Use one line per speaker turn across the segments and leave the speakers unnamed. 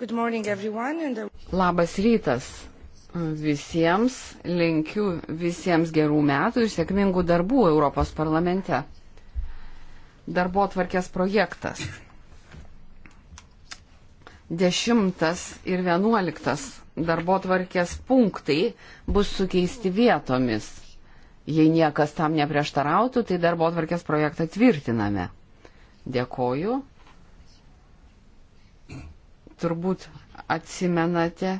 And... Labas rytas visiems, linkiu visiems gerų metų ir sėkmingų darbų Europos parlamente. Darbo atvarkės projektas. Dešimtas ir vienuoliktas darbo atvarkės punktai bus sukeisti vietomis. Jei niekas tam neprieštarautų, tai darbo atvarkės projektą tvirtiname. Dėkoju turbūt atsimenate,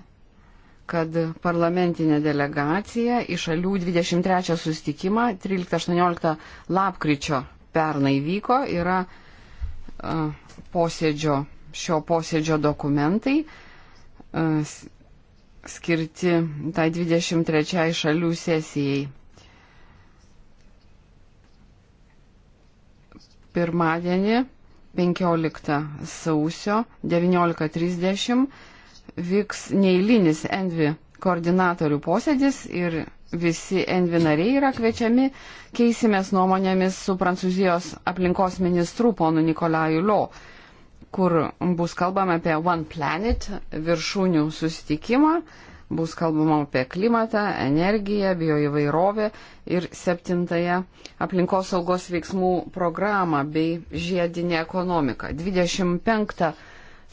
kad parlamentinė delegacija į šalių 23 sustikimą 13-18 lapkričio pernai vyko, yra posėdžio, šio posėdžio dokumentai skirti tai 23 šalių sesijai. Pirmadienį 15 sausio 19.30 vyks neįlinis Envi koordinatorių posėdis ir visi Envi nariai yra kviečiami, keisimės nuomonėmis su Prancūzijos aplinkos ministru ponu Nikolaju Lo, kur bus kalbama apie One Planet viršūnių susitikimą bus kalbama apie klimatą, energiją, bioįvairovę ir septintąją aplinkosaugos veiksmų programą bei žiedinę ekonomiką. 25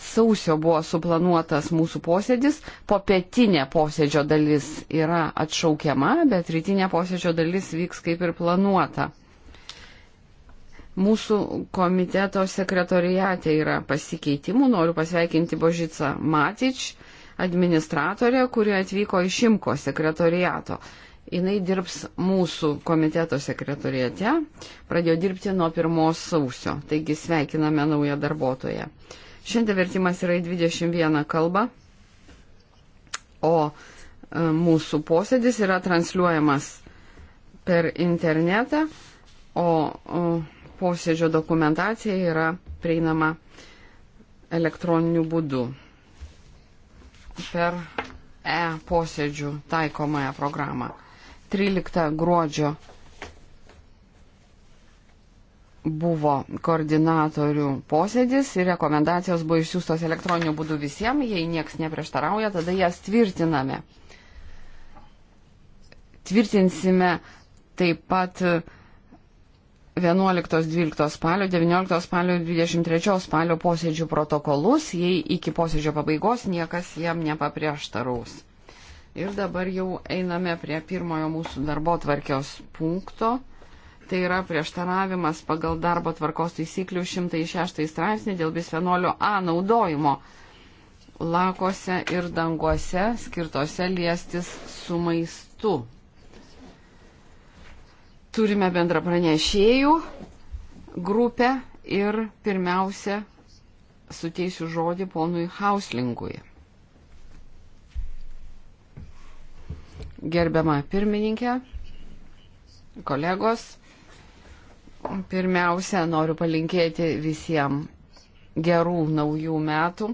sausio buvo suplanuotas mūsų posėdis, po pietinė posėdžio dalis yra atšaukiama, bet rytinė posėdžio dalis vyks kaip ir planuota. Mūsų komiteto sekretorijate yra pasikeitimų, noriu pasveikinti Božicą Matič, administratorė, kuri atvyko iš Imko sekretoriato. Jis dirbs mūsų komiteto sekretoriate, pradėjo dirbti nuo 1 sausio, taigi sveikiname naują darbuotoją. Šiandien vertimas yra į 21 kalbą, o e, mūsų posėdis yra transliuojamas per internetą, o e, posėdžio dokumentacija yra prieinama elektroniniu būdu per e-posėdžių taikomąją programą. 13 gruodžio buvo koordinatorių posėdis ir rekomendacijos buvo išsiųstos elektroniniu būdu visiems, jei nieks neprieštarauja, tada jas tvirtiname. Tvirtinsime taip pat 11-12 spalio, 19 spalio ir 23 spalio posėdžių protokolus, jei iki posėdžio pabaigos niekas jam nepaprieštaraus. Ir dabar jau einame prie pirmojo mūsų darbo tvarkios punkto. Tai yra prieštaravimas pagal darbo tvarkos taisyklių 106 straipsnį dėl bisfenolio A naudojimo lakose ir danguose skirtose liestis su maistu. Turime bendrą pranešėjų grupę ir pirmiausia suteisiu žodį ponui Hauslingui. Gerbiama pirmininkė, kolegos, pirmiausia, noriu palinkėti visiems gerų naujų metų.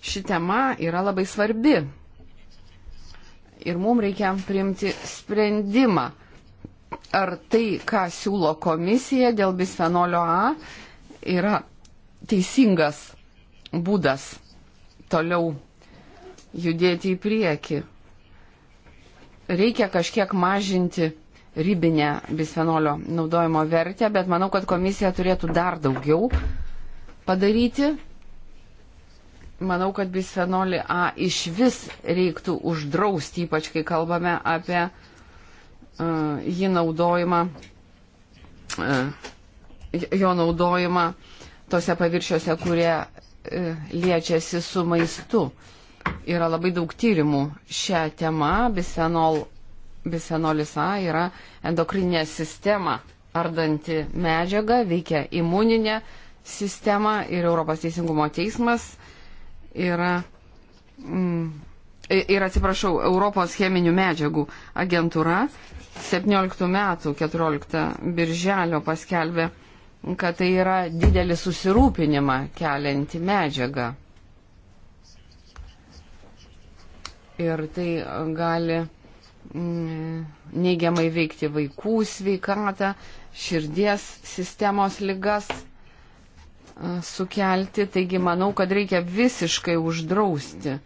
Ši tema yra labai svarbi ir mums reikia priimti sprendimą ar tai, ką siūlo komisija dėl bisfenolio A, yra teisingas būdas toliau judėti į priekį. Reikia kažkiek mažinti ribinę bisfenolio naudojimo vertę, bet manau, kad komisija turėtų dar daugiau padaryti. Manau, kad bisfenolį A iš vis reiktų uždrausti, ypač kai kalbame apie uh, E, jį naudojimą, e, jo naudojimą tose paviršiuose, kurie e, liečiasi su maistu. Yra labai daug tyrimų šią temą. Bisenol, bisenolis A yra endokrinė sistema ardanti medžiaga, veikia imuninė sistema ir Europos teisingumo teismas yra. Mm, ir atsiprašau, Europos cheminių medžiagų agentūra 17 metų 14 birželio paskelbė, kad tai yra didelį susirūpinimą kelianti medžiaga. Ir tai gali mm, neigiamai veikti vaikų sveikatą, širdies sistemos ligas e, sukelti. Taigi manau, kad reikia visiškai uždrausti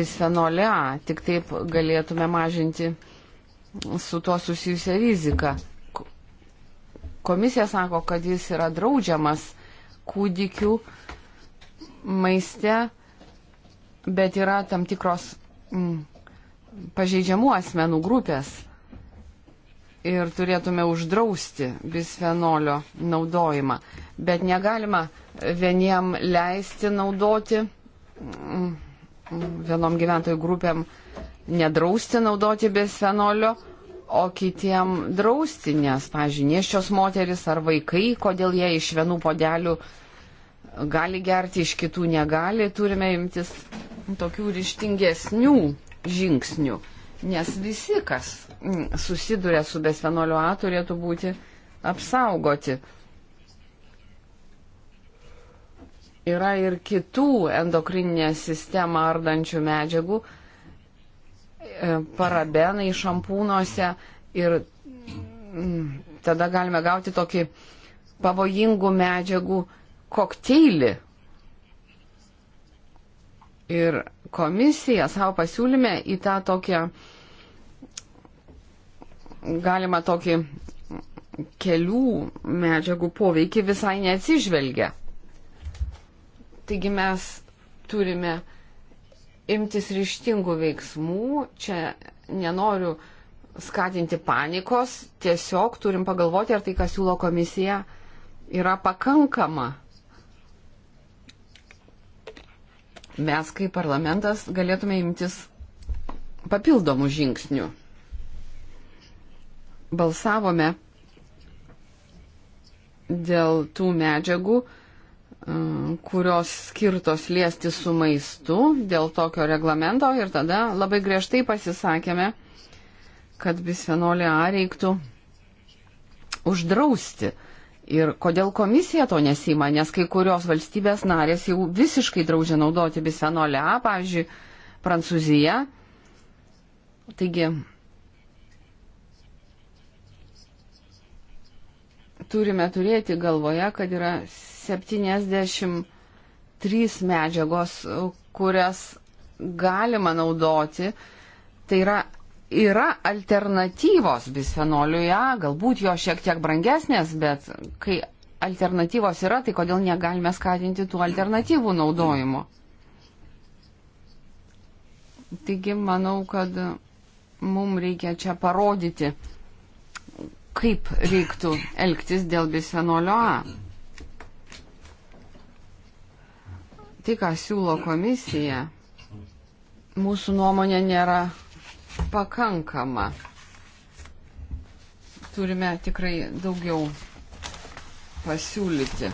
bisfenolę, tik taip galėtume mažinti su tuo susijusią riziką. Komisija sako, kad jis yra draudžiamas kūdikių maiste, bet yra tam tikros mm, pažeidžiamų asmenų grupės ir turėtume uždrausti bisfenolio naudojimą. Bet negalima vieniem leisti naudoti, mm, vienom gyventojų grupėm nedrausti naudoti besfenolio, o kitiem drausti, nes, pažiūrėjau, neščios moteris ar vaikai, kodėl jie iš vienų podelių gali gerti, iš kitų negali, turime imtis tokių ryštingesnių žingsnių, nes visi, kas mm, susiduria su besfenolio A, turėtų būti apsaugoti. Yra ir kitų endokrininę sistemą ardančių medžiagų, E, parabenai šampūnuose ir mm, tada galime gauti tokį pavojingų medžiagų kokteilį. Ir komisija savo pasiūlyme į tą tokią galima tokį kelių medžiagų poveikį visai neatsižvelgia. Taigi mes turime imtis ryštingų veiksmų. Čia nenoriu skatinti panikos, tiesiog turim pagalvoti, ar tai, ką siūlo komisija, yra pakankama. Mes kaip parlamentas galėtume imtis papildomų žingsnių. Balsavome dėl tų medžiagų, Mm, kurios skirtos liesti su maistu dėl tokio reglamento ir tada labai griežtai pasisakėme, kad bisfenolį A reiktų uždrausti. Ir kodėl komisija to nesima, nes kai kurios valstybės narės jau visiškai draudžia naudoti bisfenolį A, pavyzdžiui, Prancūzija. Taigi turime turėti galvoje, kad yra 73 medžiagos, kurias galima naudoti. Tai yra, yra alternatyvos bisfenoliui A, galbūt jo šiek tiek brangesnės, bet kai alternatyvos yra, tai kodėl negalime skatinti tų alternatyvų naudojimo. Taigi manau, kad mums reikia čia parodyti kaip reiktų elgtis dėl bisfenolio A. Tai, ką siūlo komisija, mūsų nuomonė nėra pakankama. Turime tikrai daugiau pasiūlyti.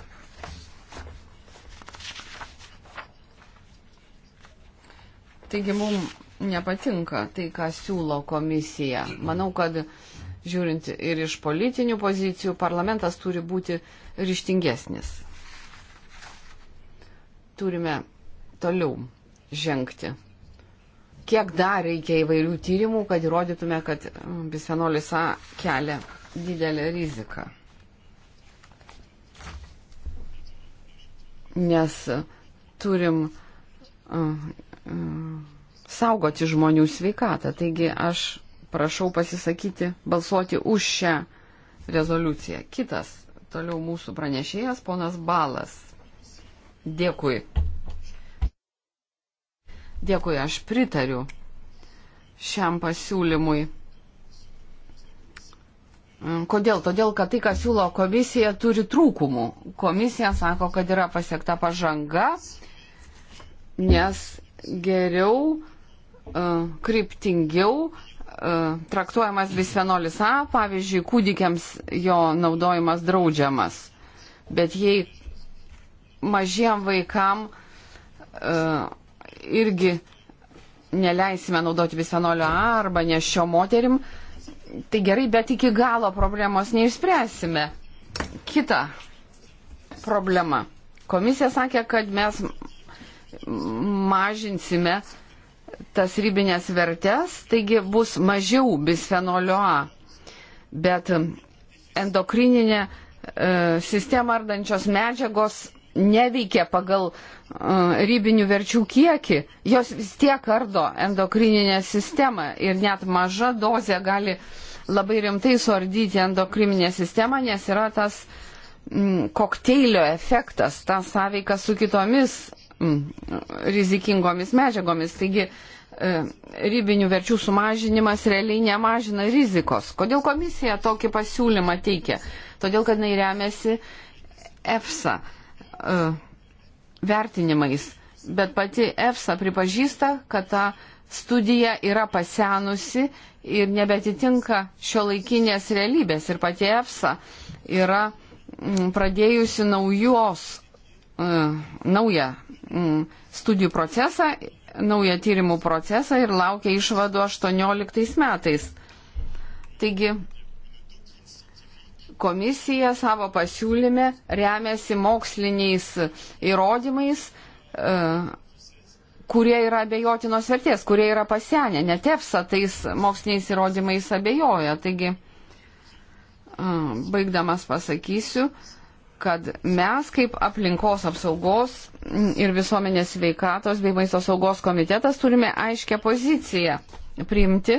Taigi mums nepatinka tai, ką siūlo komisija. Manau, kad žiūrint ir iš politinių pozicijų, parlamentas turi būti ryštingesnis. Turime toliau žengti. Kiek dar reikia įvairių tyrimų, kad įrodytume, kad bisfenolis A kelia didelę riziką. Nes turim uh, uh, saugoti žmonių sveikatą. Taigi aš prašau pasisakyti, balsuoti už šią rezoliuciją. Kitas, toliau mūsų pranešėjas, ponas Balas. Dėkui. Dėkui, aš pritariu šiam pasiūlymui. Mm, kodėl? Todėl, kad tai, ką siūlo komisija, turi trūkumų. Komisija sako, kad yra pasiekta pažanga, nes geriau, e, kryptingiau E, traktuojamas bisfenolis A, pavyzdžiui, kūdikiams jo naudojimas draudžiamas. Bet jei mažiem vaikam uh, irgi neleisime naudoti bisfenolio A arba nešio moterim, tai gerai, bet iki galo problemos neišspręsime. Kita problema. Komisija sakė, kad mes mažinsime uh, tas ribinės vertes, taigi bus mažiau bisfenolio A. Bet endokrininė e, sistema ardančios medžiagos neveikia pagal e, ribinių verčių kiekį, jos vis tiek ardo endokrininę sistemą ir net maža dozė gali labai rimtai suardyti endokrininę sistemą, nes yra tas mm, kokteilio efektas, ta sąveika su kitomis rizikingomis medžiagomis. Taigi e, ribinių verčių sumažinimas realiai nemažina rizikos. Kodėl komisija tokį pasiūlymą teikia? Todėl, kad jinai remiasi EFSA e, vertinimais, bet pati EFSA pripažįsta, kad ta studija yra pasenusi ir nebetitinka šio laikinės realybės. Ir pati EFSA yra pradėjusi naujos, e, naują Mm, studijų procesą, naują tyrimų procesą ir laukia išvadų 18 metais. Taigi komisija savo pasiūlyme remiasi moksliniais įrodymais, e, kurie yra abejotinos vertės, kurie yra pasenę. Net EFSA tais moksliniais įrodymais abejoja. Taigi, e, baigdamas pasakysiu, kad mes kaip aplinkos apsaugos ir visuomenės veikatos bei maisto saugos komitetas turime aiškę poziciją priimti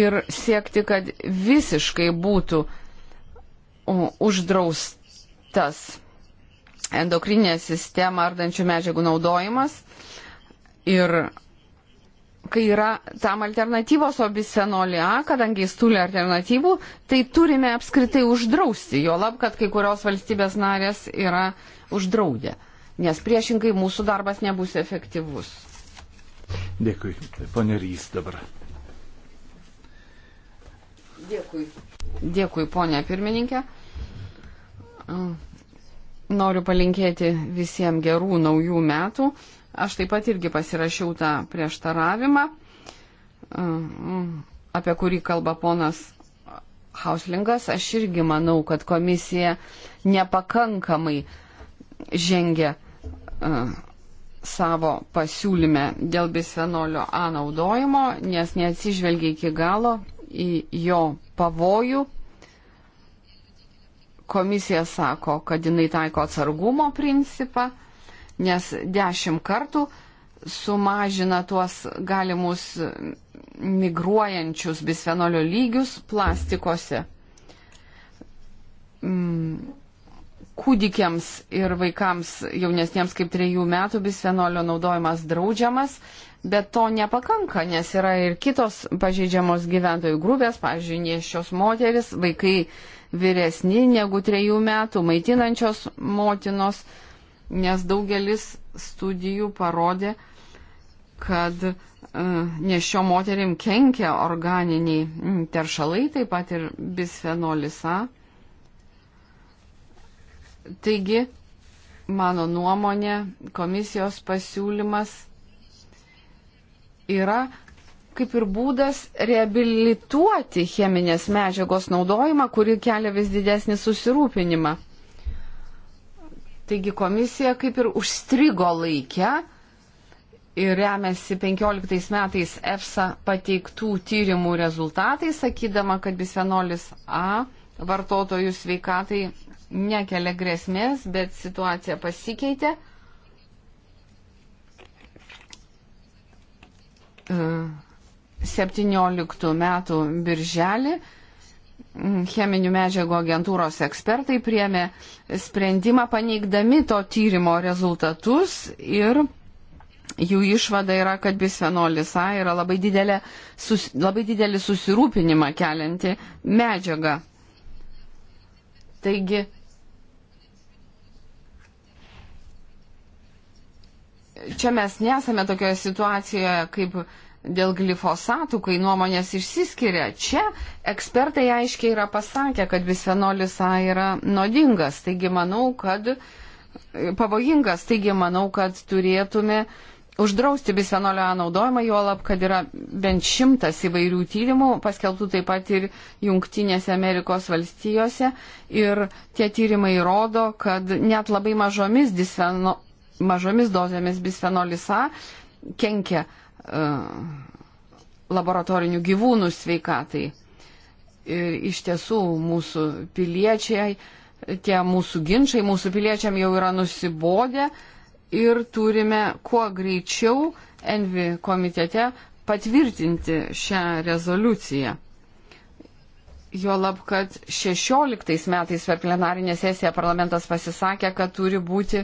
ir siekti, kad visiškai būtų uždraustas endokrinę sistemą ardančių medžiagų naudojimas ir kai yra tam alternatyvos, o bisenolį A, kadangi jis turi alternatyvų, tai turime apskritai uždrausti, jo lab, kad kai kurios valstybės narės yra uždraudę, nes priešingai mūsų darbas nebus efektyvus.
Dėkui, ponė Rys dabar.
Dėkui. Dėkui, ponė pirmininkė. Noriu palinkėti visiems gerų naujų metų. Aš taip pat irgi pasirašiau tą prieštaravimą, e, apie kurį kalba ponas Hauslingas. Aš irgi manau, kad komisija nepakankamai žengia e, savo pasiūlyme dėl bisfenolio A naudojimo, nes neatsižvelgia iki galo į jo pavojų. Komisija sako, kad jinai taiko atsargumo principą nes dešimt kartų sumažina tuos galimus migruojančius bisfenolio lygius plastikose. Mm, kūdikiams ir vaikams jaunesniems kaip trejų metų bisfenolio naudojimas draudžiamas, bet to nepakanka, nes yra ir kitos pažeidžiamos gyventojų grupės, pavyzdžiui, niešios moteris, vaikai vyresni negu trejų metų, maitinančios motinos nes daugelis studijų parodė, kad e, nešio moterim kenkia organiniai teršalai, taip pat ir bisfenolis A. Taigi, mano nuomonė, komisijos pasiūlymas yra kaip ir būdas reabilituoti cheminės medžiagos naudojimą, kuri kelia vis didesnį susirūpinimą. Taigi komisija kaip ir užstrigo laikę ir remiasi 15 metais EFSA pateiktų tyrimų rezultatais, sakydama, kad bisfenolis A vartotojų sveikatai nekelia grėsmės, bet situacija pasikeitė. E, 17 metų birželį Mm, cheminių medžiagų agentūros ekspertai priemė sprendimą paneigdami to tyrimo rezultatus ir jų išvada yra, kad bisfenolis A yra labai, didelė, sus, labai didelį susirūpinimą kelianti medžiaga. Taigi, čia mes nesame tokioje situacijoje kaip dėl glifosatų, kai nuomonės išsiskiria. Čia ekspertai aiškiai yra pasakę, kad bisfenolis A yra nuodingas, taigi manau, kad pavojingas, taigi manau, kad turėtume uždrausti bisfenolio A naudojimą, juolab, kad yra bent šimtas įvairių tyrimų, paskelbtų taip pat ir Junktinėse Amerikos valstijose. Ir tie tyrimai rodo, kad net labai mažomis, disfeno, mažomis dozėmis bisfenolis A kenkia uh, E, laboratorinių gyvūnų sveikatai. Ir iš tiesų mūsų piliečiai, tie mūsų ginčiai, mūsų piliečiam jau yra nusibodę ir turime kuo greičiau Envi komitete patvirtinti šią rezoliuciją. Juolab, kad 16 metais per plenarinę sesiją parlamentas pasisakė, kad turi būti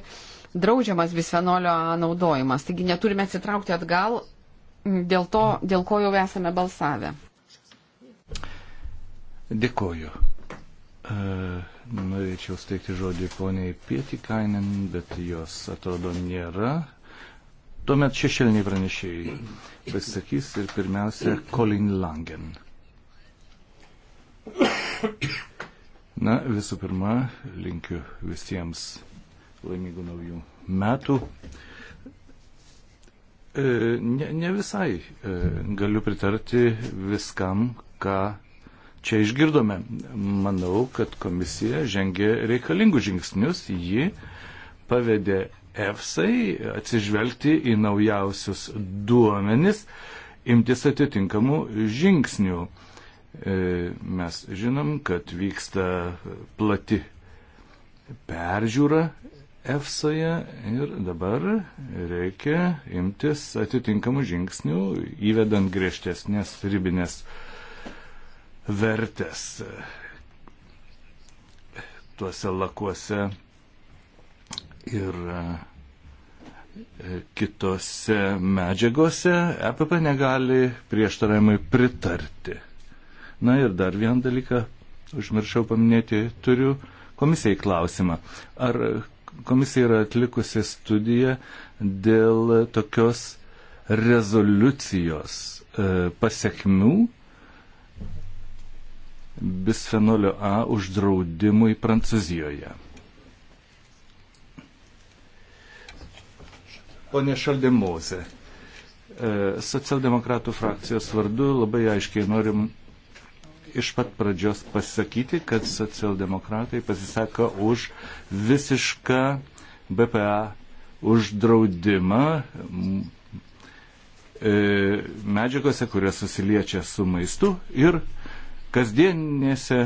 draudžiamas bisfenolio naudojimas. Taigi neturime atsitraukti atgal dėl to, dėl ko jau esame balsavę.
Dėkoju. E, norėčiau steigti žodį poniai Pietikainen, bet jos atrodo nėra. Tuomet šešėliniai pranešėjai pasisakys ir pirmiausia Colin Langen. Na, visų pirma, linkiu visiems laimingų naujų metų. Uh, E, ne, ne visai e, galiu pritarti viskam, ką čia išgirdome. Manau, kad komisija žengė reikalingus žingsnius, ji pavedė EFSAI atsižvelgti į naujausius duomenis, imtis atitinkamų žingsnių. E, mes žinom, kad vyksta plati peržiūra EFSOje ir dabar reikia imtis atitinkamų žingsnių, įvedant griežtesnės ribinės vertės tuose lakuose ir e, kitose medžiagose EPP negali prieštaravimai pritarti. Na ir dar vieną dalyką užmiršau paminėti, turiu komisijai klausimą. Ar Komisija yra atlikusi studiją dėl tokios rezoliucijos e, pasiekmių bisfenolio A uždraudimui Prancūzijoje. Pone Šaldemose, socialdemokratų frakcijos vardu labai aiškiai norim iš pat pradžios pasakyti, kad socialdemokratai pasisako už visišką BPA uždraudimą e, medžiagose, kurios susiliečia su maistu ir kasdienėse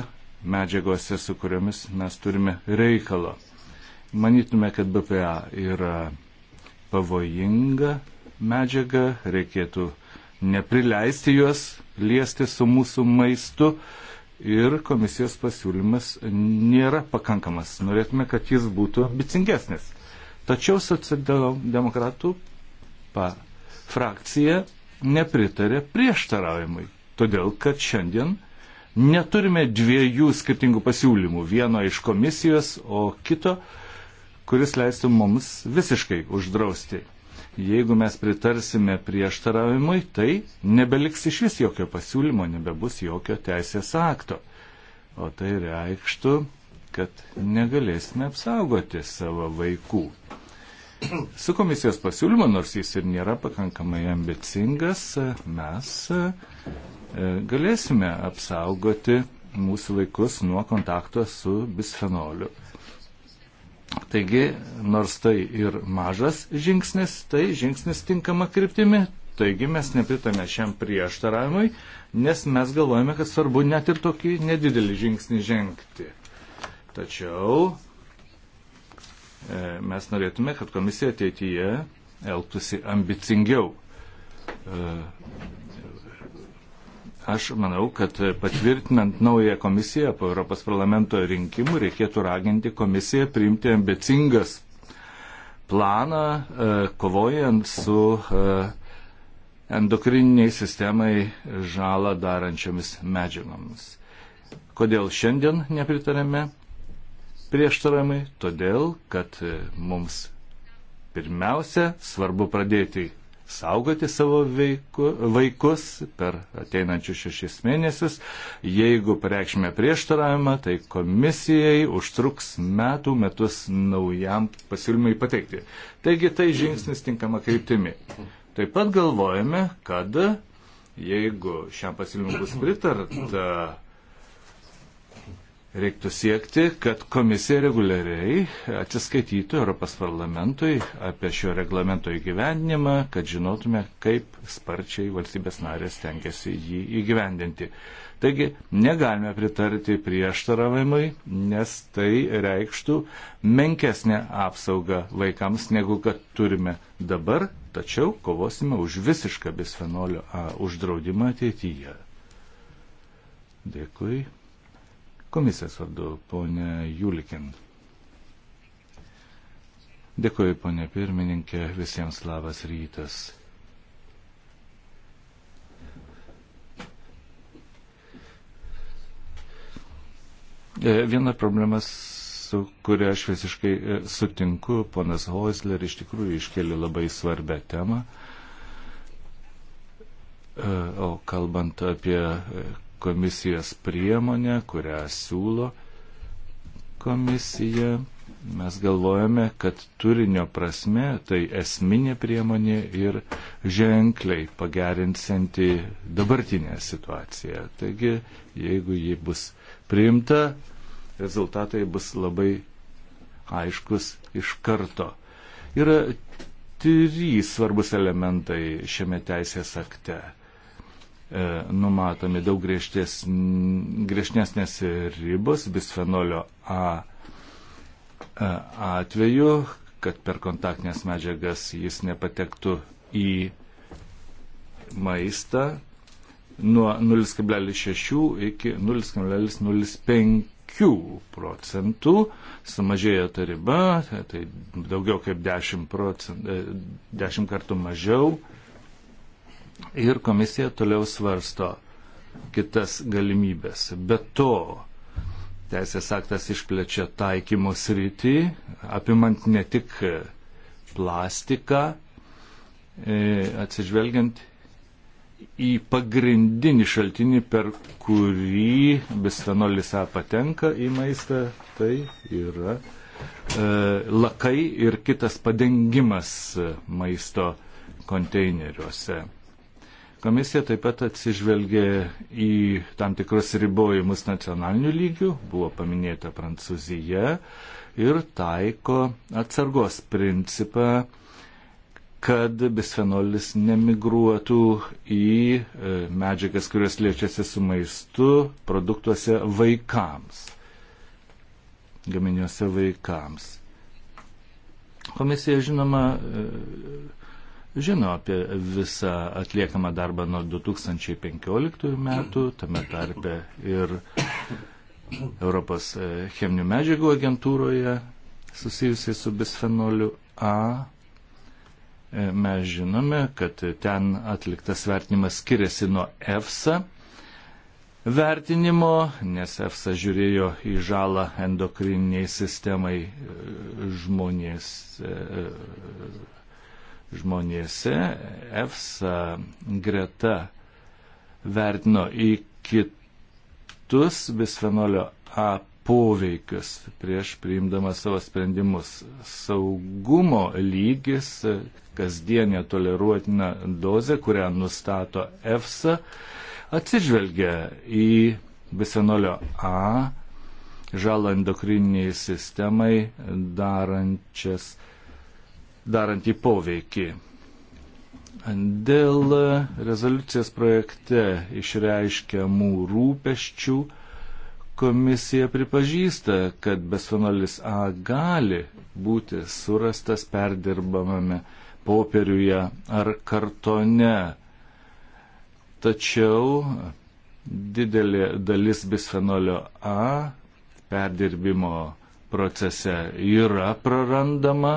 medžiagose, su kuriomis mes turime reikalo. Manytume, kad BPA yra pavojinga medžiaga, reikėtų neprileisti juos liesti su mūsų maistu ir komisijos pasiūlymas nėra pakankamas. Norėtume, kad jis būtų ambicingesnis. Tačiau socialdemokratų frakcija nepritarė prieštaravimui, todėl kad šiandien neturime dviejų skirtingų pasiūlymų, vieno iš komisijos, o kito, kuris leistų mums visiškai uždrausti Jeigu mes pritarsime prieštaravimui, tai nebeliks iš vis jokio pasiūlymo, nebebus jokio teisės akto. O tai reikštų, kad negalėsime apsaugoti savo vaikų. Su komisijos pasiūlymu, nors jis ir nėra pakankamai ambicingas, mes e, galėsime apsaugoti mūsų vaikus nuo kontakto su bisfenoliu Taigi, nors tai ir mažas žingsnis, tai žingsnis tinkama kryptimi. Taigi mes nepritame šiam prieštaravimui, nes mes galvojame, kad svarbu net ir tokį nedidelį žingsnį žengti. Tačiau e, mes norėtume, kad komisija ateityje elgtųsi ambicingiau. E, Aš manau, kad patvirtinant naują komisiją po Europos parlamento rinkimų reikėtų raginti komisiją priimti ambicingas planą e, kovojant su e, endokrininiai sistemai žalą darančiomis medžiagomis. Kodėl šiandien nepritarėme prieštaramai? Todėl, kad mums pirmiausia svarbu pradėti saugoti savo veiku, vaikus per ateinančius šešis mėnesius. Jeigu pareikšime prieštaravimą, tai komisijai užtruks metų metus naujam pasiūlymui pateikti. Taigi tai žingsnis tinkama kryptimi. Taip pat galvojame, kad jeigu šiam pasiūlymui bus pritarta, reiktų siekti, kad komisija reguliariai atsiskaitytų Europos parlamentui apie šio reglamento įgyvendinimą, kad žinotume, kaip sparčiai valstybės narės tenkėsi jį įgyvendinti. Taigi negalime pritarti prieštaravimui, nes tai reikštų menkesnę apsaugą vaikams, negu kad turime dabar, tačiau kovosime už visišką bisfenolio A uždraudimą ateityje. Dėkui. Komisijos vardu, ponė Julikin. Dėkuoju, ponė pirmininkė, visiems labas rytas. E, viena problema, su kuria aš visiškai e, sutinku, ponas Hoisler iš tikrųjų iškeli labai svarbę temą. E, o kalbant apie komisijos priemonę, kurią siūlo komisija. Mes galvojame, kad turinio prasme tai esminė priemonė ir ženkliai pagerinsianti dabartinę situaciją. Taigi, jeigu ji bus priimta, rezultatai bus labai aiškus iš karto. Yra trys svarbus elementai šiame teisės akte. E, numatomi daug griežtesnės ribos bisfenolio A e, atveju, kad per kontaktinės medžiagas jis nepatektų į maistą nuo 0,6 iki 0,05 procentų sumažėjo ta riba, tai daugiau kaip 10, procent, 10 kartų mažiau ir komisija toliau svarsto kitas galimybės. Be to, teisės aktas išplečia taikymo sritį, apimant ne tik plastiką, e, atsižvelgiant į pagrindinį šaltinį, per kurį bisfenolis A patenka į maistą, tai yra e, lakai ir kitas padengimas maisto konteineriuose. Komisija taip pat atsižvelgė į tam tikrus ribojimus nacionalinių lygių, buvo paminėta Prancūzija ir taiko atsargos principą, kad bisfenolis nemigruotų į e, medžiagas, kurios liečiasi su maistu produktuose vaikams, gaminiuose vaikams. Komisija, žinoma, e, žino apie visą atliekamą darbą nuo 2015 metų, tame tarpe ir Europos e, cheminių medžiagų agentūroje susijusiai su bisfenoliu A. E, mes žinome, kad ten atliktas vertinimas skiriasi nuo EFSA vertinimo, nes EFSA žiūrėjo į žalą endokriniai sistemai e, žmonės žmonėse. EFSA greta vertino į kitus bisfenolio A poveikius prieš priimdama savo sprendimus. Saugumo lygis, kasdienė toleruotina dozė, kurią nustato EFSA, atsižvelgia į bisfenolio A žalą endokrininiai sistemai darančias darantį poveikį. Dėl rezoliucijos projekte išreiškiamų rūpeščių komisija pripažįsta, kad besfenolis A gali būti surastas perdirbamame popieriuje ar kartone. Tačiau didelė dalis bisfenolio A perdirbimo procese yra prarandama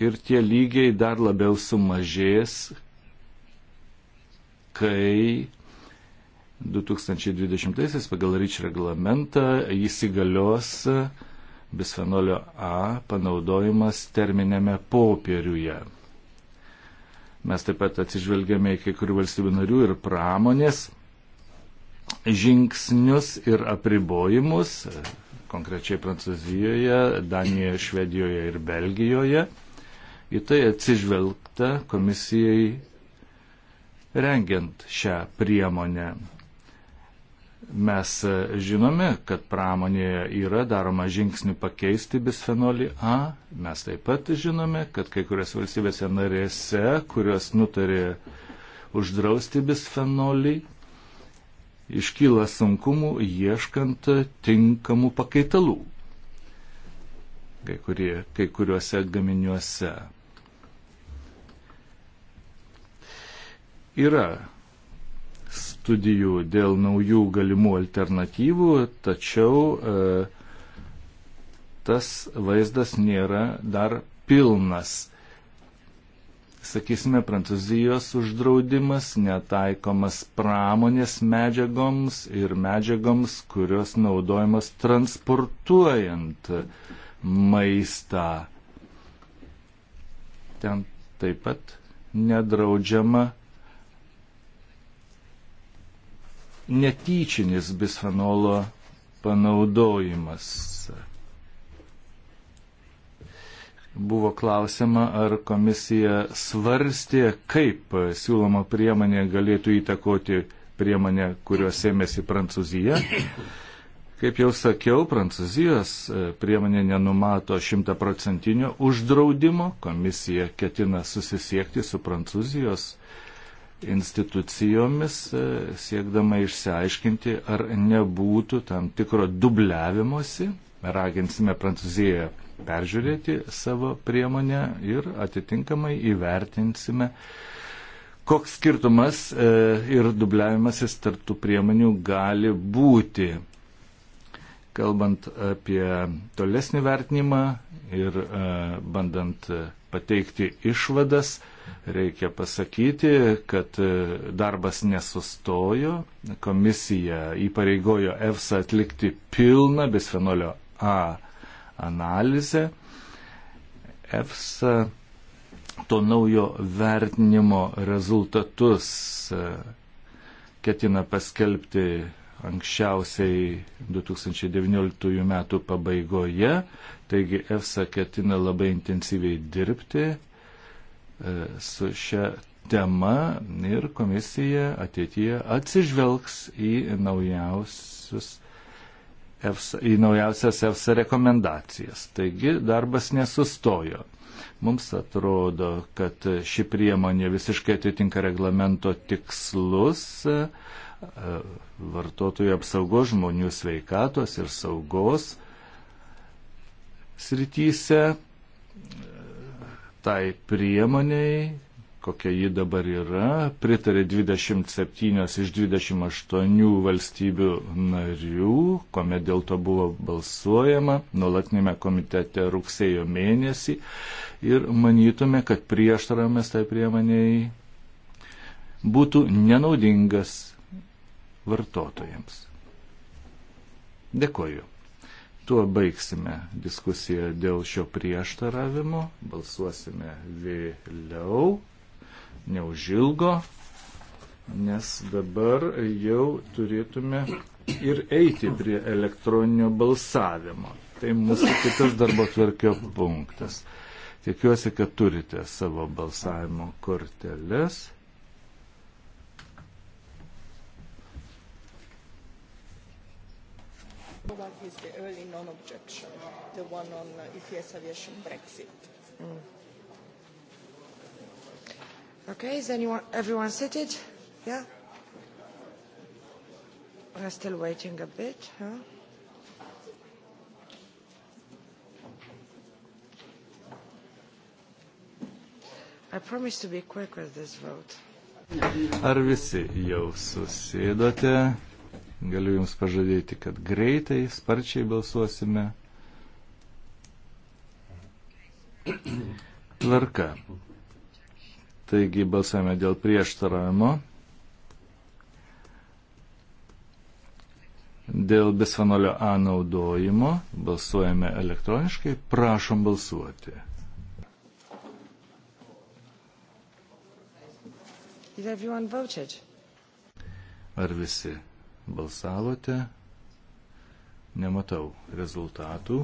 ir tie lygiai dar labiau sumažės, kai 2020 pagal ryč reglamentą įsigalios bisfenolio A panaudojimas terminėme popieriuje. Mes taip pat atsižvelgiame į kai kurių valstybių narių ir pramonės žingsnius ir apribojimus, konkrečiai Prancūzijoje, Danijoje, Švedijoje ir Belgijoje. Į tai atsižvelgta komisijai rengiant šią priemonę. Mes žinome, kad pramonėje yra daroma žingsnių pakeisti bisfenolį A. Mes taip pat žinome, kad kai kurias valstybėse narėse, kurios nutarė uždrausti bisfenolį, iškyla sunkumų ieškant tinkamų pakaitalų kai, kurie, kai kuriuose gaminiuose. Yra studijų dėl naujų galimų alternatyvų, tačiau e, tas vaizdas nėra dar pilnas sakysime, Prancūzijos uždraudimas netaikomas pramonės medžiagoms ir medžiagoms, kurios naudojamas transportuojant maistą. Ten taip pat nedraudžiama netyčinis bisfenolo panaudojimas. Buvo klausima, ar komisija svarstė, kaip siūloma priemonė galėtų įtakoti priemonę, kurios ėmėsi Prancūzija. Kaip jau sakiau, Prancūzijos e, priemonė nenumato šimtaprocentinio uždraudimo. Komisija ketina susisiekti su Prancūzijos institucijomis, e, siekdama išsiaiškinti, ar nebūtų tam tikro dubliavimosi. Raginsime Prancūziją peržiūrėti savo priemonę ir atitinkamai įvertinsime, koks skirtumas e, ir dubliavimasis tarptų priemonių gali būti kalbant apie tolesnį vertinimą ir e, bandant e, pateikti išvadas, reikia pasakyti, kad e, darbas nesustojo. Komisija įpareigojo EFSA atlikti pilną bisfenolio A analizę. EFSA to naujo vertinimo rezultatus ketina paskelbti anksčiausiai 2019 metų pabaigoje, taigi EFSA ketina labai intensyviai dirbti e, su šia tema ir komisija ateityje atsižvelgs į, EFSA, į naujausias EFSA rekomendacijas. Taigi darbas nesustojo. Mums atrodo, kad ši priemonė visiškai atitinka reglamento tikslus. E, E, vartotojų apsaugos žmonių sveikatos ir saugos srityse e, tai priemoniai, kokia ji dabar yra, pritarė 27 iš 28 valstybių narių, kuomet dėl to buvo balsuojama nuolatinėme komitete rugsėjo mėnesį ir manytume, kad prieštaravimas tai priemoniai būtų nenaudingas vartotojams. Dėkoju. Tuo baigsime diskusiją dėl šio prieštaravimo. Balsuosime vėliau, neužilgo, nes dabar jau turėtume ir eiti prie elektroninio balsavimo. Tai mūsų kitas darbo tvarkio punktas. Tikiuosi, kad turite savo balsavimo korteles.
Well, he's the early non-objection, the one on
uh, ETS aviation Brexit. Mm. Okay, is anyone, everyone seated? Yeah? We're still waiting a bit, huh? I promise to be quick with this vote.
Ar visi jau susėdote? Galiu Jums pažadėti, kad greitai, sparčiai balsuosime. Tvarka. Taigi balsavime dėl prieštaravimo. Dėl bisfenolio A naudojimo balsuojame elektroniškai. Prašom balsuoti. Ar visi Balsavote? Nematau rezultatų.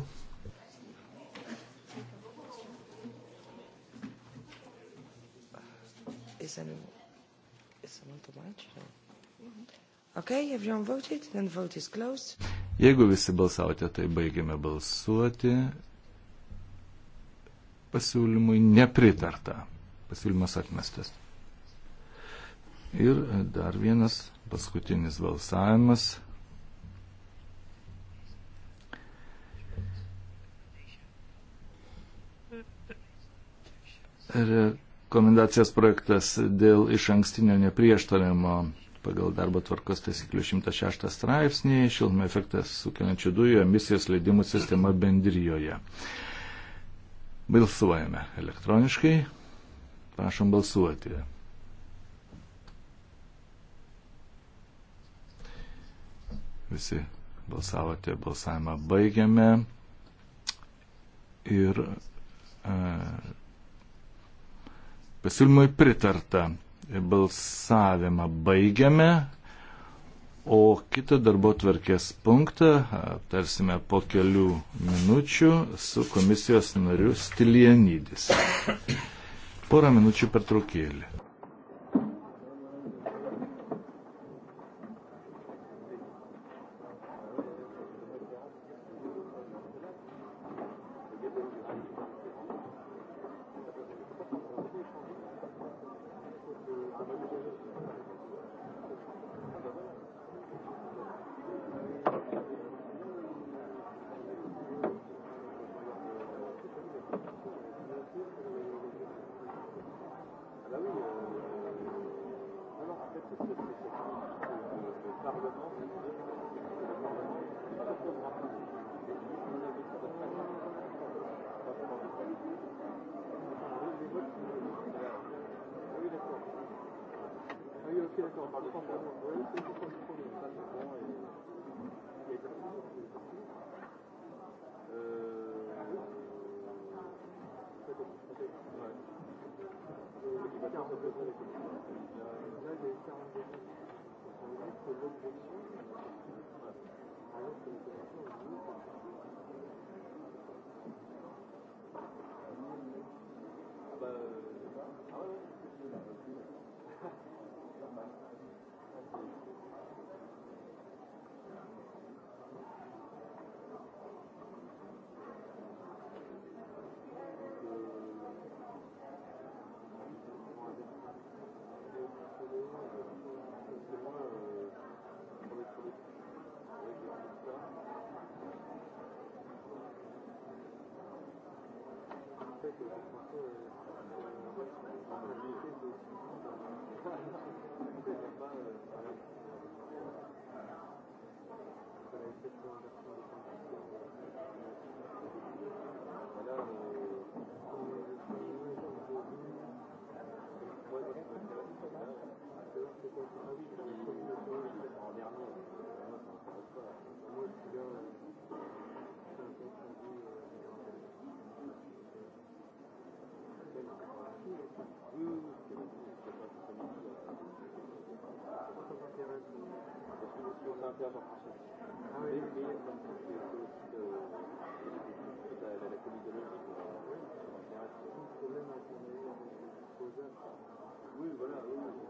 Is anyone, is someone too much? Okay, everyone voted, then vote is closed.
Jeigu visi balsavote, tai baigiame balsuoti. Pasiūlymui nepritarta. Pasiūlymas atmestas. Ir dar vienas Paskutinis balsavimas. Rekomendacijos projektas dėl iš ankstinio neprieštarimo pagal darbo tvarkos taisyklių 106 straipsnį šiltnamio efektą sukeliančių dujų emisijos leidimų sistema bendryjoje. Balsuojame elektroniškai. Prašom balsuoti. visi balsavote, balsavimą baigiame. Ir e, pasiūlymui pritarta. Balsavimą baigiame. O kitą darbo tvarkės punktą aptarsime po kelių minučių su komisijos nariu Stilienydis. Porą minučių per trukėlį.
Oui, voilà, oui.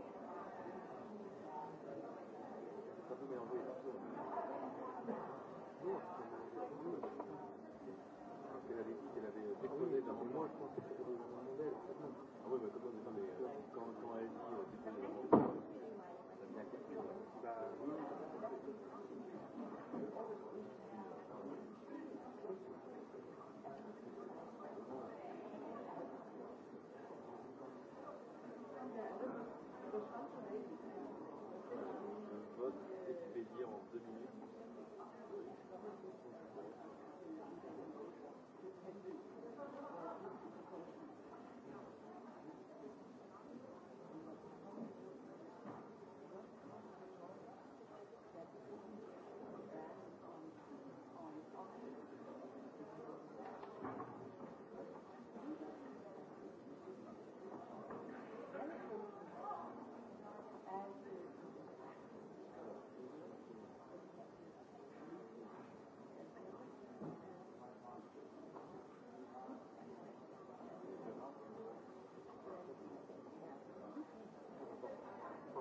qu'elle avait dit qu'elle avait déposé ah oui, dans le moi je pense que c'est dans le modèle. Ah oui, mais comme dans les, quand, quand elle dit déposer dans le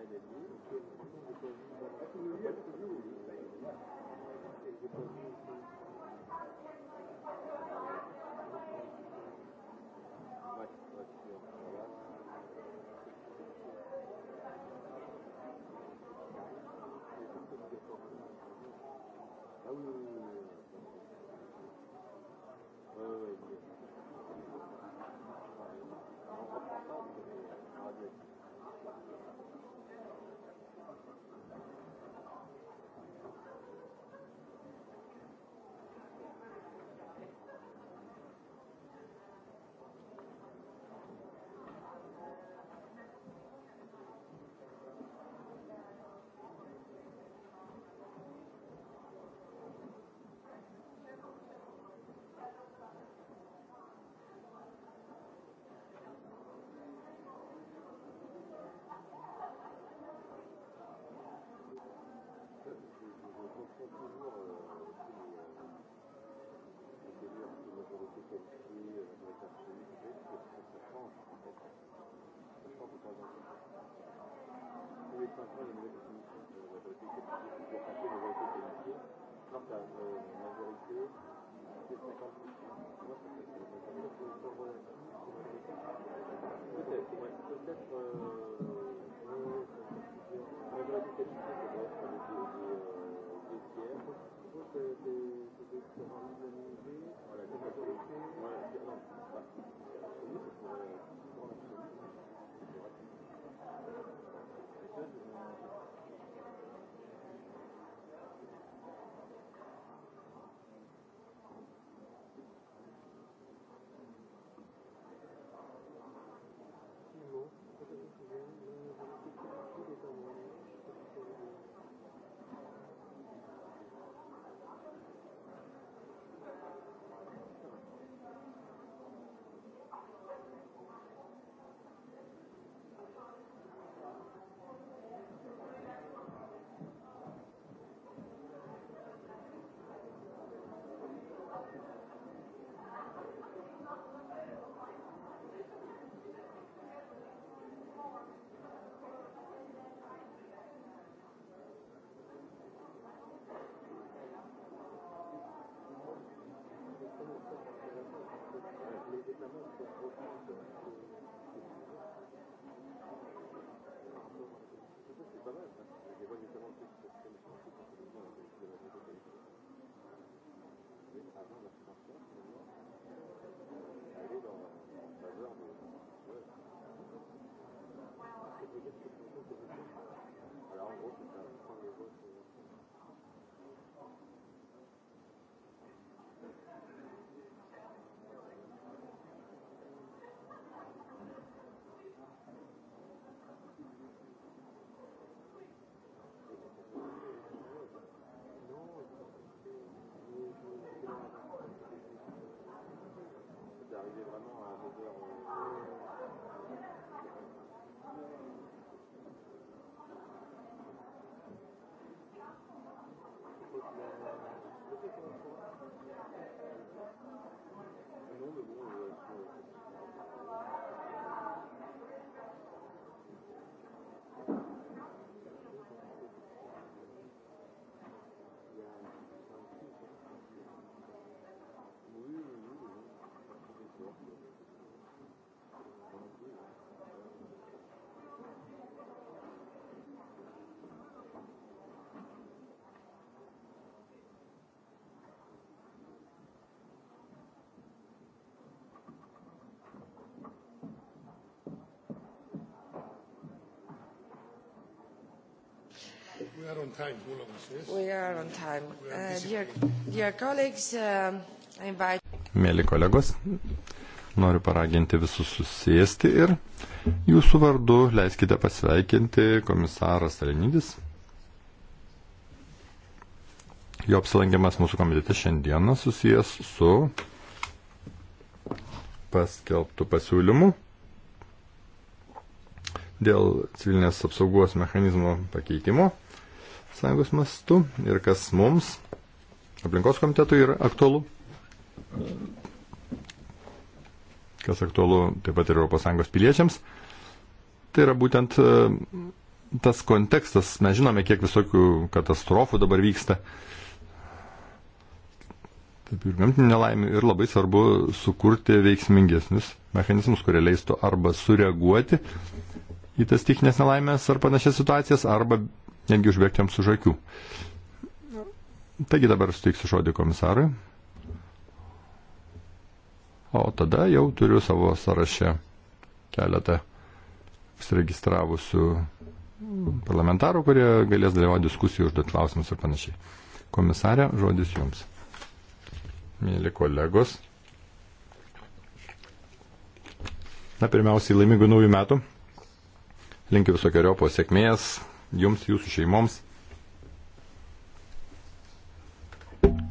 elle est nulle. vérité qualifiée euh, doit être absolue, peut-être que ça change en fait. Ça change ou pas dans le Tous les 5 ans, il y a une nouvelle définition de la vérité qualifiée, qui doit passer la vérité qualifiée. Quand la euh, majorité, c'est 50%. Moi, ça fait que c'est une relation. Peut-être, ouais. Peut-être, euh, euh, la vérité qualifiée, ça doit être avec des, des, des tiers. Je suppose que des côté qui aura l'unanimité, voilà, la majorité. Voilà, non, pas. Gracias. We are on time, all of us, yes?
We are on time. Uh, dear, dear colleagues, uh, I invite... Mėly
kolegos, noriu paraginti visus susėsti ir jūsų vardu leiskite pasveikinti komisaras Alinidis. Jo apsilankimas mūsų komitete šiandieną susijęs su paskelbtų pasiūlymų dėl civilinės apsaugos mechanizmo pakeitimo sąjungos mastu ir kas mums, aplinkos komitetui, yra aktualu. Kas aktualu taip pat ir ES piliečiams. Tai yra būtent e, tas kontekstas. Mes žinome, kiek visokių katastrofų dabar vyksta. Taip ir gamtinė nelaimė. Ir labai svarbu sukurti veiksmingesnius mechanizmus, kurie leistų arba sureaguoti į tas tikinės nelaimės ar panašias situacijas, arba netgi užbėgti jiems už akių. Taigi dabar suteiksiu žodį komisarui. O tada jau turiu savo sąraše keletą užsiregistravusių parlamentarų, kurie galės dalyvauti diskusijų, užduoti klausimus ir panašiai. Komisarė, žodis jums. Mėly kolegos. Na, pirmiausiai, laimingų naujų metų. Linkiu visokiojo sėkmės, jums, jūsų šeimoms.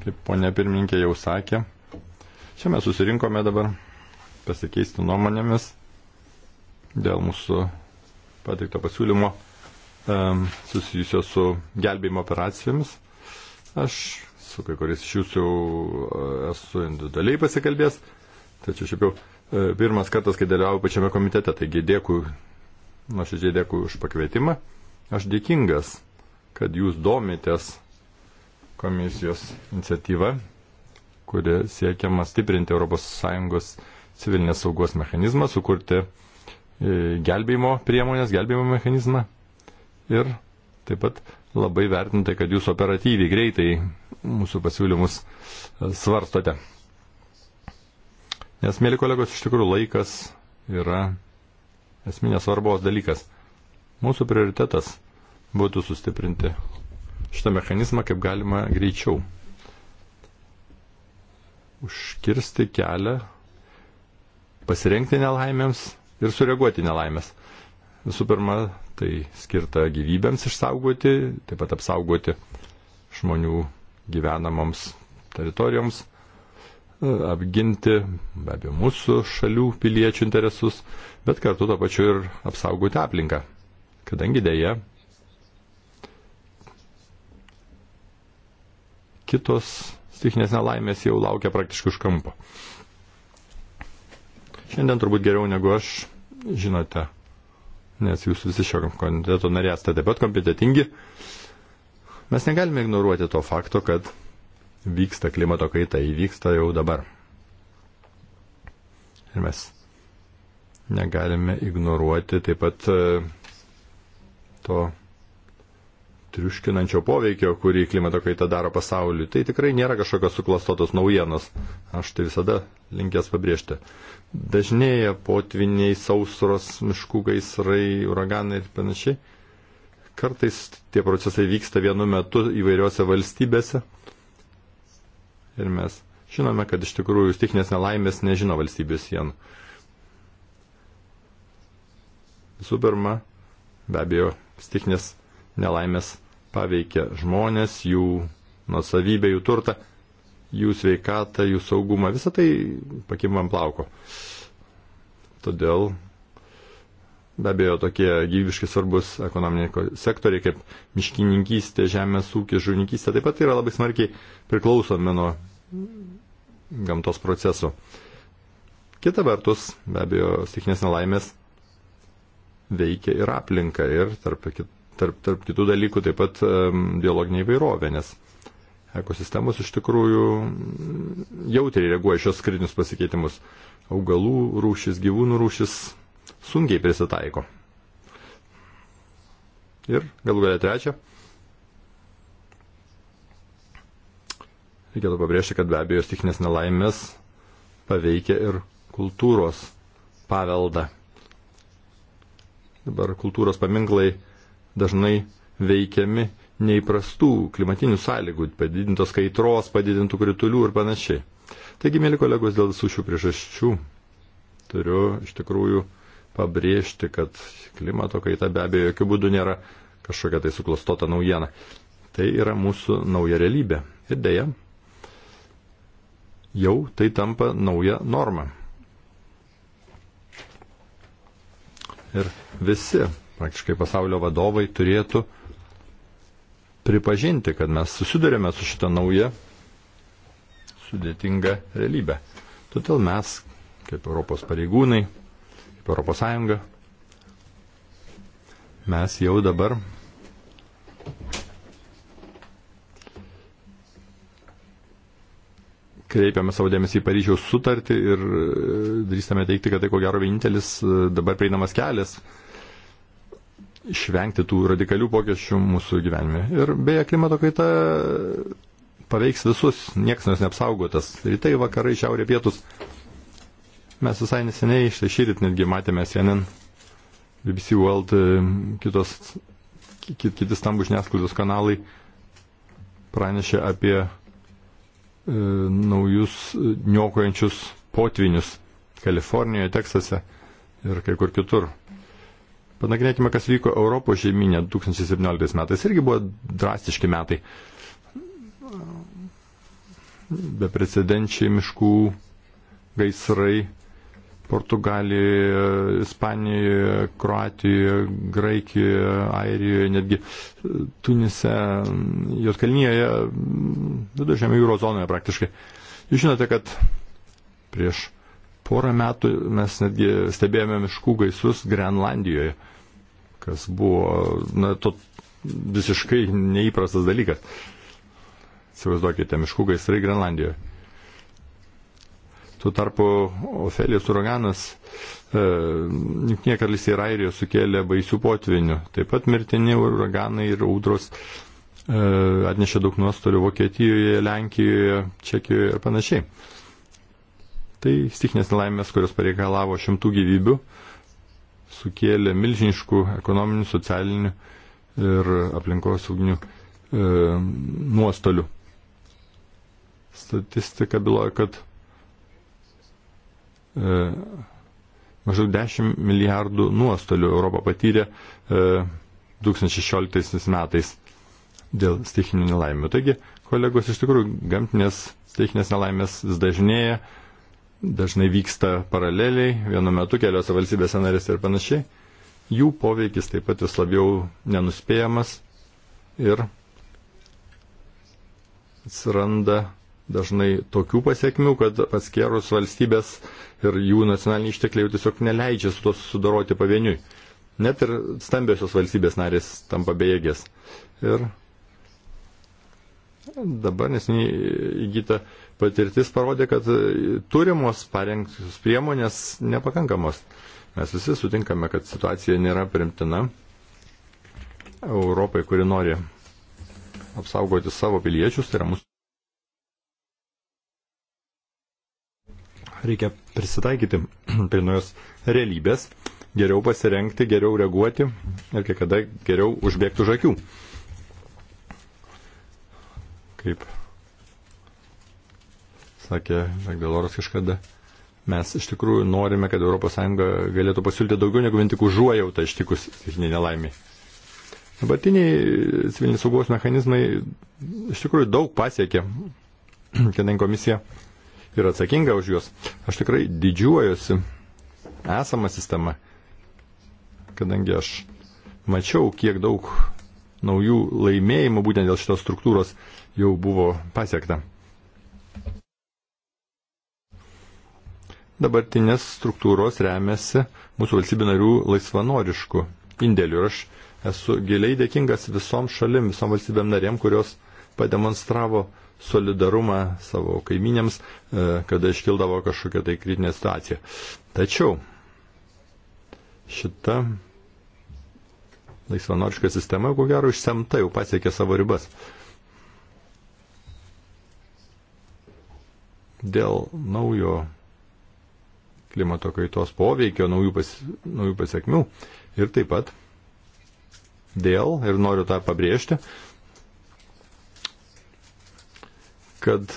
Kaip ponė pirmininkė jau sakė, čia mes susirinkome dabar pasikeisti nuomonėmis dėl mūsų pateikto pasiūlymo um, susijusio su gelbėjimo operacijomis. Aš su kai kuriais iš jūsų e, esu individualiai pasikalbės, tačiau šiaip jau e, pirmas kartas, kai dalyvauju pačiame komitete, taigi dėkui, nuoširdžiai dėkui už pakvietimą. Aš dėkingas, kad jūs domitės komisijos iniciatyva, kuri siekiama stiprinti ES civilinės saugos mechanizmą, sukurti e, gelbėjimo priemonės, gelbėjimo mechanizmą. Ir taip pat labai vertinti, kad jūs operatyviai greitai mūsų pasiūlymus e, svarstote. Nes, mėly kolegos, iš tikrųjų laikas yra esminės svarbos dalykas. Mūsų prioritetas būtų sustiprinti šitą mechanizmą kaip galima greičiau. Užkirsti kelią, pasirengti nelaimėms ir sureaguoti nelaimės. Visų pirma, tai skirta gyvybėms išsaugoti, taip pat apsaugoti žmonių gyvenamoms teritorijoms, apginti be abejo mūsų šalių piliečių interesus, bet kartu to pačiu ir apsaugoti aplinką. Kadangi dėja kitos stichinės nelaimės jau laukia praktiškai už kampo. Šiandien turbūt geriau negu aš žinote, nes jūs visi šio komiteto nariai esate taip pat kompetitingi. Mes negalime ignoruoti to fakto, kad vyksta klimato kaita, įvyksta jau dabar. Ir mes negalime ignoruoti taip pat e, to triuškinančio poveikio, kurį klimato kaita daro pasauliu. Tai tikrai nėra kažkokios suklastotos naujienos. Aš tai visada linkęs pabrėžti. Dažnėja potviniai, sausros, miškų gaisrai, uraganai ir panašiai. Kartais tie procesai vyksta vienu metu įvairiuose valstybėse. Ir mes žinome, kad iš tikrųjų stichinės nelaimės nežino valstybės sienų. Visų pirma, be abejo, stichinės nelaimės paveikia žmonės, jų nusavybę, jų turtą, jų sveikatą, jų saugumą. Visą tai pakimam plauko. Todėl be abejo tokie gyvybiškai svarbus ekonominiai sektoriai kaip miškininkystė, žemės ūkis, žuvininkystė taip pat yra labai smarkiai priklausomi nuo gamtos procesų. Kita vertus, be abejo, stichinės nelaimės veikia ir aplinką ir tarp kitų tarp, tarp kitų dalykų taip pat biologinė įvairovė, nes ekosistemos iš tikrųjų mm, jautriai reaguoja šios kritinius pasikeitimus. Augalų rūšis, gyvūnų rūšis sunkiai prisitaiko. Ir galų galia trečia. Reikėtų pabrėžti, kad be abejo stichinės nelaimės paveikia ir kultūros paveldą. Dabar kultūros paminklai dažnai veikiami neįprastų klimatinių sąlygų, padidintos kaitros, padidintų kritulių ir panašiai. Taigi, mėly kolegos, dėl visų šių priežasčių turiu iš tikrųjų pabrėžti, kad klimato kaita be abejo jokių būdų nėra kažkokia tai suklostota naujiena. Tai yra mūsų nauja realybė. Ir dėja, jau tai tampa nauja norma. Ir visi praktiškai pasaulio vadovai turėtų pripažinti, kad mes susidurėme su šitą naują sudėtingą realybę. Todėl mes, kaip Europos pareigūnai, kaip Europos Sąjunga, mes jau dabar kreipiame savo dėmesį į Paryžiaus sutartį ir e, drįstame teikti, kad tai ko gero vienintelis e, dabar prieinamas kelias išvengti tų radikalių pokėčių mūsų gyvenime. Ir beje, klimato kaita paveiks visus, niekas nes neapsaugotas. Rytai, vakarai, šiaurė, pietus. Mes visai neseniai, štai šįryt netgi matėme CNN, BBC World, kitos, kit, kiti stambų žiniasklaidos kanalai pranešė apie e, naujus niokojančius potvinius Kalifornijoje, Teksase ir kai kur kitur. Panagrinėkime, kas vyko Europos žemynė 2017 metais. Irgi buvo drastiški metai. Beprecedenčiai miškų gaisrai Portugalijoje, Ispanijoje, Kroatijoje, Graikijoje, Airijoje, netgi Tunise, Jotkalnyje, viduržėmio jūros zonoje praktiškai. Jūs žinote, kad prieš porą metų mes netgi stebėjome miškų gaisrus Grenlandijoje kas buvo, na, to visiškai neįprastas dalykas. Įsivaizduokite, miškų gaisrai Grenlandijoje. Tuo tarpu Ofelijos uraganas Junktinė e, karalystė ir Airija sukėlė baisių potvinių. Taip pat mirtini uraganai ir audros e, atnešė daug nuostolių Vokietijoje, Lenkijoje, Čekijoje ir panašiai. Tai stichinės nelaimės, kurios pareikalavo šimtų gyvybių, e, sukėlė milžiniškų ekonominių, socialinių ir aplinkosauginių e, nuostolių. Statistika byloja, kad e, maždaug 10 milijardų nuostolių Europą patyrė e, 2016 metais dėl stichinių nelaimių. Taigi, kolegos, iš tikrųjų, gamtinės stichinės nelaimės vis dažnėja, dažnai vyksta paraleliai, vienu metu keliose valstybėse narėse ir panašiai, jų poveikis taip pat vis labiau nenuspėjamas ir atsiranda dažnai tokių pasiekmių, kad paskėrus valstybės ir jų nacionaliniai ištekliai jau tiesiog neleidžia su to susidoroti pavieniui. Net ir stambiosios valstybės narės tampa bejėgės. Ir dabar nesiniai įgyta uh, patirtis parodė, kad e, turimos parengtos priemonės nepakankamos. Mes visi sutinkame, kad situacija nėra primtina Europai, kuri nori apsaugoti savo piliečius, tai yra mūsų. Reikia prisitaikyti prie naujos realybės, geriau pasirenkti, geriau reaguoti ir kai kada geriau užbėgti už akių. Kaip sakė Vegdeloras kažkada, mes iš tikrųjų norime, kad ES galėtų pasiūlyti daugiau negu vien tik užuojautą ištikus techniniai nelaimiai. Dabartiniai civilinės saugos mechanizmai iš tikrųjų daug pasiekė, kadangi komisija yra atsakinga už juos. Aš tikrai didžiuojuosi esamą sistemą, kadangi aš mačiau, kiek daug naujų laimėjimų būtent dėl šitos struktūros jau buvo pasiekta. dabartinės struktūros remiasi mūsų valstybių narių laisvanoriškų indėlių. Ir aš esu giliai dėkingas visom šalim, visom valstybėm narėm, kurios pademonstravo solidarumą savo kaiminėms, e, kada iškildavo kažkokia tai kritinė situacija. Tačiau šita laisvanoriška sistema, ko gero, išsemta jau pasiekė savo ribas. Dėl naujo klimato kaitos poveikio, naujų, pas, naujų pasiekmių ir taip pat dėl, ir noriu tą pabrėžti, kad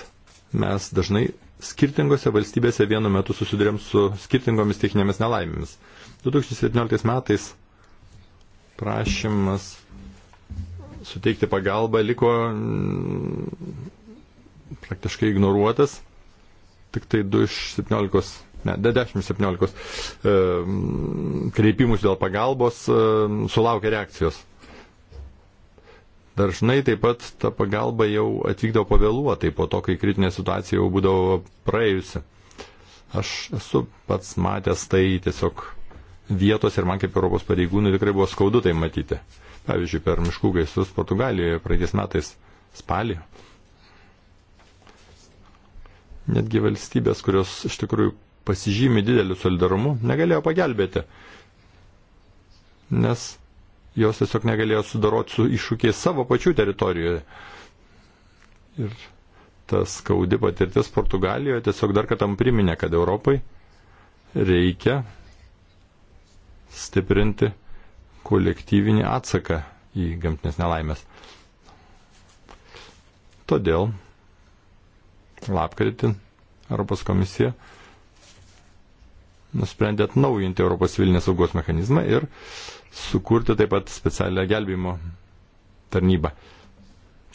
mes dažnai skirtingose valstybėse vienu metu susidurėm su skirtingomis techninėmis nelaimėmis. 2017 metais prašymas suteikti pagalbą liko mm, praktiškai ignoruotas. Tik tai 2 iš 17 ne, 10-17 e, kreipimus dėl pagalbos e, sulaukia reakcijos. Dažnai taip pat ta pagalba jau atvykdavo pavėluotai po to, kai kritinė situacija jau būdavo praėjusi. Aš esu pats matęs tai tiesiog vietos ir man kaip Europos pareigūnų tikrai buvo skaudu tai matyti. Pavyzdžiui, per miškų gaisrus Portugalijoje praeitais metais spalį. Netgi valstybės, kurios iš tikrųjų pasižymi dideliu solidarumu, negalėjo pagelbėti, nes jos tiesiog negalėjo sudaroti su iššūkiais savo pačių teritorijoje. Ir ta skaudi patirtis Portugalijoje tiesiog dar kartam priminė, kad Europai reikia stiprinti kolektyvinį atsaką į gamtinės nelaimės. Todėl lapkritį Europos komisija nusprendė atnaujinti Europos civilinės saugos mechanizmą ir sukurti taip pat specialią gelbėjimo tarnybą.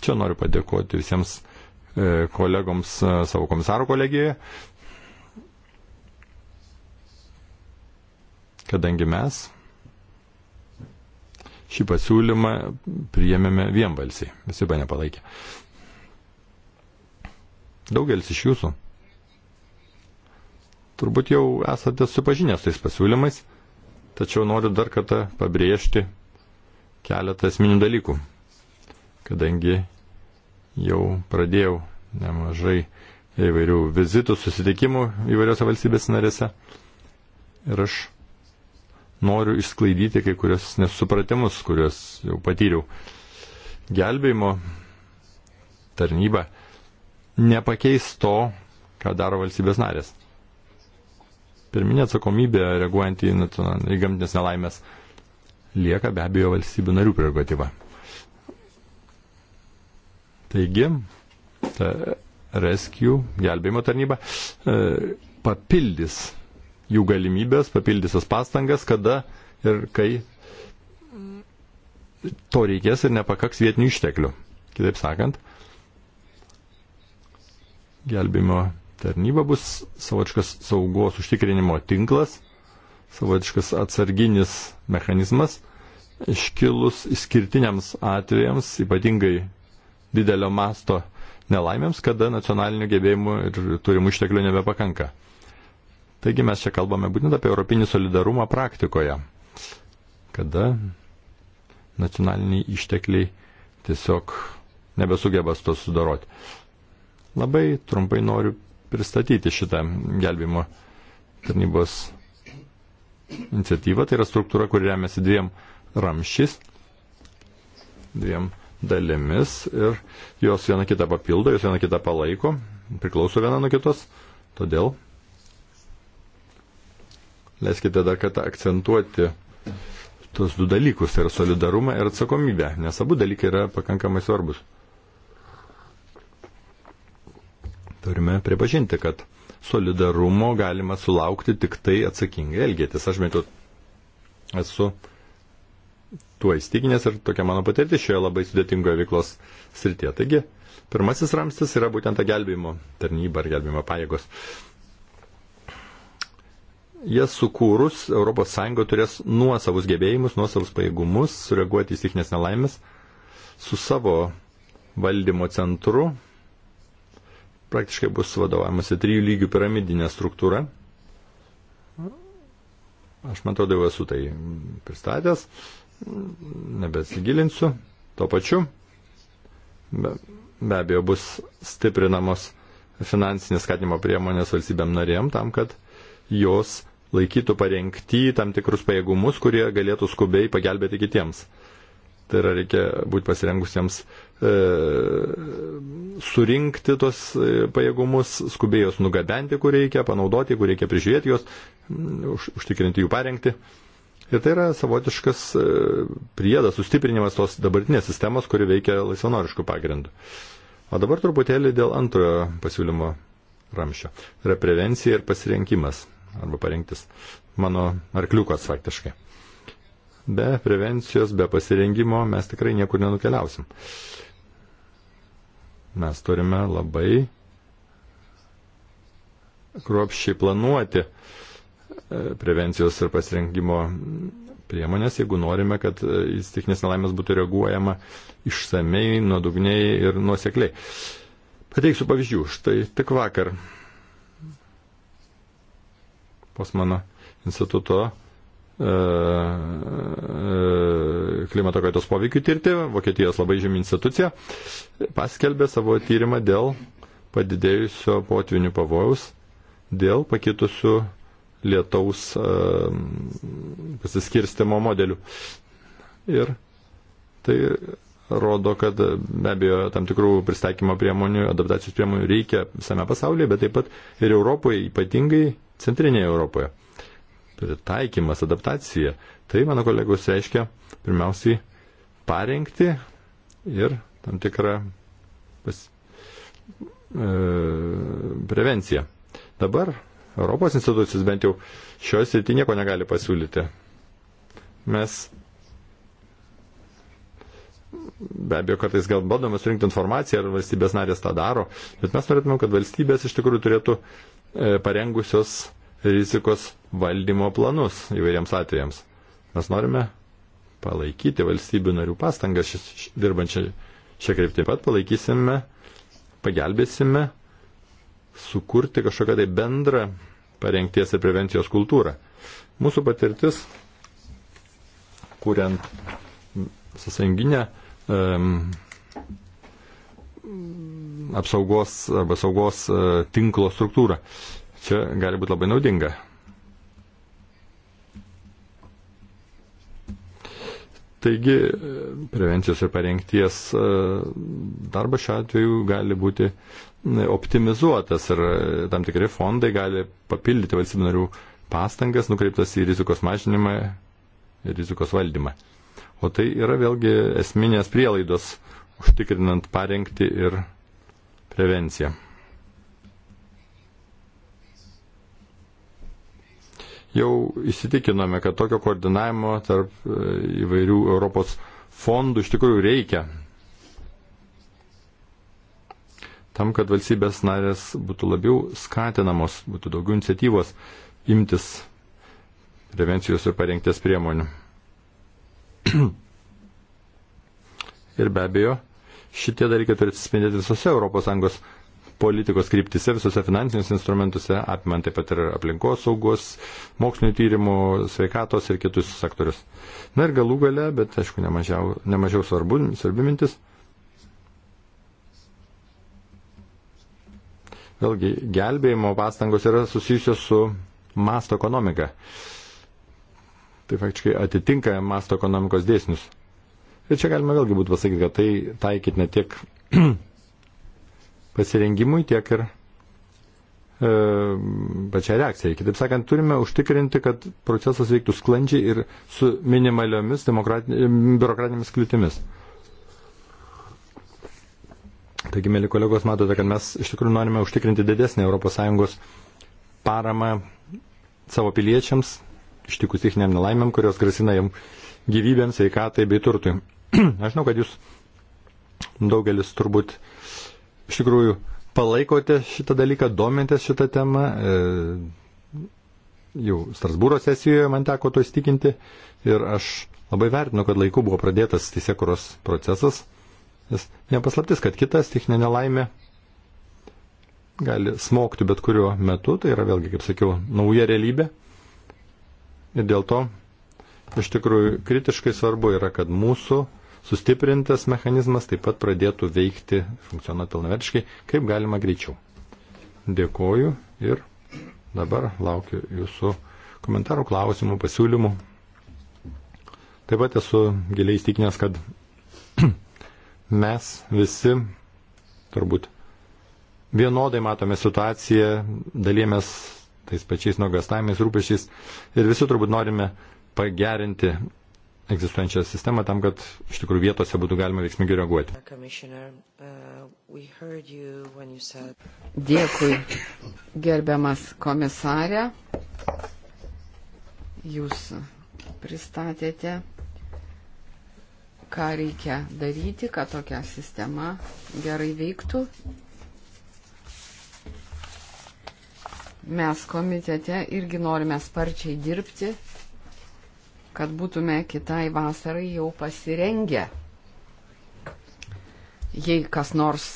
Čia noriu padėkoti visiems e, kolegoms e, savo komisaro kolegijoje, kadangi mes šį pasiūlymą priėmėme vienbalsiai, visi be nepalaikė. Daugelis iš jūsų Turbūt jau esate supažinęs tais pasiūlymais, tačiau noriu dar kartą pabrėžti keletą esminių dalykų, kadangi jau pradėjau nemažai įvairių vizitų, susitikimų įvairiose valstybės narėse ir aš noriu išsklaidyti kai kurios nesupratimus, kuriuos jau patyriau. Gelbėjimo tarnyba nepakeis to, ką daro valstybės narės pirminė atsakomybė reaguojant į, į gamtinės nelaimės lieka be abejo valstybių narių prerogatyva. Taigi, ta Rescue gelbėjimo tarnyba e, papildys jų galimybės, papildys tas pastangas, kada ir kai to reikės ir nepakaks vietinių išteklių. Kitaip sakant, gelbėjimo tarnyba bus savotiškas saugos užtikrinimo tinklas, savotiškas atsarginis mechanizmas, iškilus išskirtiniams atvejams, ypatingai didelio masto nelaimėms, kada nacionalinių gebėjimų ir turimų išteklių nebepakanka. Taigi mes čia kalbame būtent apie europinį solidarumą praktikoje, kada nacionaliniai ištekliai tiesiog nebesugeba su to sudaroti. Labai trumpai noriu pristatyti šitą gelbimo tarnybos iniciatyvą. Tai yra struktūra, kuri remiasi dviem ramšys, dviem dalimis ir jos viena kitą papildo, jos viena kitą palaiko, priklauso viena nuo kitos. Todėl leiskite dar kartą akcentuoti tos du dalykus, tai yra solidarumą ir atsakomybę, nes abu dalykai yra pakankamai svarbus. turime pripažinti, kad solidarumo galima sulaukti tik tai atsakingai elgėtis. Aš bent jau esu tuo įstikinęs ir tokia mano patirtis šioje labai sudėtingoje veiklos srityje. Taigi, pirmasis ramstis yra būtent ta gelbėjimo tarnyba ar gelbėjimo pajėgos. Jas sukūrus, ES turės nuosavus gebėjimus, nuosavus pajėgumus sureaguoti į stichinės nelaimės su savo valdymo centru praktiškai bus vadovavimasi trijų lygių piramidinė struktūra. Aš man atrodo jau esu tai pristatęs, nebesigilinsiu tuo pačiu. Be, be abejo bus stiprinamos finansinės skatinimo priemonės valstybėm narėm tam, kad jos laikytų parengti tam tikrus pajėgumus, kurie galėtų skubiai pagelbėti kitiems. Tai yra reikia būti pasirengusiems E, surinkti tos e, pajėgumus, skubėjos nugabenti, kur reikia, panaudoti, kur reikia prižiūrėti juos, užtikrinti jų parengti. Ir tai yra savotiškas e, priedas, sustiprinimas tos dabartinės sistemos, kuri veikia laisvanoriškų pagrindų. O dabar truputėlį dėl antrojo pasiūlymo ramščio. Tai yra prevencija ir pasirinkimas, arba parengtis. Mano arkliukas faktiškai. Be prevencijos, be pasirengimo mes tikrai niekur nenukeliausim. Uh, Mes turime labai kruopščiai planuoti e, prevencijos ir pasirinkimo priemonės, jeigu norime, kad e, įstikinės nelaimės būtų reaguojama išsamei, nuodugniai ir nuosekliai. Pateiksiu pavyzdžių. Štai tik vakar pos mano instituto E, e, klimato kaitos poveikių tirti, Vokietijos labai žymi institucija, paskelbė savo tyrimą dėl padidėjusio potvinių pavojaus, dėl pakitusių lietaus e, pasiskirstimo modelių. Ir tai rodo, kad be abejo tam tikrų pristaikymo priemonių, adaptacijos priemonių reikia visame pasaulyje, bet taip pat ir Europoje, ypatingai centrinėje Europoje pritaikymas, adaptacija. Tai, mano kolegos, reiškia pirmiausiai parengti ir tam tikrą pas, e, prevenciją. Dabar Europos institucijos bent jau šioje srityje nieko negali pasiūlyti. Mes be abejo kartais gal bandome surinkti informaciją, ar valstybės narės tą daro, bet mes norėtume, kad valstybės iš tikrųjų turėtų e, parengusios rizikos valdymo planus įvairiems atvejams. Mes norime palaikyti valstybių narių pastangas dirbančią šią kryptį. Taip pat palaikysime, pagelbėsime sukurti kažkokią tai bendrą parengties ir prevencijos kultūrą. Mūsų patirtis, kuriant susanginę um, apsaugos arba saugos uh, tinklo struktūrą. Uh, Čia gali būti labai naudinga. Taigi prevencijos ir parengties e, darbas šiuo atveju gali būti optimizuotas ir e, tam tikri fondai gali papildyti valstybių narių pastangas nukreiptas į rizikos mažinimą ir rizikos valdymą. O tai yra vėlgi esminės prielaidos užtikrinant parengti ir prevenciją. jau įsitikinome, kad tokio koordinavimo tarp e, įvairių Europos fondų iš tikrųjų reikia. Tam, kad valstybės narės būtų labiau skatinamos, būtų daugiau iniciatyvos imtis prevencijos ir parengties priemonių. ir be abejo, šitie dalykai turi atsispindėti visose ES politikos kryptise, visose finansiniuose instrumentuose, apimant taip pat ir aplinkos saugos, mokslinių tyrimų, sveikatos ir kitus sektorius. Na ir galų gale, bet aišku, nemažiau, nemažiau svarbu, svarbi mintis. Vėlgi, gelbėjimo pastangos yra susijusios su masto ekonomika. Tai faktiškai atitinka masto ekonomikos dėsnius. Ir čia galima vėlgi būtų pasakyti, kad tai taikyti ne tiek pasirengimui, tiek ir e, pačiai reakcijai. Kitaip sakant, turime užtikrinti, kad procesas veiktų sklandžiai ir su minimaliomis biurokratinėmis kliūtimis. Taigi, mėly kolegos, matote, kad mes iš tikrųjų norime užtikrinti didesnį ES paramą savo piliečiams, ištikus techniniam nelaimėm, kurios grasina jam gyvybėms, sveikatai bei turtui. Aš žinau, kad jūs daugelis turbūt uh, iš tikrųjų palaikote šitą dalyką, domintės šitą temą. E, jau Strasbūro sesijoje man teko to įstikinti ir aš labai vertinu, kad laiku buvo pradėtas teisėkuros procesas. Nes nepaslaptis, kad kitas techninė nelaimė gali smogti bet kuriuo metu, tai yra vėlgi, kaip sakiau, nauja realybė. Ir dėl to iš tikrųjų kritiškai svarbu yra, kad mūsų sustiprintas mechanizmas taip pat pradėtų veikti, funkcionuoti pilnavertiškai, kaip galima greičiau. Dėkoju ir dabar laukiu jūsų komentarų, klausimų, pasiūlymų. Taip pat esu giliai įstikinęs, kad mes visi turbūt vienodai matome situaciją, dalėmės tais pačiais nuogastavimais, rūpešiais ir visi turbūt norime pagerinti egzistuojančią sistemą tam, kad iš tikrųjų vietose būtų galima veiksmingai reaguoti.
Uh, Dėkui, gerbiamas komisarė. Jūs pristatėte, ką reikia daryti, kad tokia sistema gerai veiktų. Mes komitete irgi norime sparčiai dirbti kad būtume kitai vasarai jau pasirengę. Jei kas nors,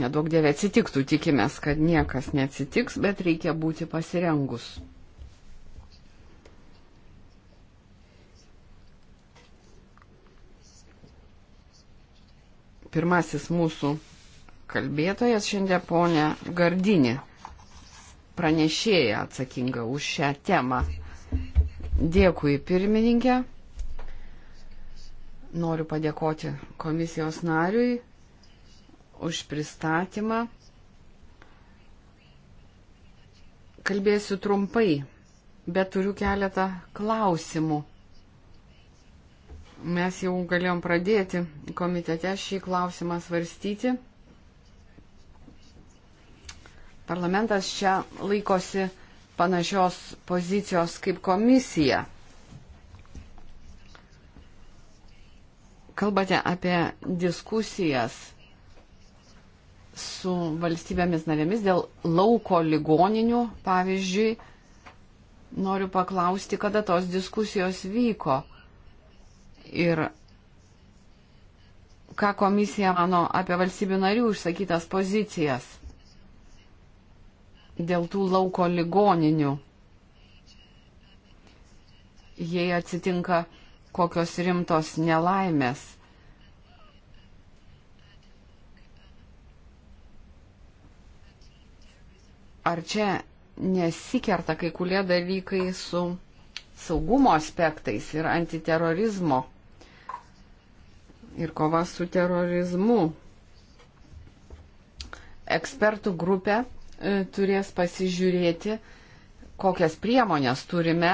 nedaug dėvė atsitiktų, tikimės, kad niekas neatsitiks, bet reikia būti pasirengus. Pirmasis mūsų kalbėtojas šiandien ponė Gardinė, pranešėja atsakinga už šią temą. Dėkui pirmininkė. Noriu padėkoti komisijos nariui už pristatymą. Kalbėsiu trumpai, bet turiu keletą klausimų. Mes jau galėjom pradėti komitete šį klausimą svarstyti. Parlamentas čia laikosi panašios pozicijos kaip komisija. Kalbate apie diskusijas su valstybėmis narėmis dėl lauko ligoninių, pavyzdžiui, noriu paklausti, kada tos diskusijos vyko ir ką komisija mano apie valstybių narių išsakytas pozicijas dėl tų lauko ligoninių. Jei atsitinka kokios rimtos nelaimės. Ar čia nesikerta kai kurie dalykai su saugumo aspektais ir antiterorizmo ir kova su terorizmu? Ekspertų grupė E, turės pasižiūrėti, kokias priemonės turime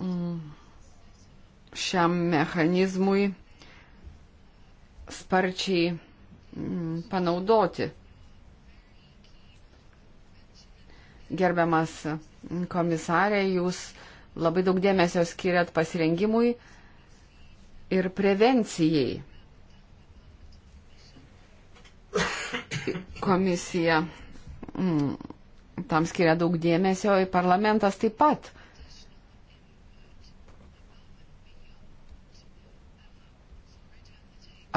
mm, šiam mechanizmui sparčiai mm, panaudoti. Gerbiamas komisarė, jūs labai daug dėmesio skiriat pasirengimui ir prevencijai. Komisija mm, tam skiria daug dėmesio, ir parlamentas taip pat.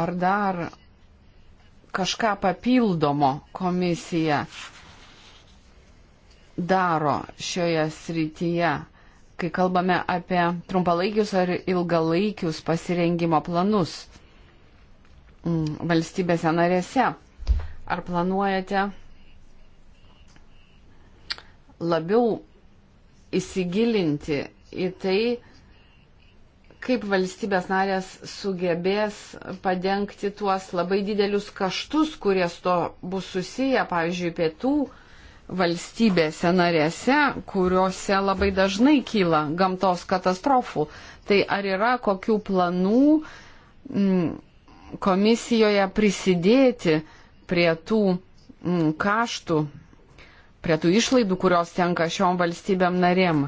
Ar dar kažką papildomo komisija daro šioje srityje, kai kalbame apie trumpalaikius ar ilgalaikius pasirengimo planus mm, valstybėse narėse. Ar planuojate labiau įsigilinti į tai, kaip valstybės narės sugebės padengti tuos labai didelius kaštus, kurie su to bus susiję, pavyzdžiui, pietų valstybėse narėse, kuriuose labai dažnai kyla gamtos katastrofų. Tai ar yra kokių planų m, mm, komisijoje prisidėti prie tų m, mm, kaštų, prie tų išlaidų, kurios tenka šiom valstybėm narėm.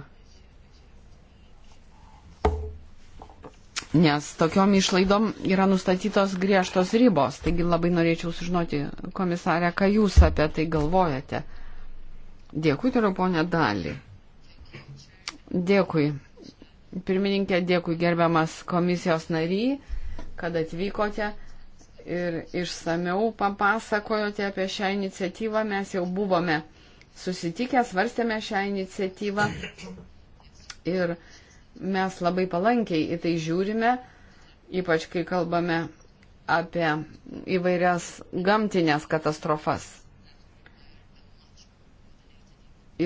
Nes tokiom išlaidom yra nustatytos griežtos ribos. Taigi labai norėčiau sužinoti, komisarė, ką jūs apie tai galvojate. Dėkui, turiu ponę dalį. Dėkui. Pirmininkė, dėkui gerbiamas komisijos nary, kad atvykote ir išsameu papasakojote apie šią iniciatyvą. Mes jau buvome susitikę, svarstėme šią iniciatyvą ir mes labai palankiai į tai žiūrime, ypač kai kalbame apie įvairias gamtinės katastrofas.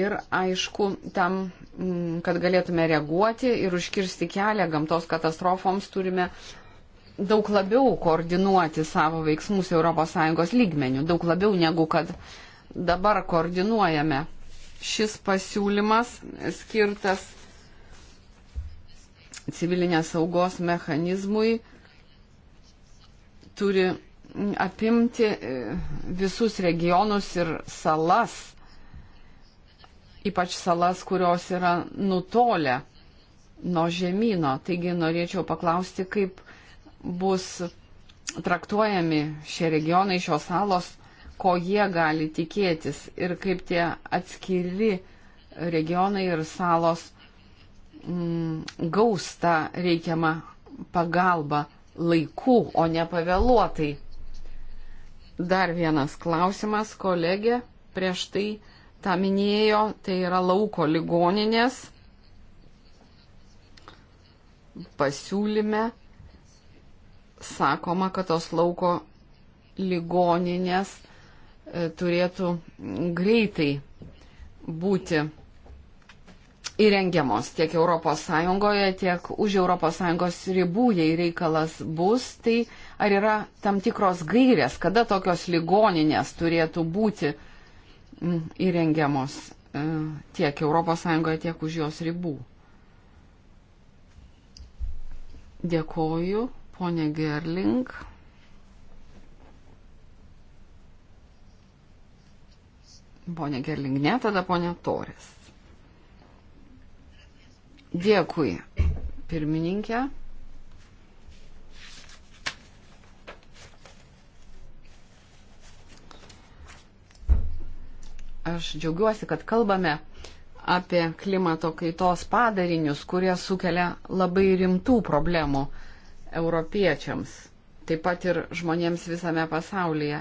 Ir aišku, tam, mm, kad galėtume reaguoti ir užkirsti kelią gamtos katastrofoms, turime daug labiau koordinuoti savo veiksmus ES lygmenių, daug labiau negu kad dabar koordinuojame. Šis pasiūlymas skirtas civilinės saugos mechanizmui turi apimti e, visus regionus ir salas, ypač salas, kurios yra nutolę nuo žemynų. Taigi norėčiau paklausti, kaip bus traktuojami šie regionai, šios salos, ko jie gali tikėtis ir kaip tie atskiri regionai ir salos mm, gaus tą reikiamą pagalbą laiku, o ne pavėluotai. Dar vienas klausimas, kolegė prieš tai tą minėjo, tai yra lauko ligoninės pasiūlyme sakoma, kad tos lauko ligoninės e, turėtų greitai būti įrengiamos tiek ES, tiek už ES ribų, jei reikalas bus, tai ar yra tam tikros gairės, kada tokios ligoninės turėtų būti įrengiamos e, tiek ES, tiek už jos ribų. Dėkoju. Pone Gerling. Pone Gerling, ne, tada pone Torės. Dėkui, pirmininkė. Aš džiaugiuosi, kad kalbame apie klimato kaitos padarinius, kurie sukelia labai rimtų problemų europiečiams, taip pat ir žmonėms visame pasaulyje.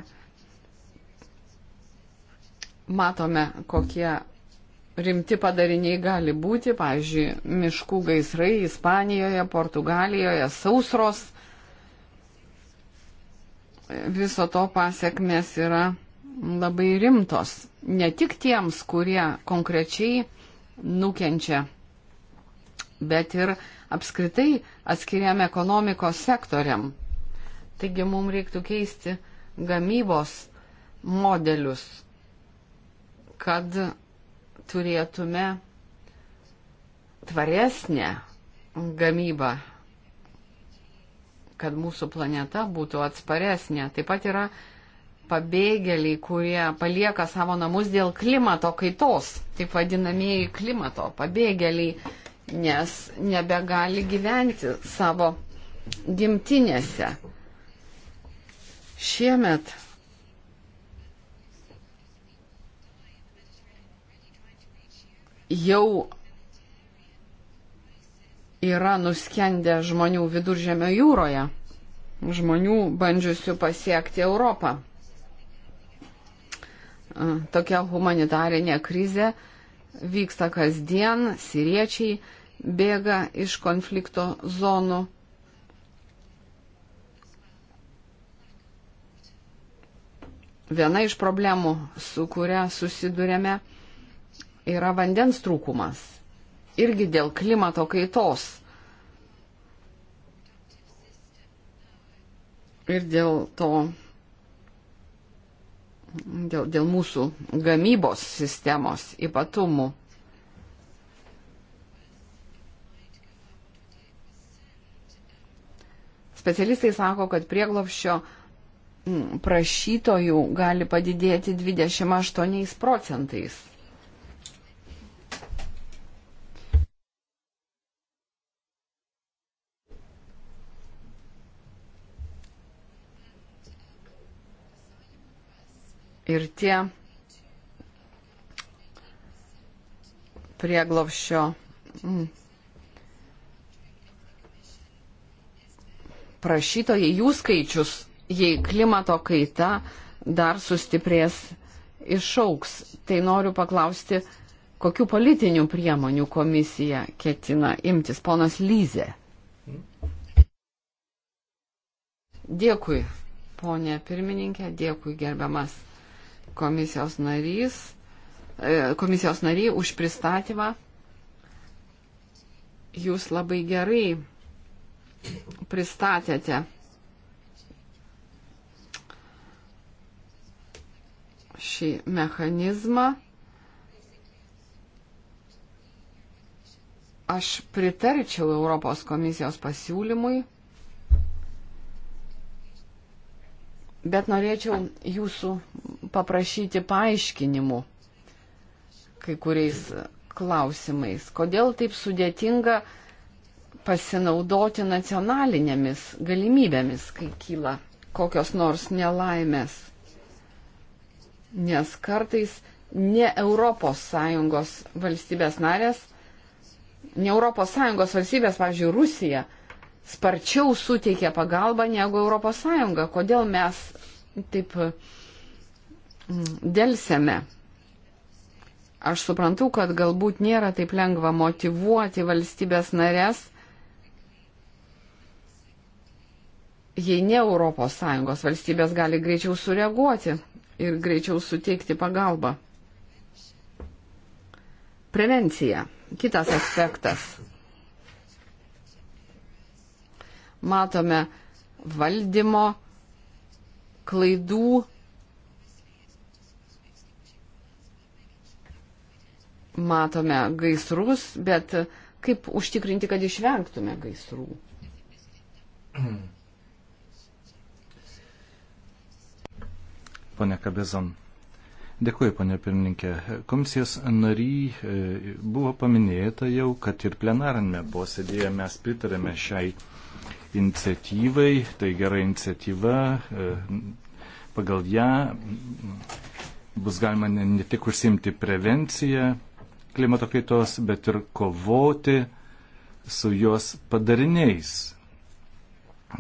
Matome, kokie rimti padariniai gali būti, pavyzdžiui, miškų gaisrai Ispanijoje, Portugalijoje, sausros. Viso to pasiekmes yra labai rimtos, ne tik tiems, kurie konkrečiai nukenčia, bet ir uh, apskritai atskiriam ekonomikos sektoriam. Taigi mums reiktų keisti gamybos modelius, kad turėtume tvaresnę gamybą, kad mūsų planeta būtų atsparesnė. Taip pat yra pabėgėliai, kurie palieka savo namus dėl klimato kaitos, taip vadinamieji klimato pabėgėliai nes nebegali gyventi savo gimtinėse. Šiemet jau yra nuskendę žmonių viduržėmio jūroje, žmonių bandžiusių pasiekti Europą. Tokia humanitarinė krizė vyksta kasdien, siriečiai bėga iš konflikto zonų. Viena iš problemų, su kuria susidurėme, yra vandens trūkumas. Irgi dėl klimato kaitos. Ir dėl to, dėl, dėl mūsų gamybos sistemos ypatumų. Specialistai sako, kad prieglopščio mm, prašytojų gali padidėti 28 procentais. Ir tie prieglopščio mm, prašytojai, jų skaičius, jei klimato kaita dar sustiprės, išauks. Tai noriu paklausti, kokiu politiniu priemonių komisija ketina imtis. Ponas Lyze. Dėkui, ponė pirmininkė, dėkui gerbiamas komisijos narys, e, komisijos nariai už pristatymą. Jūs labai gerai pristatėte. šį mechanizmą. Aš pritarčiau Europos komisijos pasiūlymui, bet norėčiau jūsų paprašyti paaiškinimų kai kuriais klausimais. Kodėl taip sudėtinga uh, pasinaudoti nacionalinėmis galimybėmis, kai kyla kokios nors nelaimės. Nes kartais ne ES valstybės narės, ne ES valstybės, pavyzdžiui, Rusija, sparčiau suteikia pagalbą negu ES. Kodėl mes taip mm, dėlsėme? Aš suprantu, kad galbūt nėra taip lengva motivuoti valstybės narės jei ne ES valstybės gali greičiau sureaguoti ir greičiau suteikti pagalbą. Prevencija. Kitas aspektas. Matome valdymo klaidų. Matome gaisrus, bet kaip užtikrinti, kad išvengtume gaisrų?
ponė Kabezon. Dėkuoju, ponė pirmininkė. Komisijos nary e, buvo paminėta jau, kad ir plenarinėme posėdėje mes pritarėme šiai iniciatyvai. Tai gera iniciatyva. E, pagal ją bus galima ne tik užsimti prevenciją klimato kaitos, bet ir kovoti su jos padariniais.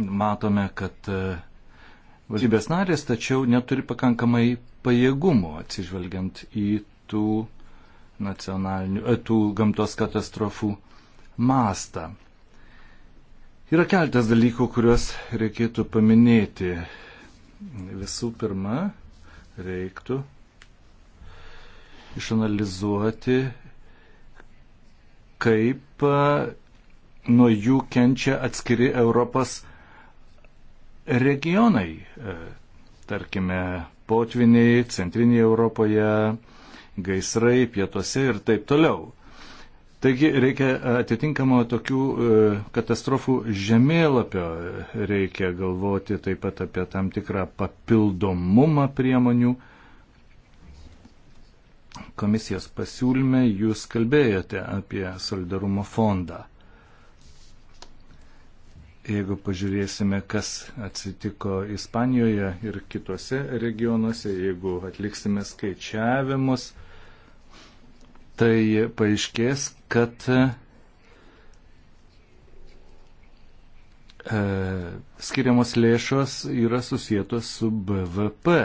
Matome, kad e, valstybės narės, tačiau neturi pakankamai pajėgumų atsižvelgiant į tų, e, tų gamtos katastrofų mastą. Yra keltas dalykų, kuriuos reikėtų paminėti. Visų pirma, reiktų išanalizuoti, kaip e, nuo jų kenčia atskiri Europos regionai, e, tarkime, potviniai centrinėje Europoje, gaisrai pietuose ir taip toliau. Taigi reikia atitinkamo tokių e, katastrofų žemėlapio, reikia galvoti taip pat apie tam tikrą papildomumą priemonių. Komisijos pasiūlyme jūs kalbėjote apie solidarumo fondą. Jeigu pažiūrėsime, kas atsitiko Ispanijoje ir kitose regionuose, jeigu atliksime skaičiavimus, tai paaiškės, kad e, skiriamos lėšos yra susijėtos su BVP.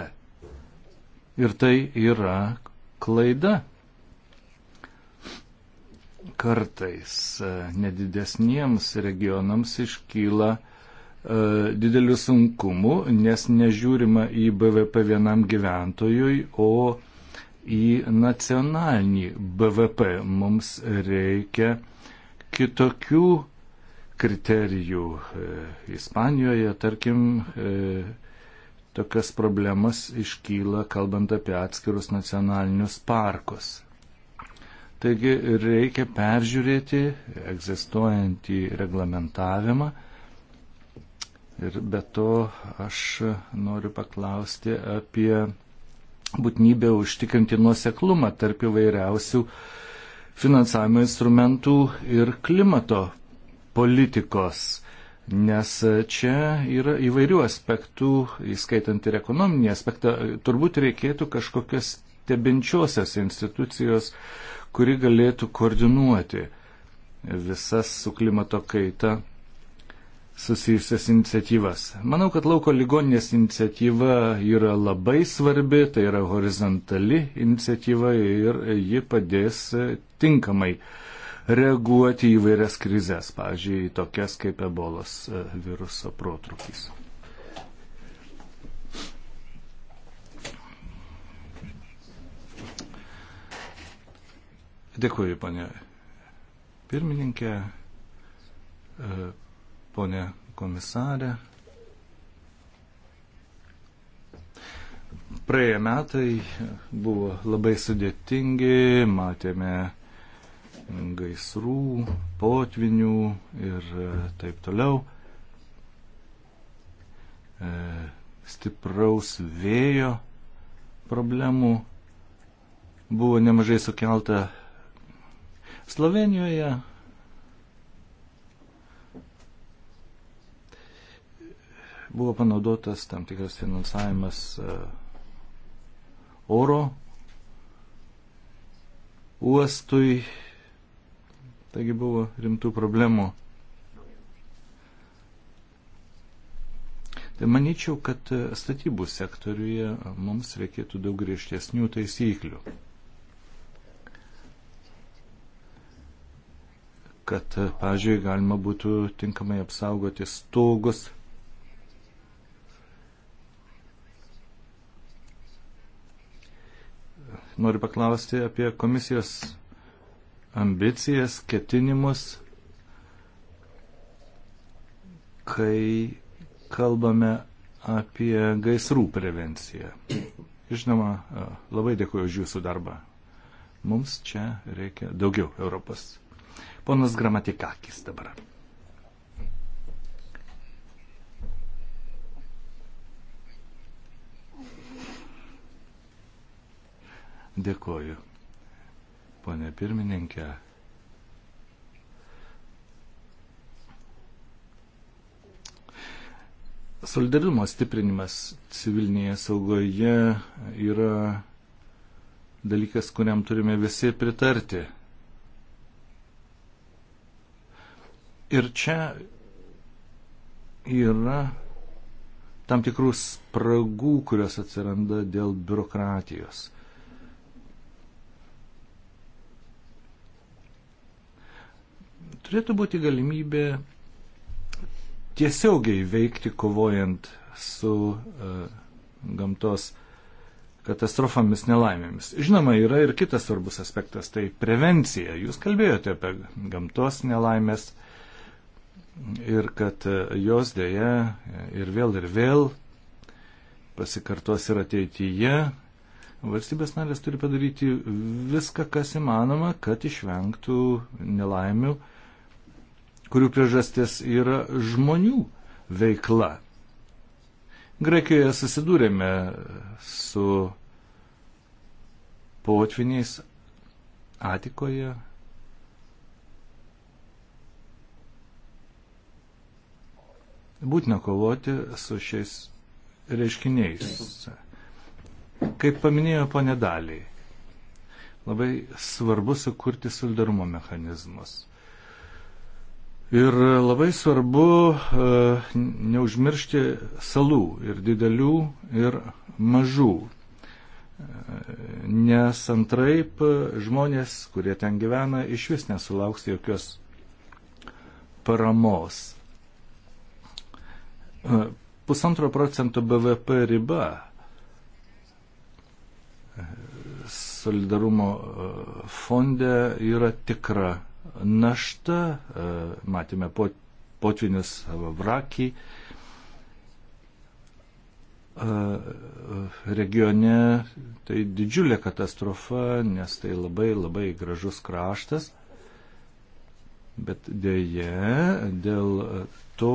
Ir tai yra klaida kartais e, nedidesniems regionams iškyla e, didelių sunkumų, nes nežiūrima į BVP vienam gyventojui, o į nacionalinį BVP mums reikia kitokių kriterijų. E, Ispanijoje, tarkim, e, tokias problemas iškyla, kalbant apie atskirus nacionalinius parkus. Taigi reikia peržiūrėti egzistuojantį reglamentavimą. Ir be to aš noriu paklausti apie būtinybę užtikrinti nuoseklumą tarp įvairiausių finansavimo instrumentų ir klimato politikos, nes čia yra įvairių aspektų, įskaitant ir ekonominį aspektą. Turbūt reikėtų kažkokias stebinčiosios institucijos, kuri galėtų koordinuoti visas su klimato kaita susijusias iniciatyvas. Manau, kad lauko ligoninės iniciatyva yra labai svarbi, tai yra horizontali iniciatyva ir ji padės tinkamai reaguoti į vairias krizės, pavyzdžiui, tokias kaip ebolos viruso protrukis. Dėkuoju, ponė pirmininkė, e, ponė komisarė. Praėję metai buvo labai sudėtingi, matėme gaisrų, potvinių ir taip toliau. E, stipraus vėjo problemų buvo nemažai sukelta Slovenijoje buvo panaudotas tam tikras finansavimas e, oro uostui, taigi buvo rimtų problemų. Tai manyčiau, kad e, statybų sektoriuje mums reikėtų daug griežtesnių taisyklių. kad, e, pavyzdžiui, galima būtų tinkamai apsaugoti stogus. Noriu paklausti apie komisijos ambicijas, ketinimus, kai kalbame apie gaisrų prevenciją. Žinoma, e, labai dėkuoju už jūsų darbą. Mums čia reikia daugiau Europos. Ponas Gramatikakis dabar. Dėkoju, ponė pirmininkė. Solidarumo stiprinimas civilinėje saugoje yra dalykas, kuriam turime visi pritarti. Ir čia yra tam tikrų spragų, kurios atsiranda dėl biurokratijos. Turėtų būti galimybė tiesiogiai veikti kovojant su uh, gamtos katastrofomis nelaimėmis. Žinoma, yra ir kitas svarbus aspektas - tai prevencija. Jūs kalbėjote apie gamtos nelaimės, uh, ir kad e, jos dėja e, ir vėl ir vėl pasikartos ir ateityje. Valstybės narės turi padaryti viską, kas įmanoma, kad išvengtų nelaimių, kurių priežastis yra žmonių veikla. Graikijoje susidūrėme su potviniais Atikoje, Būtina kovoti su šiais reiškiniais. Kaip paminėjo ponė daliai, labai svarbu sukurti solidarumo mechanizmus. Ir labai svarbu e, neužmiršti salų ir didelių, ir mažų. E, nes antraip žmonės, kurie ten gyvena, iš vis nesulauks jokios paramos. Pusantro procento BVP riba solidarumo e, fonde yra tikra našta. E, matėme potvinis Vrakį e, regione tai didžiulė katastrofa, nes tai labai labai gražus kraštas, bet dėje dėl to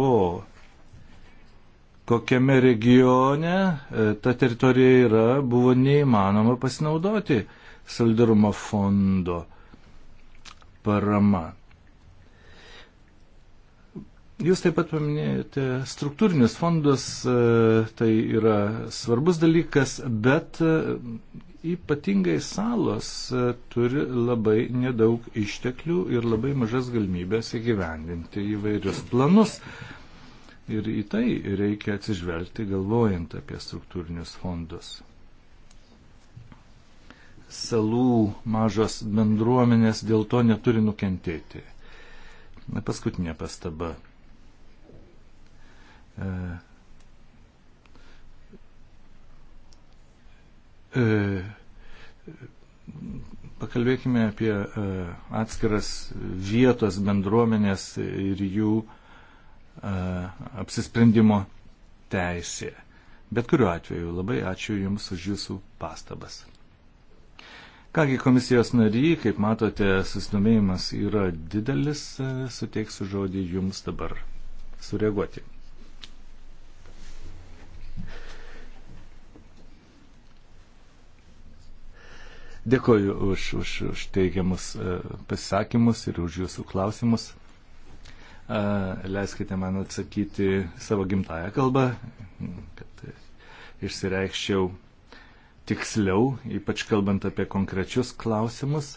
kokiame regione e, ta teritorija yra, buvo neįmanoma pasinaudoti solidarumo fondo parama. Jūs taip pat paminėjote struktūrinius fondus, e, tai yra svarbus dalykas, bet e, ypatingai salos turi labai nedaug išteklių ir labai mažas galimybės įgyvendinti įvairius planus. Mhm Ir į tai reikia atsižvelgti galvojant apie struktūrinius fondus. Salų mažos bendruomenės dėl to neturi nukentėti. Na, paskutinė pastaba. E, e, pakalbėkime apie e, atskiras vietos bendruomenės ir jų e, E, apsisprendimo teisė. Bet kuriuo atveju labai ačiū Jums už Jūsų pastabas. Kągi komisijos nariai, kaip matote, susidomėjimas yra didelis, e, suteiksiu žodį jums dabar sureaguoti. Dėkoju už, už, už teigiamus e, pasisakymus ir už jūsų klausimus. Leiskite man atsakyti savo gimtają kalbą, kad išsireikščiau tiksliau, ypač kalbant apie konkrečius klausimus.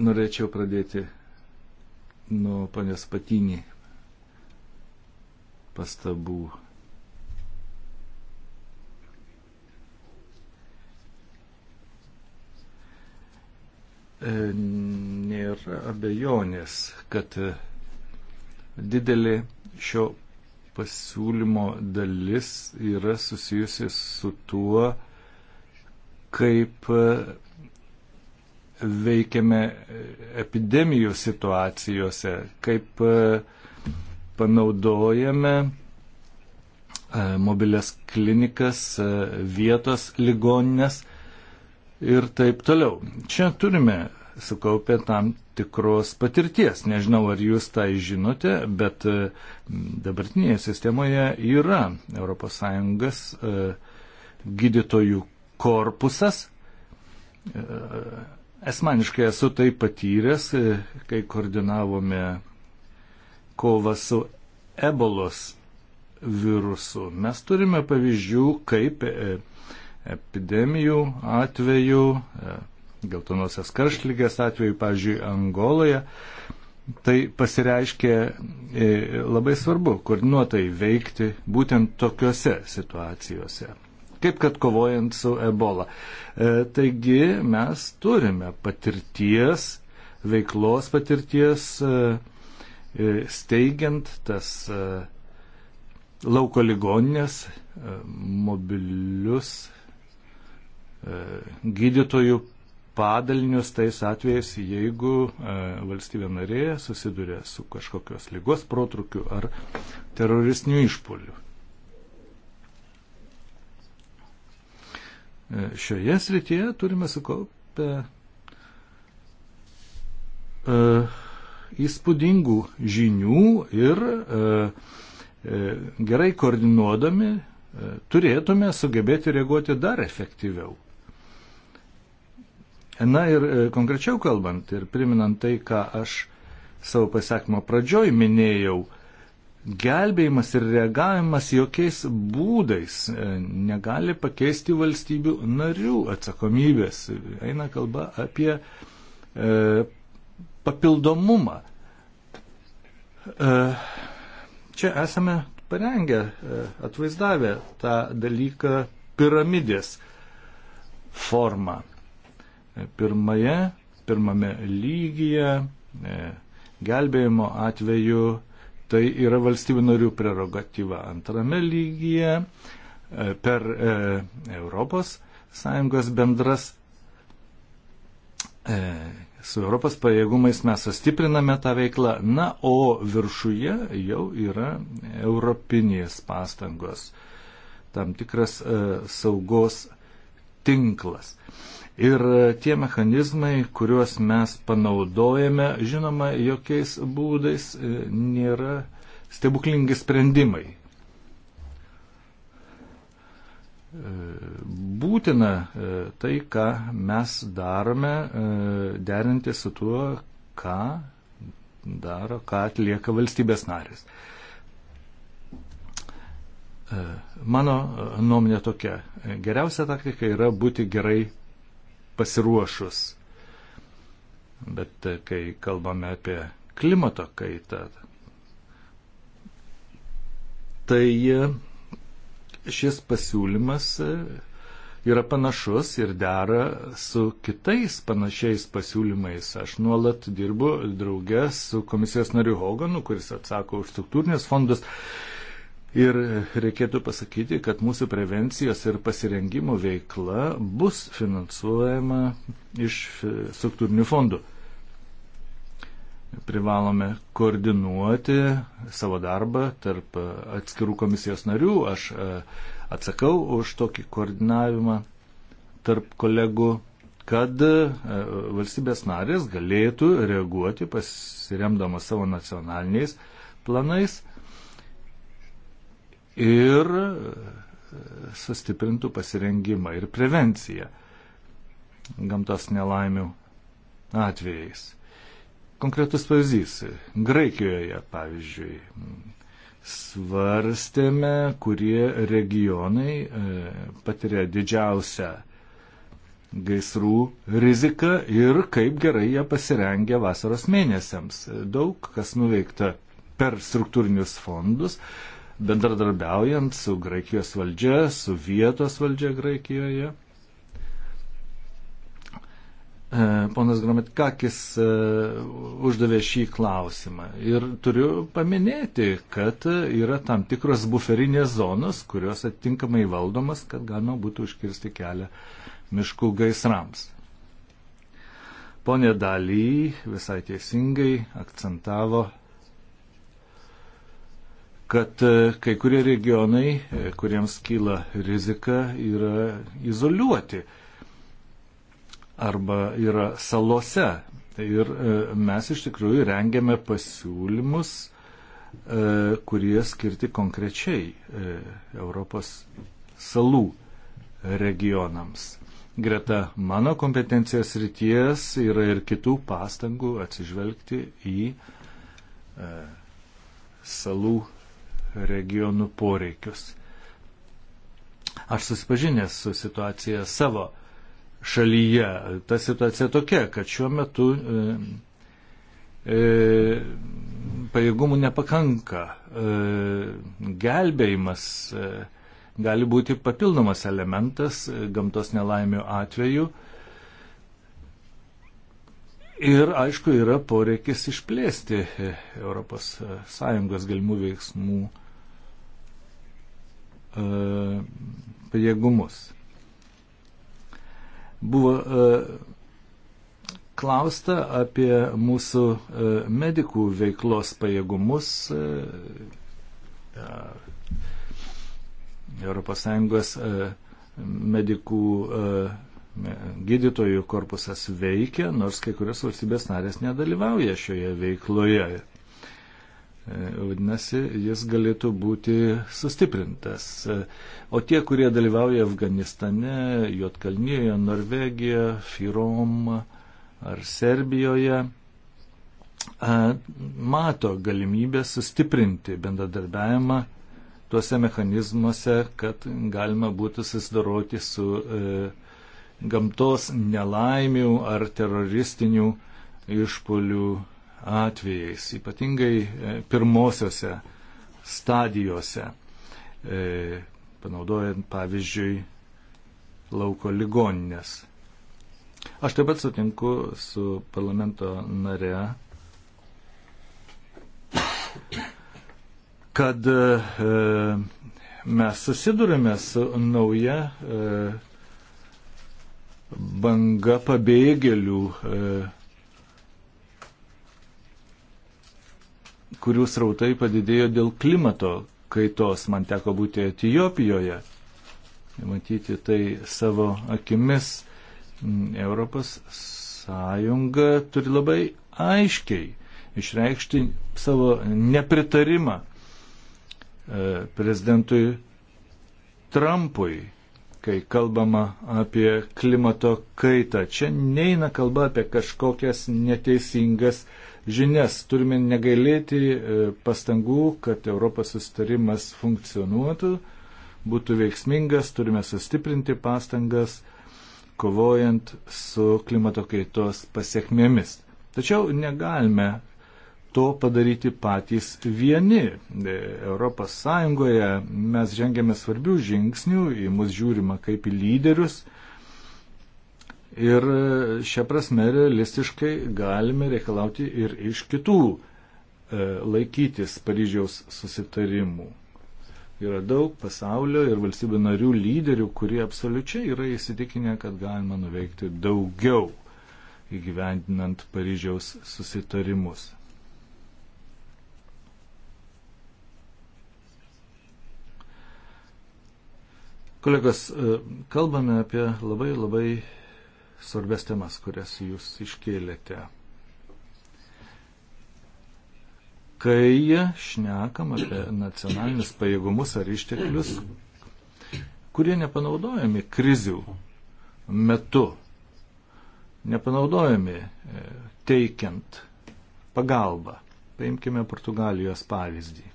Norėčiau pradėti nuo ponios patinį pastabų. E, nėra abejonės, kad e, didelė šio pasiūlymo dalis yra susijusi su tuo, kaip e, veikiame epidemijų situacijose, kaip panaudojame mobilias klinikas, vietos ligoninės, ir taip toliau. Čia turime sukaupę tam tikros patirties. Nežinau, ar jūs tai žinote, bet e, dabartinėje sistemoje yra ES e, gydytojų korpusas. Esmaniškai esu tai patyręs, e, kai koordinavome kovą su ebolos virusu. Mes turime pavyzdžių, kaip epidemijų atveju, e, geltonosios karštlygės atveju, pavyzdžiui, Angoloje. Tai pasireiškia e, labai svarbu koordinuotai veikti būtent tokiuose situacijose, kaip kad kovojant su ebola. E, taigi mes turime patirties, veiklos patirties, steigiant tas lauko ligoninės, mobilius E, gydytojų padalinius tais atvejais, jeigu e, valstybė narė susiduria su kažkokios lygos protrukiu ar teroristiniu išpoliu. E, šioje srityje turime sukaupę įspūdingų žinių ir gerai koordinuodami turėtume sugebėti reaguoti dar efektyviau. Na ir e, konkrečiau kalbant ir priminant tai, ką aš savo pasakymo pradžioj minėjau, gelbėjimas ir reagavimas jokiais būdais e, negali pakeisti valstybių narių atsakomybės. Eina kalba apie e, papildomumą. E, čia esame parengę, e, atvaizdavę tą dalyką piramidės formą. Pirmaje, pirmame lygyje e, gelbėjimo atveju tai yra valstybių narių prerogatyva. Antrame lygyje e, per e, Europos Sąjungos bendras su Europos pajėgumais mes sustipriname tą veiklą, na, o viršuje jau yra europinės pastangos, tam tikras e, saugos tinklas. E, Ir tie mechanizmai, kuriuos mes panaudojame, žinoma, jokiais būdais e, nėra stebuklingi sprendimai. E, būtina e, tai, ką mes darome, derinti su tuo, ką daro, ką atlieka valstybės narės. Mano nuomonė tokia. Geriausia taktika yra būti gerai pasiruošus. Bet e, kai kalbame apie klimato kaitą, tai e, šis pasiūlymas e, yra panašus ir dera su kitais panašiais pasiūlymais. Aš nuolat dirbu draugės su komisijos nariu Hoganu, kuris atsako už struktūrinės fondus Ir reikėtų pasakyti, kad mūsų prevencijos ir pasirengimo veikla bus finansuojama iš struktūrinių fondų. Privalome koordinuoti savo darbą tarp atskirų komisijos narių. Aš e, atsakau už tokį koordinavimą tarp kolegų, kad e, valstybės narės galėtų reaguoti pasiremdama savo nacionaliniais planais ir e, sustiprintų pasirengimą ir prevenciją gamtos nelaimių atvejais. Konkretus pavyzdys. Graikijoje, pavyzdžiui, svarstėme, kurie regionai e, patiria didžiausią gaisrų riziką ir kaip gerai jie pasirengia vasaros mėnesiams. Daug kas nuveikta per struktūrinius fondus, bendradarbiaujant su Graikijos valdžia, su vietos valdžia Graikijoje. E, ponas Grometkakis e, uždavė šį klausimą ir turiu paminėti, kad yra tam tikros buferinės zonos, kurios atitinkamai valdomas, kad galima būtų užkirsti kelią miškų gaisrams. Pone Daly visai teisingai akcentavo kad e, kai kurie regionai, e, kuriems kyla rizika, yra izoliuoti arba yra salose. Ir e, mes iš tikrųjų rengiame pasiūlymus, kurie skirti konkrečiai Europos salų regionams. Greta mano kompetencijos ryties yra ir kitų pastangų atsižvelgti į salų regionų poreikius. Aš susipažinęs su situacija savo šalyje. Ta situacija tokia, kad šiuo metu e, e, pajėgumų nepakanka. E, gelbėjimas e, gali būti papildomas elementas gamtos nelaimių atveju. E, Ir aišku, yra poreikis išplėsti ES e, galimų veiksmų e, pajėgumus. Buvo e, klausta apie mūsų e, medikų veiklos pajėgumus. E, ES e, medikų e, gydytojų korpusas veikia, nors kai kurios valstybės narės nedalyvauja šioje veikloje. E, vadinasi, jis galėtų būti sustiprintas. E, o tie, kurie dalyvauja Afganistane, Jotkalnyje, Norvegijoje, Firom ar Serbijoje, e, mato galimybę sustiprinti bendradarbiavimą tuose mechanizmuose, kad galima būtų susidoroti su e, gamtos nelaimių ar teroristinių išpolių atvejais, ypatingai e, pirmosiose stadijose, e, panaudojant pavyzdžiui lauko ligoninės. Aš taip pat sutinku su parlamento nare, kad e, mes susidurime su nauja banga pabėgėlių, e, kurių srautai padidėjo dėl klimato kaitos. Man teko būti Etijopijoje, matyti tai savo akimis. Europos Sąjunga turi labai aiškiai išreikšti savo nepritarimą e, prezidentui Trumpui kai kalbama apie klimato kaitą. Čia neina kalba apie kažkokias neteisingas žinias. Turime negailėti e, pastangų, kad Europos sustarimas funkcionuotų, būtų veiksmingas, turime sustiprinti pastangas, kovojant su klimato kaitos pasiekmėmis. Tačiau negalime to padaryti patys vieni. E, Europos Sąjungoje mes žengėme svarbių žingsnių, į mus žiūrima kaip į lyderius. Ir e, šią prasme realistiškai galime reikalauti ir iš kitų e, laikytis Paryžiaus susitarimų. Yra daug pasaulio ir valstybių narių lyderių, kurie absoliučiai yra įsitikinę, kad galima nuveikti daugiau įgyvendinant Paryžiaus susitarimus. Kolegos, e, kalbame apie labai labai svarbės temas, kurias jūs iškėlėte. Kai šnekam apie nacionalinius pajėgumus ar išteklius, kurie nepanaudojami krizių metu, nepanaudojami e, teikiant pagalbą. Paimkime Portugalijos pavyzdį.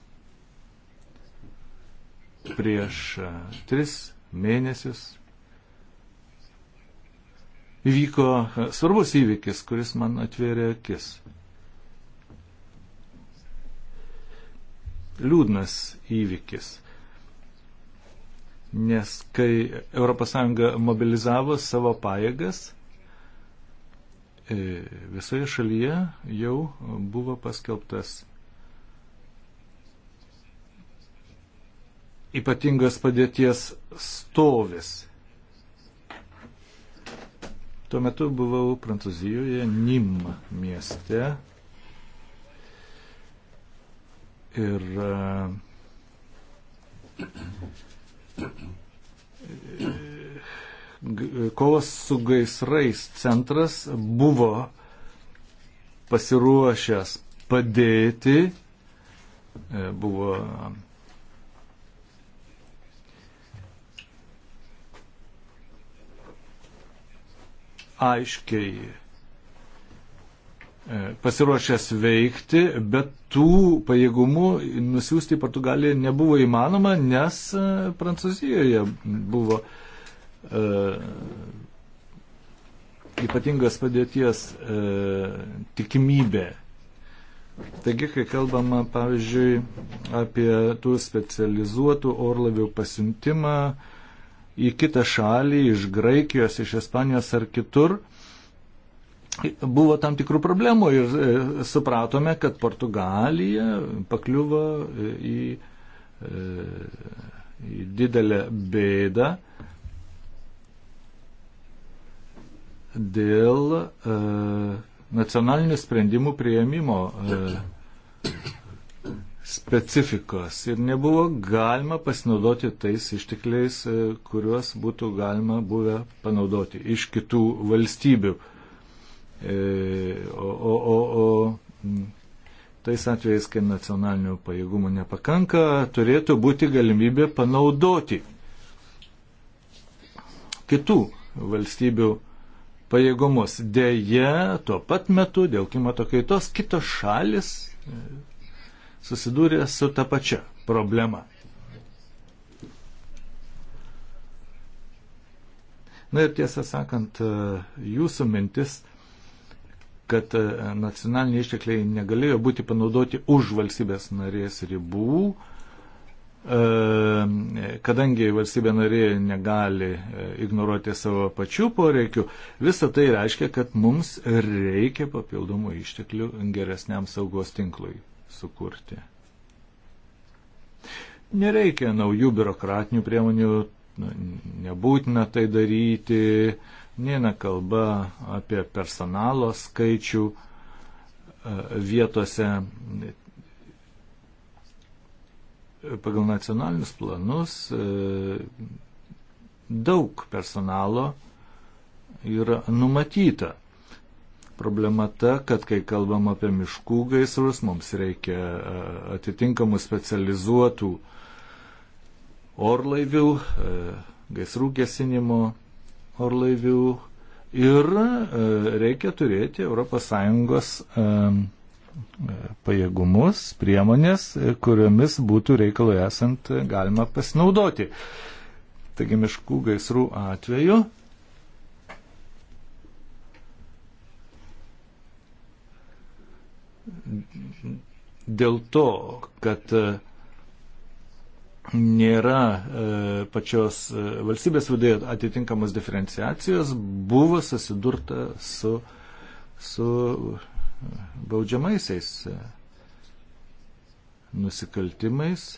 Prieš e, tris mėnesius įvyko svarbus įvykis, kuris man atvėrė akis. Liūdnas įvykis. Nes kai ES mobilizavo savo pajėgas, e, visoje šalyje jau buvo paskelbtas ypatingos padėties stovis. Tuo metu buvau Prancūzijoje, Nim mieste. Ir e, kovas su gaisrais centras buvo pasiruošęs padėti, e, buvo aiškiai e, pasiruošęs veikti, bet tų pajėgumų nusiųsti į Portugaliją nebuvo įmanoma, nes e, Prancūzijoje buvo e, ypatingas padėties e, tikimybė. Taigi, kai kalbama, pavyzdžiui, apie tų specializuotų orlavių pasiuntimą, e, į kitą šalį, iš Graikijos, iš Ispanijos ar kitur, buvo tam tikrų problemų ir e, supratome, kad Portugalija pakliuvo e, į, e, į didelę bėdą dėl nacionalinių sprendimų prieimimo specifikos ir nebuvo galima pasinaudoti tais ištekliais, e, kuriuos būtų galima buvę panaudoti iš kitų valstybių. E, o, o, o, o tais atvejais, kai nacionalinių pajėgumų nepakanka, turėtų būti galimybė panaudoti kitų valstybių pajėgumus. Deja, tuo pat metu dėl klimato kaitos kitos šalis e, susidūrė su ta pačia problema. Na ir tiesą sakant, jūsų mintis, kad e, nacionaliniai ištekliai negalėjo būti panaudoti už valstybės narės ribų, e, kadangi valstybė narė negali e, ignoruoti savo pačių poreikių, visa tai reiškia, kad mums reikia papildomų išteklių geresniam saugos tinklui sukurti. Nereikia naujų biurokratinių priemonių, nebūtina tai daryti, neina kalba apie personalo skaičių e, vietose. Pagal nacionalinius planus e, daug personalo yra numatyta Problema ta, kad kai kalbam apie miškų gaisrus, mums reikia e, atitinkamų specializuotų orlaivių, e, gaisrų gesinimo orlaivių ir e, reikia turėti ES pajėgumus, priemonės, kuriomis būtų reikalui esant galima pasinaudoti. Taigi miškų gaisrų atveju dėl to, kad e, nėra e, pačios e, valstybės viduje atitinkamos diferenciacijos, buvo susidurta su, su baudžiamaisiais nusikaltimais.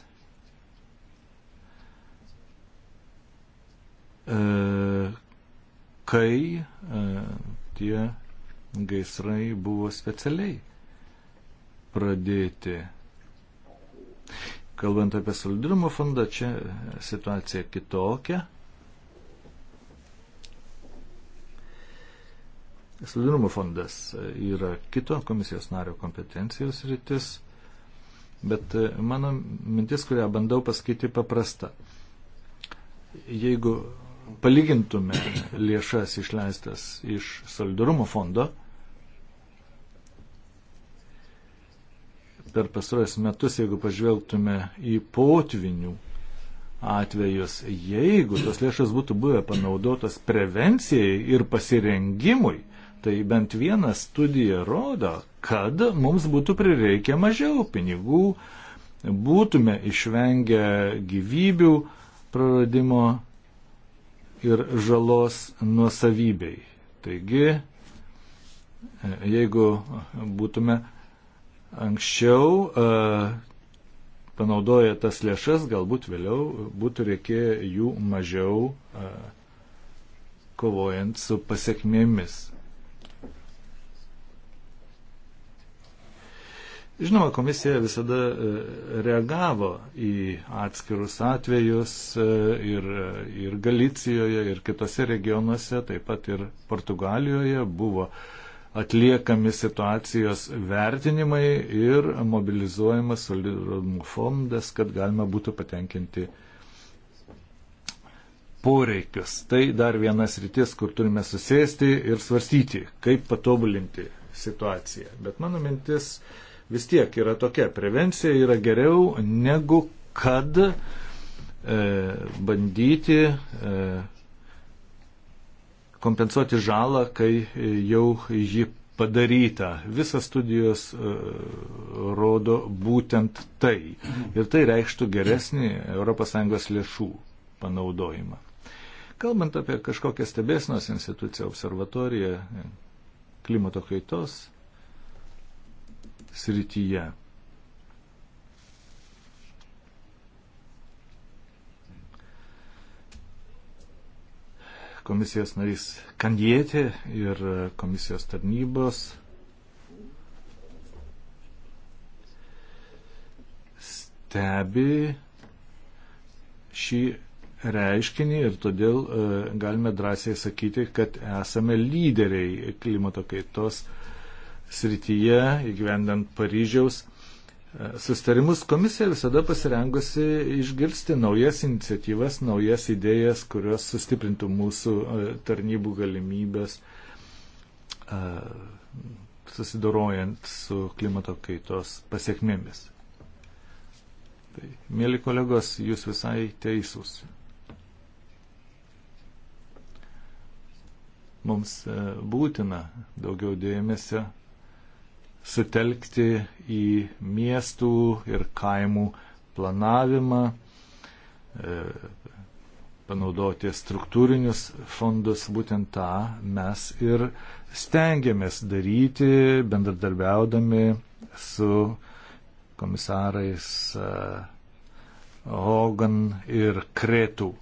kai tie gaisrai buvo specialiai pradėti. Kalbant apie solidarumo fondą, čia situacija kitokia. Solidarumo fondas yra kito komisijos nario kompetencijos rytis, bet mano mintis, kurią bandau pasakyti, paprasta. Jeigu palygintume lėšas išleistas iš solidarumo fondo, per pastarojus metus, jeigu pažvelgtume į potvinių atvejus, jeigu tos lėšas būtų buvę panaudotos prevencijai ir pasirengimui, tai bent viena studija rodo, kad mums būtų prireikę mažiau pinigų, būtume išvengę gyvybių praradimo ir žalos nuosavybei. Taigi, jeigu būtume anksčiau e, panaudoja tas lėšas, galbūt vėliau būtų reikėję jų mažiau e, kovojant su pasiekmėmis. Žinoma, komisija visada e, reagavo į atskirus atvejus ir, ir Galicijoje, ir kitose regionuose, taip pat ir Portugalijoje buvo uh, atliekami situacijos vertinimai ir mobilizuojamas solidarumo fondas, kad galima būtų patenkinti poreikius. Tai dar vienas rytis, kur turime susėsti ir svarstyti, kaip patobulinti situaciją. Bet mano mintis vis tiek yra tokia. Prevencija yra geriau negu kad e, bandyti e, kompensuoti žalą, kai e, jau ji padaryta. Visas studijos e, rodo būtent tai. Ir tai reikštų geresnį ES lėšų panaudojimą. Kalbant apie kažkokią stebėsnos instituciją, observatoriją e, klimato kaitos srityje, komisijos narys Kandietė ir komisijos tarnybos stebi šį reiškinį ir todėl e, galime drąsiai sakyti, kad esame lyderiai klimato kaitos srityje įgyvendant Paryžiaus sustarimus. Komisija visada pasirengusi išgirsti naujas iniciatyvas, naujas idėjas, kurios sustiprintų mūsų e, tarnybų galimybės e, susidorojant su klimato kaitos pasiekmėmis. Tai, mėly kolegos, jūs visai teisūs. Mums e, būtina daugiau dėmesio sutelkti į miestų ir kaimų planavimą, e, panaudoti struktūrinius fondus, būtent tą mes ir stengiamės daryti, bendradarbiaudami su komisarais e, Hogan ir Kretų.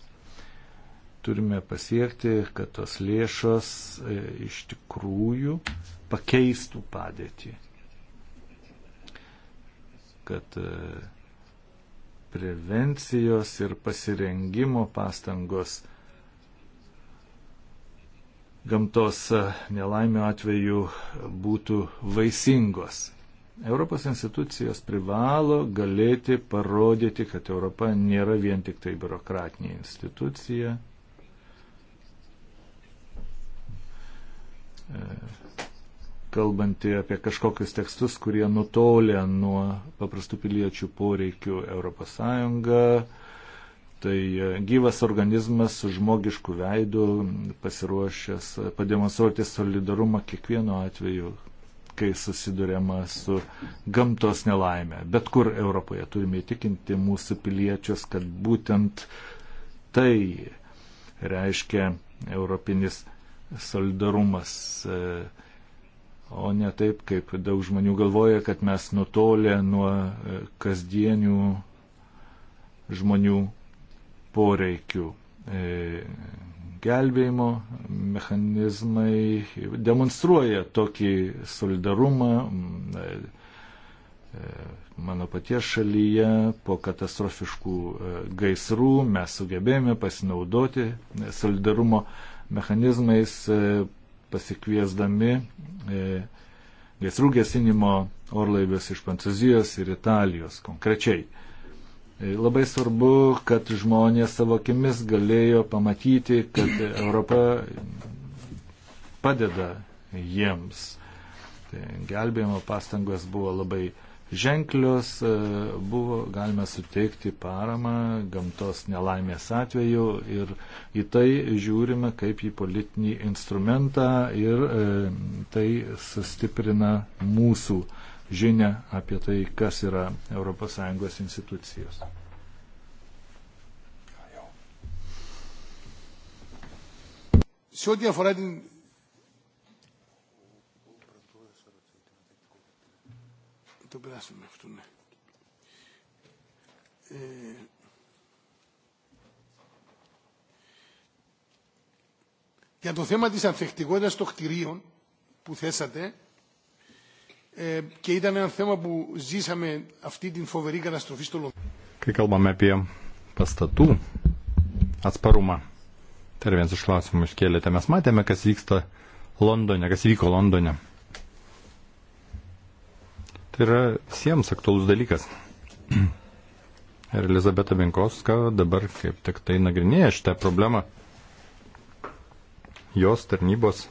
Turime pasiekti, kad tos lėšos e, iš tikrųjų pakeistų padėtį kad e, prevencijos ir pasirengimo pastangos gamtos e, nelaimio atveju būtų vaisingos. Europos institucijos privalo galėti parodyti, kad Europa nėra vien tik tai biurokratinė institucija. E kalbanti apie kažkokius tekstus, kurie nutolė nuo paprastų piliečių poreikių ES. Tai e, gyvas organizmas su žmogišku veidu pasiruošęs e, pademonstruoti solidarumą kiekvienu atveju, kai susidurėma su gamtos nelaimė. Bet kur Europoje turime įtikinti mūsų piliečius, kad būtent tai reiškia europinis solidarumas. E, o ne taip, kaip daug žmonių galvoja, kad mes nutolę nuo e, kasdienių žmonių poreikių. E, gelbėjimo mechanizmai demonstruoja tokį solidarumą. E, mano paties šalyje po katastrofiškų gaisrų mes sugebėjome pasinaudoti solidarumo mechanizmais pasikviesdami e, gaisrų gesinimo orlaivius iš Prancūzijos ir Italijos konkrečiai. E, labai svarbu, kad žmonės savo akimis galėjo pamatyti, kad Europa padeda jiems. Tai gelbėjimo pastangos buvo labai ženklios, e, buvo galima suteikti paramą gamtos nelaimės atveju ir į tai žiūrime kaip į politinį instrumentą ir e, tai sustiprina mūsų žinia apie tai, kas yra ES institucijos. Σε ό,τι αφορά την το περάσαμε αυτό, ναι. Ε,
για το θέμα της ανθεκτικότητας των κτηρίων που θέσατε ε, και ήταν ένα θέμα που ζήσαμε αυτή την φοβερή καταστροφή στο Λονδίνο. Kai kalbame apie pastatų atsparumą, tai yra vienas iš klausimų iškėlėte, mes matėme, kas vyksta Londone, kas vyko Londone. Tai yra visiems aktualus dalykas. Ir Elizabeta Vinkovska dabar kaip tik tai nagrinėja šitą problemą. Jos tarnybos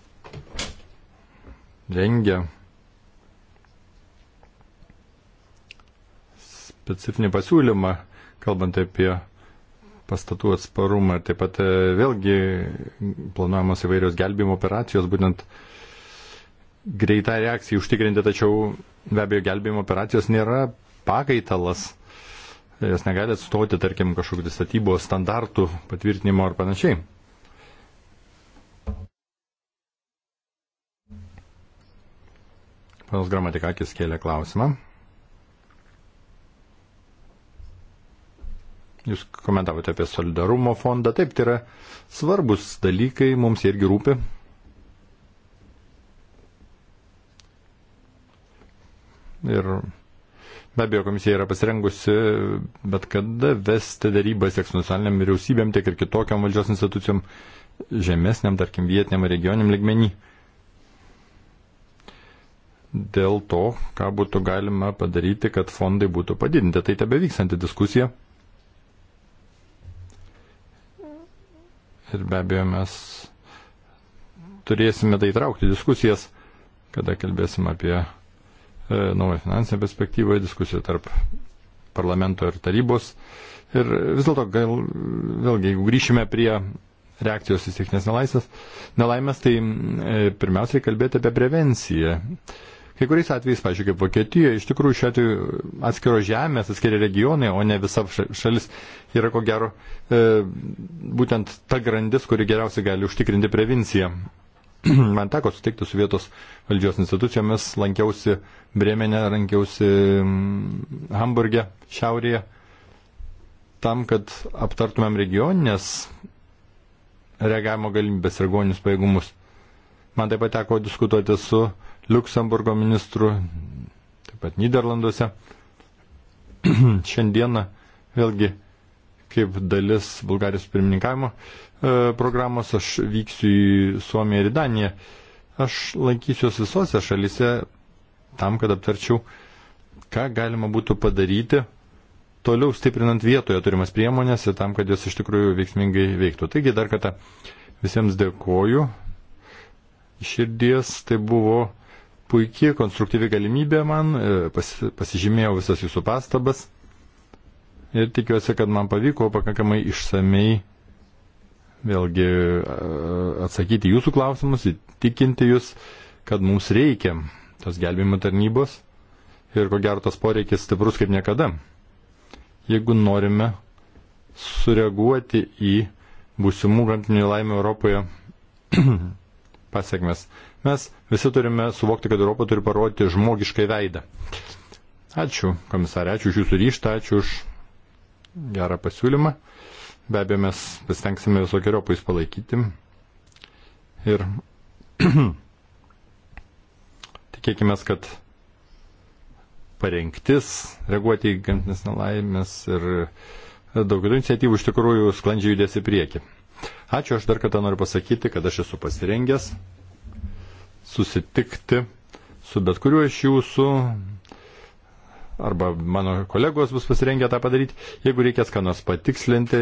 rengia specifinį pasiūlymą, kalbant apie pastatų atsparumą. Taip pat e, vėlgi planuojamos įvairios gelbėjimo operacijos, būtent uh, greitą reakciją užtikrinti, tačiau be abejo gelbėjimo operacijos nėra pakaitalas. Jos negali atstoti, tarkim, kažkokių tai statybos standartų patvirtinimo ar panašiai. Panas Gramatikakis kėlė klausimą. Jūs komentavote apie solidarumo fondą. Taip, tai yra svarbus dalykai, mums irgi rūpi. Ir be abejo, komisija yra pasirengusi bet kada vesti darybas tiek su nacionaliniam vyriausybėm, tiek ir kitokiam valdžios institucijom žemesniam, tarkim, vietiniam ar regioniam ligmenį. Dėl to, ką būtų galima padaryti, kad fondai būtų padidinti. Tai tebe vykstanti diskusija. Ir be abejo, mes turėsime tai traukti diskusijas, kada kalbėsim apie E, naują finansinę perspektyvą, diskusijų tarp parlamento ir tarybos. Ir vis dėlto, vėlgi, jeigu grįšime prie reakcijos į sėkmės nelaimės, tai e, pirmiausiai kalbėti apie prevenciją. Kai kuriais atvejais, pažiūrėk, kaip Vokietija, iš tikrųjų šiuo atveju atskiro žemės, atskiri regionai, o ne visa šalis yra ko gero e, būtent ta grandis, kuri geriausiai gali užtikrinti prevenciją. man teko sutikti su vietos valdžios institucijomis, lankiausi Bremenė, lankiausi mm, Hamburgė, Šiaurėje, tam, kad aptartumėm regioninės reagavimo galimybės, regioninius pajėgumus. Man taip pat teko diskutuoti su Luksemburgo ministru, taip pat Niderlanduose. Šiandieną vėlgi kaip dalis Bulgarijos pirmininkavimo E, programos, aš vyksiu į Suomiją ir į Daniją. Aš lankysiuos visose šalise tam, kad aptarčiau, ką galima būtų padaryti, toliau stiprinant vietoje turimas priemonės ir tam, kad jos iš tikrųjų veiksmingai veiktų. Taigi dar kartą visiems dėkoju. Širdies tai buvo puikiai konstruktyvi galimybė man, e, pasi, pasižymėjau visas jūsų pastabas ir tikiuosi, kad man pavyko pakankamai išsamei vėlgi e, atsakyti jūsų klausimus, įtikinti jūs, kad mums reikia tos gelbėjimo tarnybos ir ko gero tas poreikis stiprus kaip niekada. Jeigu norime sureaguoti į būsimų gamtinių laimę Europoje pasiekmes, mes visi turime suvokti, kad Europa turi parodyti žmogiškai veidą. Ačiū, komisarė, ačiū už jūsų ryštą, ačiū už gerą pasiūlymą. Be abejo, mes pasitengsime visokiojo pais palaikyti. Ir tikėkime, kad parengtis reaguoti į gamtinės nelaimės ir daug kitų iniciatyvų iš tikrųjų sklandžiai judės į priekį. Ačiū, aš dar kartą noriu pasakyti, kad aš esu pasirengęs susitikti su bet kuriuo iš jūsų arba mano kolegos bus pasirengę tą padaryti, jeigu reikės ką nors patikslinti,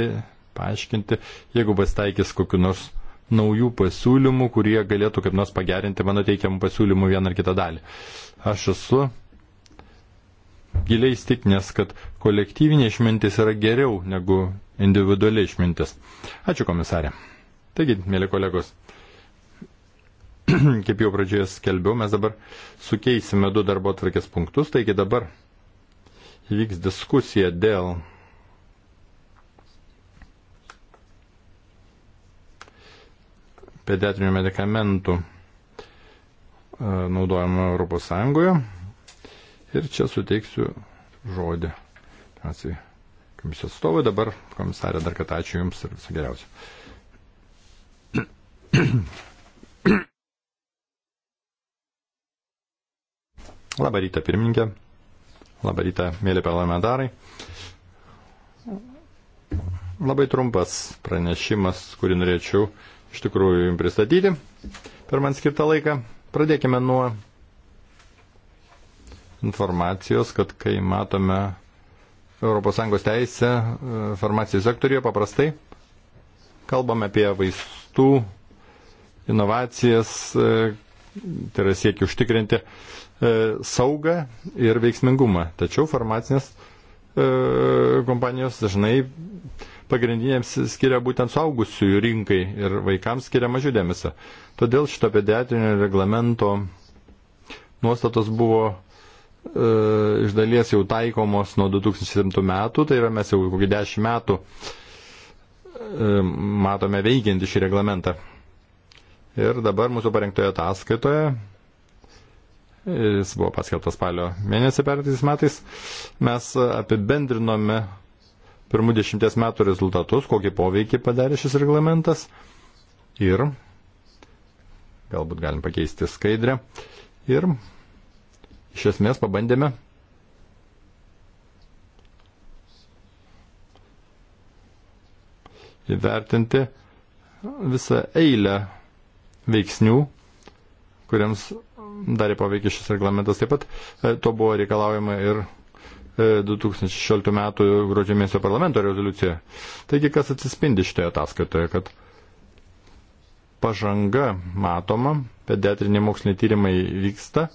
paaiškinti, jeigu pasitaikys kokiu nors naujų pasiūlymų, kurie galėtų kaip nors pagerinti mano teikiamų pasiūlymų vieną ar kitą dalį. Aš esu giliai stiknės, kad kolektyvinė išmintis yra geriau negu individualiai išmintis. Ačiū komisarė. Taigi, mėly kolegos, kaip jau pradžioje skelbiau, mes dabar sukeisime du darbo atvarkės punktus, taigi dabar įvyks diskusija dėl pediatrinių medikamentų e, naudojimo Europos Sąjungoje. Ir čia suteiksiu žodį. Ačiū komisijos atstovai, dabar komisarė dar kartą ačiū Jums ir viso geriausio. Labą rytą, pirmininkė. Labą rytą, mėly parlamentarai. Labai trumpas pranešimas, kurį norėčiau iš tikrųjų jums pristatyti per man skirtą laiką. Pradėkime nuo informacijos, kad kai matome ES teisę e, farmacijos sektorijoje paprastai, kalbame apie vaistų inovacijas, e, tai yra siekia užtikrinti E, saugą ir veiksmingumą. Tačiau farmacinės e, kompanijos dažnai pagrindinėms skiria būtent suaugusiųjų rinkai ir vaikams skiria mažiau dėmesio. Todėl šito pediatrinio reglamento nuostatos buvo e, iš dalies jau taikomos nuo 2007 metų, tai yra mes jau kokį 10 metų e, matome veikiantį šį reglamentą. Ir dabar mūsų parengtoje ataskaitoje jis buvo paskelbtas spalio mėnesį pertais metais, mes apibendrinome pirmų dešimties metų rezultatus, kokį poveikį padarė šis reglamentas ir galbūt galim pakeisti skaidrę ir iš esmės pabandėme įvertinti visą eilę veiksnių, kuriems darė poveikį šis reglamentas. Taip pat e, to buvo reikalaujama ir 2016 e, m. gruodžio mėnesio parlamento rezoliucija. Taigi, kas atsispindi šitoje ataskaitoje, kad pažanga matoma, pediatriniai moksliniai tyrimai vyksta,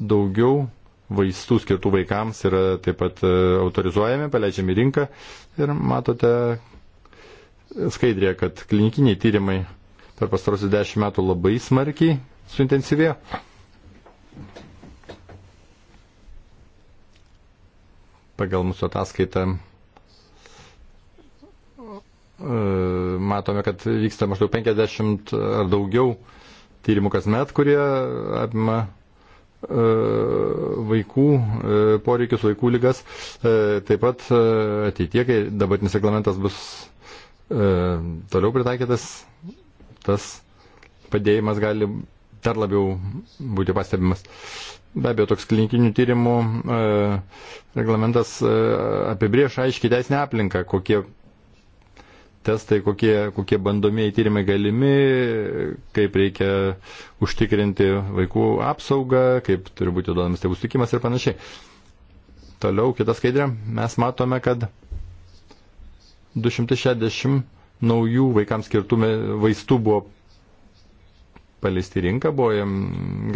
daugiau vaistų skirtų vaikams yra taip pat e, autorizuojami, paleidžiami rinką ir matote skaidrėje, kad klinikiniai tyrimai per pastarosius dešimt metų labai smarkiai suintensyvėjo. Pagal mūsų ataskaitą e, matome, kad vyksta maždaug 50 ar daugiau tyrimų kasmet, kurie apima e, vaikų e, poreikius, vaikų lygas. Taip pat ateitie, kai dabartinis reglamentas bus toliau pritaikytas, tas padėjimas gali dar labiau būti pastebimas. Be abejo, toks klinikinių tyrimų e, reglamentas e, apibrieš aiškiai teisinę aplinką, kokie testai, kokie, kokie bandomieji tyrimai galimi, kaip reikia užtikrinti vaikų apsaugą, kaip turi būti duodamas tėvų sutikimas ir panašiai. Toliau, kita skaidrė, mes matome, kad 260 naujų vaikams skirtų vaistų buvo paleisti rinką, buvo,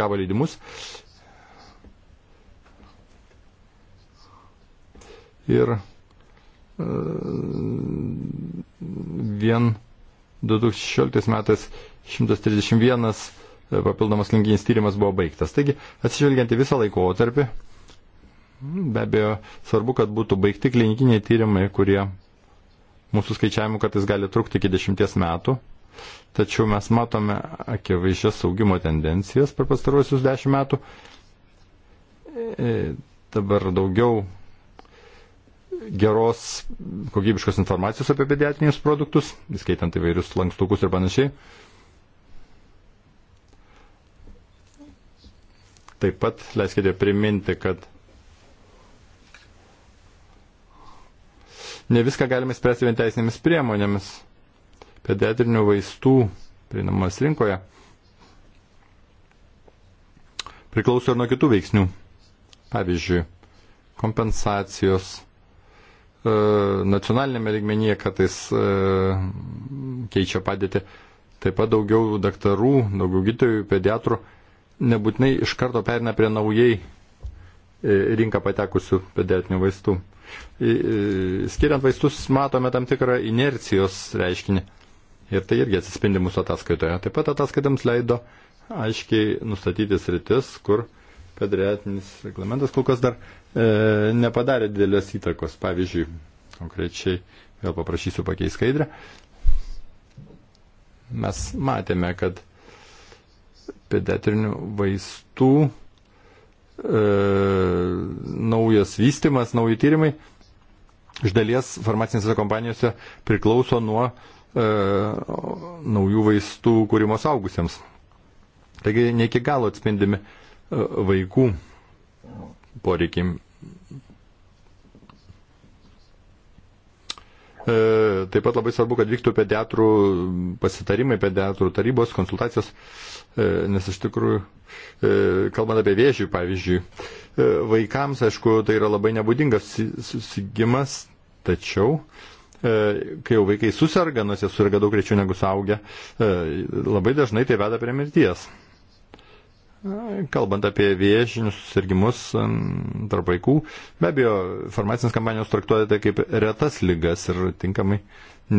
gavo leidimus. Ir e, vien 2016 metais 131 e, papildomas linkinis tyrimas buvo baigtas. Taigi, atsižvelgiant į visą laikotarpį, be abejo, svarbu, kad būtų baigti klinikiniai tyrimai, kurie Mūsų skaičiavimu, kad jis gali trukti iki dešimties metų, tačiau mes matome akivaizdžias saugimo tendencijas per pastaruosius dešimt metų. E, dabar daugiau geros kokybiškos informacijos apie pediatrinius produktus, įskaitant įvairius lankstukus ir panašiai. Taip pat leiskite priminti, kad ne viską galime spręsti vien teisinėmis priemonėmis pediatrinių vaistų prieinamos rinkoje priklauso ir nuo kitų veiksnių. Pavyzdžiui, kompensacijos e, nacionalinėme lygmenyje kartais e, keičia padėtį. Taip pat daugiau daktarų, daugiau gydytojų, pediatrų nebūtinai iš karto perina prie naujai e, rinką patekusių pediatrinių vaistų skiriant vaistus matome tam tikrą inercijos reiškinį. Ir tai irgi atsispindi mūsų ataskaitoje. Taip pat ataskaitams leido aiškiai nustatyti sritis, kur pedriatinis reglamentas kol kas dar e, nepadarė didelės įtakos. Pavyzdžiui, konkrečiai vėl paprašysiu pakeisti skaidrę. Mes matėme, kad pediatrinių vaistų E, naujas vystimas, nauji tyrimai iš dalies farmacinėse kompanijose priklauso nuo e, naujų vaistų kūrimo saugusiems. Taigi ne iki galo atspindimi e, vaikų poreikiai. E, taip pat labai svarbu, kad vyktų pediatrų pasitarimai, pediatrų tarybos, konsultacijos, e, nes iš tikrųjų, e, kalbant apie vėžių, pavyzdžiui, vaikams, aišku, tai yra labai nebūdingas susigimas, tačiau kai jau vaikai susirga, nors jie susirga daug greičiau negu saugia, labai dažnai tai veda prie mirties. Kalbant apie viešinius susirgymus tarp vaikų, be abejo, farmacinės kampanijos traktuoja tai kaip retas lygas ir tinkamai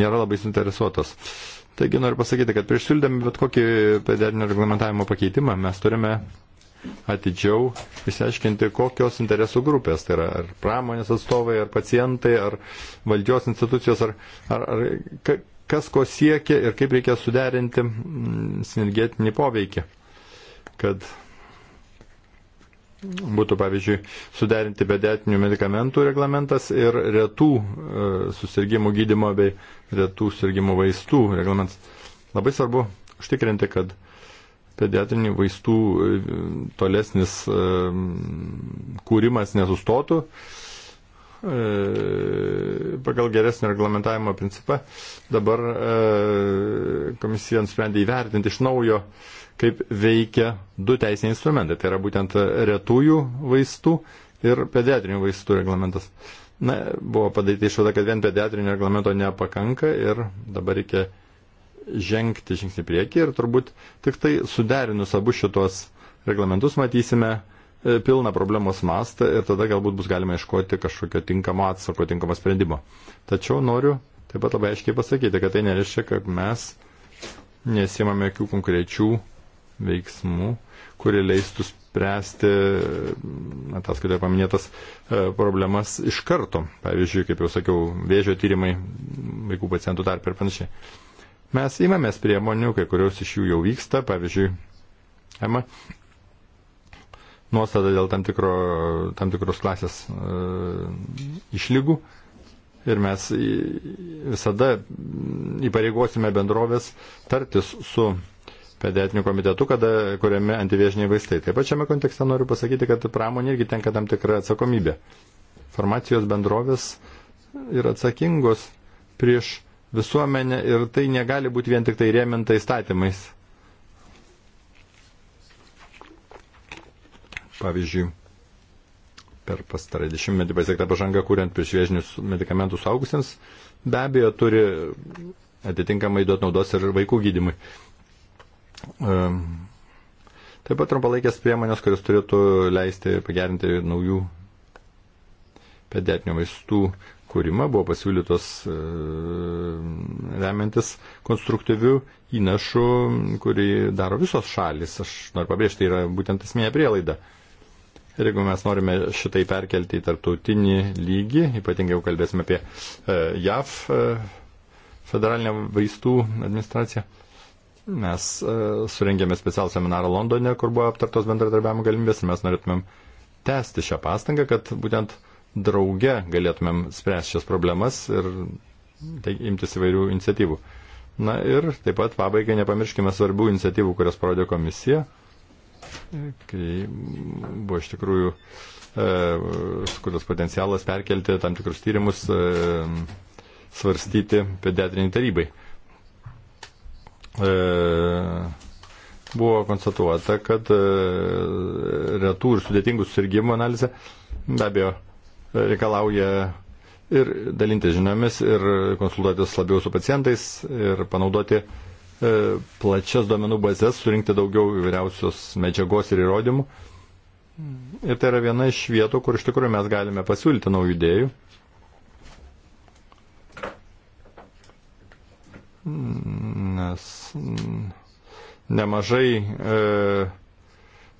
nėra labai suinteresuotos. Taigi noriu pasakyti, kad prieš siūlydami bet kokį pederinio reglamentavimo pakeitimą mes turime atidžiau išsiaiškinti, kokios interesų grupės, tai yra ar pramonės atstovai, ar pacientai, ar valdžios institucijos, ar, ar, ar kas ko siekia ir kaip reikia suderinti sinergetinį poveikį kad būtų, pavyzdžiui, suderinti bedėtinių medikamentų reglamentas ir retų e, susirgymų gydimo bei retų susirgymų vaistų reglamentas. Labai svarbu užtikrinti, kad pediatrinių vaistų e, tolesnis e, kūrimas nesustotų pagal geresnį reglamentavimo principą. Dabar komisija nusprendė įvertinti iš naujo uh, kaip veikia du teisiniai instrumentai. Tai yra būtent retųjų vaistų ir pediatrinių vaistų reglamentas. Na, buvo padaryta išvada, kad vien pediatrinio reglamento nepakanka ir dabar reikia žengti žingsnį priekį ir turbūt tik tai suderinus abu šitos reglamentus matysime e, pilną problemos mastą ir tada galbūt bus galima iškoti kažkokio tinkamo atsako, tinkamo sprendimo. Tačiau noriu taip pat labai aiškiai pasakyti, kad tai nereiškia, kad mes nesimame jokių konkrečių veiksmų, kurie leistų spręsti ataskaitoje paminėtas e, problemas iš karto. Pavyzdžiui, kaip jau sakiau, vėžio tyrimai vaikų pacientų tarp ir panašiai. Mes įmamės priemonių, kai kurios iš jų jau vyksta, pavyzdžiui, EMA nuostata dėl tam, tikro, tam tikros klasės e, išlygų ir mes visada įpareigosime bendrovės tartis su pediatriniu komitetu, kada kuriami antivėžiniai vaistai. Taip pat šiame kontekste noriu pasakyti, kad pramonė irgi tenka tam tikrą atsakomybę. Farmacijos bendrovės yra atsakingos prieš visuomenę ir tai negali būti vien tik tai rėminta įstatymais. Pavyzdžiui, per pastarą dešimtmetį pasiektą pažangą, kuriant priešvėžinius medikamentus augusiems, be abejo turi atitinkamai duoti naudos ir vaikų gydimui. Uh, Taip pat trumpalaikės priemonės, kuris turėtų leisti pagerinti naujų pediatrinių vaistų kūrimą, buvo pasiūlytos remiantis konstruktyvių įnašų, kurį daro visos šalis. Aš noriu pabrėžti, tai yra būtent esminė prielaida. Ir jeigu mes norime šitai perkelti į tarptautinį lygį, ypatingai jau kalbėsime apie e, JAV e, federalinę vaistų administraciją, Mes e, surengėme specialų seminarą Londone, kur buvo aptartos bendradarbiavimo galimybės ir mes norėtumėm tęsti šią pastangą, kad būtent drauge galėtumėm spręsti šias problemas ir tai, imtis įvairių iniciatyvų. Na ir taip pat pabaigai nepamirškime svarbių iniciatyvų, kurias parodė komisija, kai buvo iš tikrųjų e, skurtas potencialas perkelti tam tikrus tyrimus, e, svarstyti pediatrinį tarybai. E, E, buvo konstatuota, kad e, retų ir sudėtingų susirgymų analizė be abejo reikalauja ir dalinti žiniomis, ir konsultuotis labiau su pacientais, ir panaudoti e, plačias duomenų bazės, surinkti daugiau įvairiausios medžiagos ir įrodymų. Ir tai yra viena iš vietų, kur iš tikrųjų mes galime pasiūlyti naujų idėjų nes mm, nemažai e,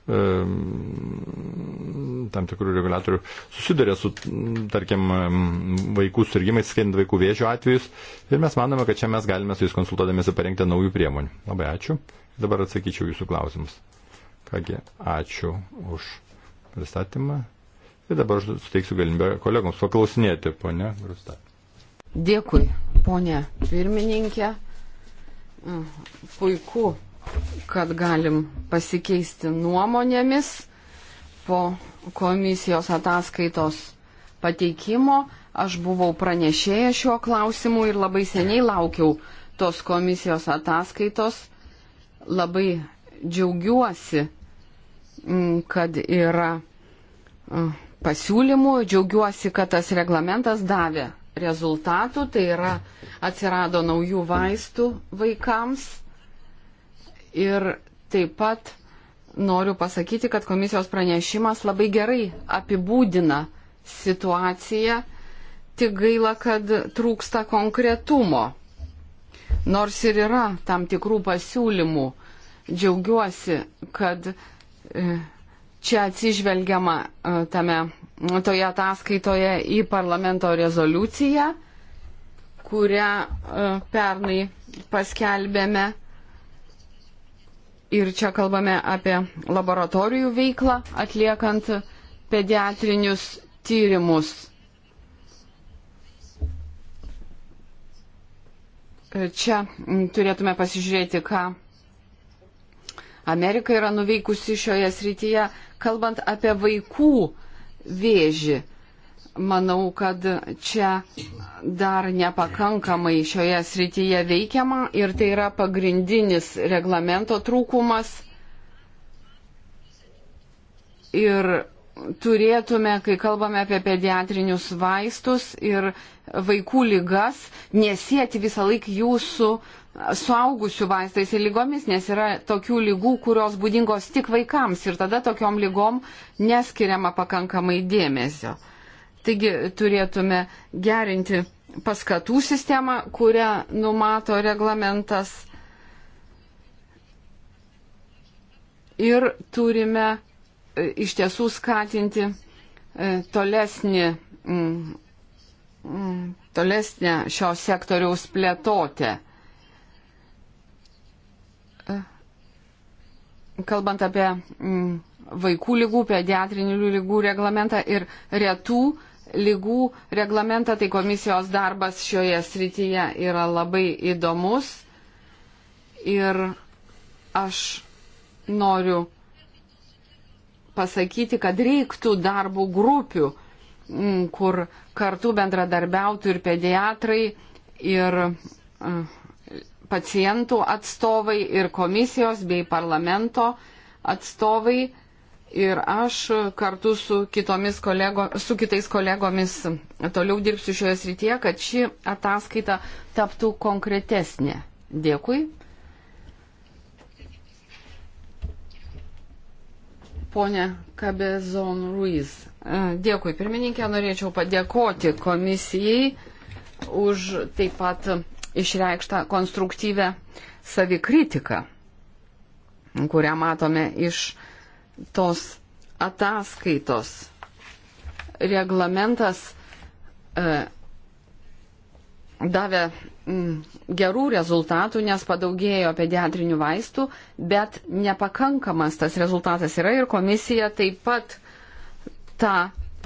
e, mm, tam tikrų reguliatorių susiduria su, mm, tarkim, vaikų sirgimais, skaitant vaikų vėžio atvejus ir mes manome, kad čia mes galime su jais konsultuodamėsi parengti naujų priemonių. Labai ačiū. Dabar atsakyčiau jūsų klausimus. Kągi, ačiū už pristatymą. Ir dabar aš suteiksiu galimybę kolegoms paklausinėti, ponia Grusta.
Dėkui ponė pirmininkė. Mm, puiku, kad galim pasikeisti nuomonėmis po komisijos ataskaitos pateikimo. Aš buvau pranešėję šiuo klausimu ir labai seniai laukiau tos komisijos ataskaitos. Labai džiaugiuosi, mm, kad yra mm, pasiūlymų, džiaugiuosi, kad tas reglamentas davė rezultatų, tai yra atsirado naujų vaistų vaikams ir taip pat noriu pasakyti, kad komisijos pranešimas labai gerai apibūdina situaciją, tik gaila, kad trūksta konkretumo. Nors ir yra tam tikrų pasiūlymų, džiaugiuosi, kad e, čia atsižvelgiama e, tame toje ataskaitoje į parlamento rezoliuciją, kurią e, pernai paskelbėme. Ir čia kalbame apie laboratorijų veiklą atliekant pediatrinius tyrimus. E, čia turėtume pasižiūrėti, ką Amerika yra nuveikusi šioje srityje, kalbant apie vaikų uh, vėžį. Manau, kad čia dar nepakankamai šioje srityje veikiama ir tai yra pagrindinis reglamento trūkumas. Ir turėtume, kai kalbame apie pediatrinius vaistus ir vaikų lygas, nesėti visą laiką jų su suaugusių vaistais ir lygomis, nes yra tokių lygų, kurios būdingos tik vaikams ir tada tokiom lygom neskiriama pakankamai dėmesio. Taigi turėtume gerinti paskatų sistemą, kurią numato reglamentas ir turime e, iš tiesų skatinti e, tolesnį, mm, mm, tolesnę šio sektoriaus plėtotę kalbant apie mm, vaikų lygų, pediatrinių lygų reglamentą ir retų lygų reglamentą, tai komisijos darbas šioje srityje yra labai įdomus. Ir aš noriu pasakyti, kad reiktų darbų grupių, mm, kur kartu bendradarbiautų ir pediatrai, ir uh, pacientų atstovai ir komisijos bei parlamento atstovai. Ir aš kartu su, kolego, su kitais kolegomis toliau dirbsiu šioje srityje, kad ši ataskaita taptų konkretesnė. Dėkui. Pone Kabezon Ruiz. Dėkui, pirmininkė, norėčiau padėkoti komisijai už taip pat išreikštą konstruktyvę savikritiką, kurią matome iš tos ataskaitos. Reglamentas e, davė m, gerų rezultatų, nes padaugėjo pediatrinių vaistų, bet nepakankamas tas rezultatas yra ir komisija taip pat tą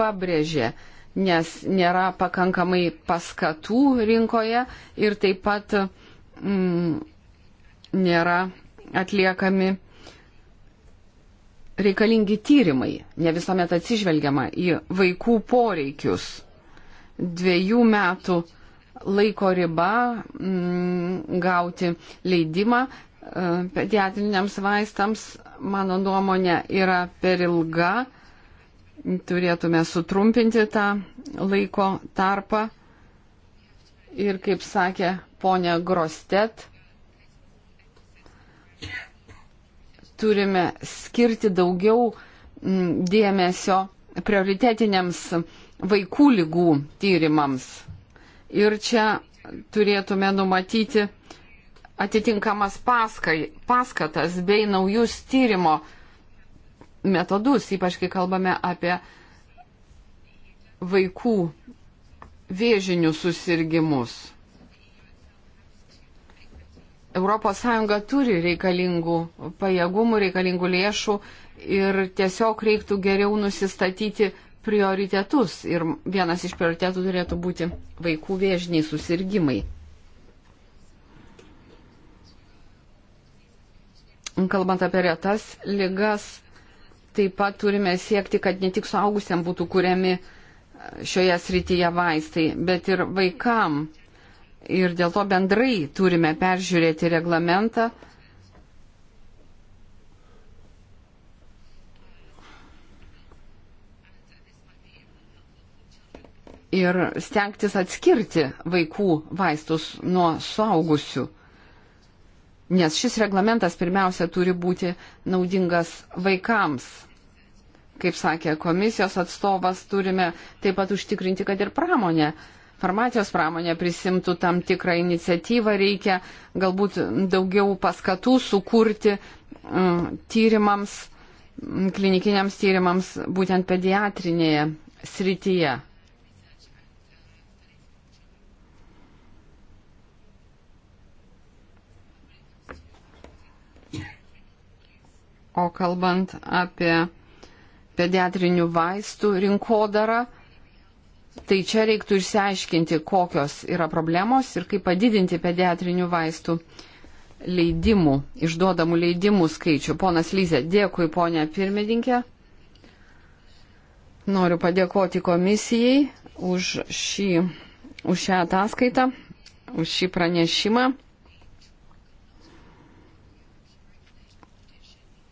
pabrėžė. E, nes nėra pakankamai paskatų rinkoje ir taip pat mm, nėra atliekami reikalingi tyrimai, ne visuomet atsižvelgiama į vaikų poreikius. Dviejų metų laiko riba mm, gauti leidimą e, pediatriniams vaistams, mano nuomonė, yra per ilga turėtume sutrumpinti tą laiko tarpą. Ir kaip sakė ponia Grostet, turime skirti daugiau mm, dėmesio prioritetiniams vaikų lygų tyrimams. Ir čia turėtume numatyti atitinkamas paskai, paskatas bei naujus tyrimo metodus, ypač kai kalbame apie vaikų vėžinius susirgymus. ES turi reikalingų pajėgumų, reikalingų lėšų ir tiesiog reiktų geriau nusistatyti prioritetus. Ir vienas iš prioritetų turėtų būti vaikų vėžiniai susirgymai. Kalbant apie retas ligas, Taip pat turime siekti, kad ne tik suaugusiam būtų kuriami šioje srityje vaistai, bet ir vaikam. Ir dėl to bendrai turime peržiūrėti reglamentą. Ir stengtis atskirti vaikų vaistus nuo suaugusių. Nes šis reglamentas pirmiausia turi būti naudingas vaikams. Kaip sakė komisijos atstovas, turime taip pat užtikrinti, kad ir pramonė, farmacijos pramonė prisimtų tam tikrą iniciatyvą, reikia galbūt daugiau paskatų sukurti mm, tyrimams, klinikiniams tyrimams būtent pediatrinėje srityje. O kalbant apie pediatrinių vaistų rinkodarą, tai čia reiktų išsiaiškinti, kokios yra problemos ir kaip padidinti pediatrinių vaistų leidimų, išduodamų leidimų skaičių. Ponas Lyze, dėkui, ponė pirmininkė. Noriu padėkoti komisijai už, šį, už šią ataskaitą, už šį pranešimą.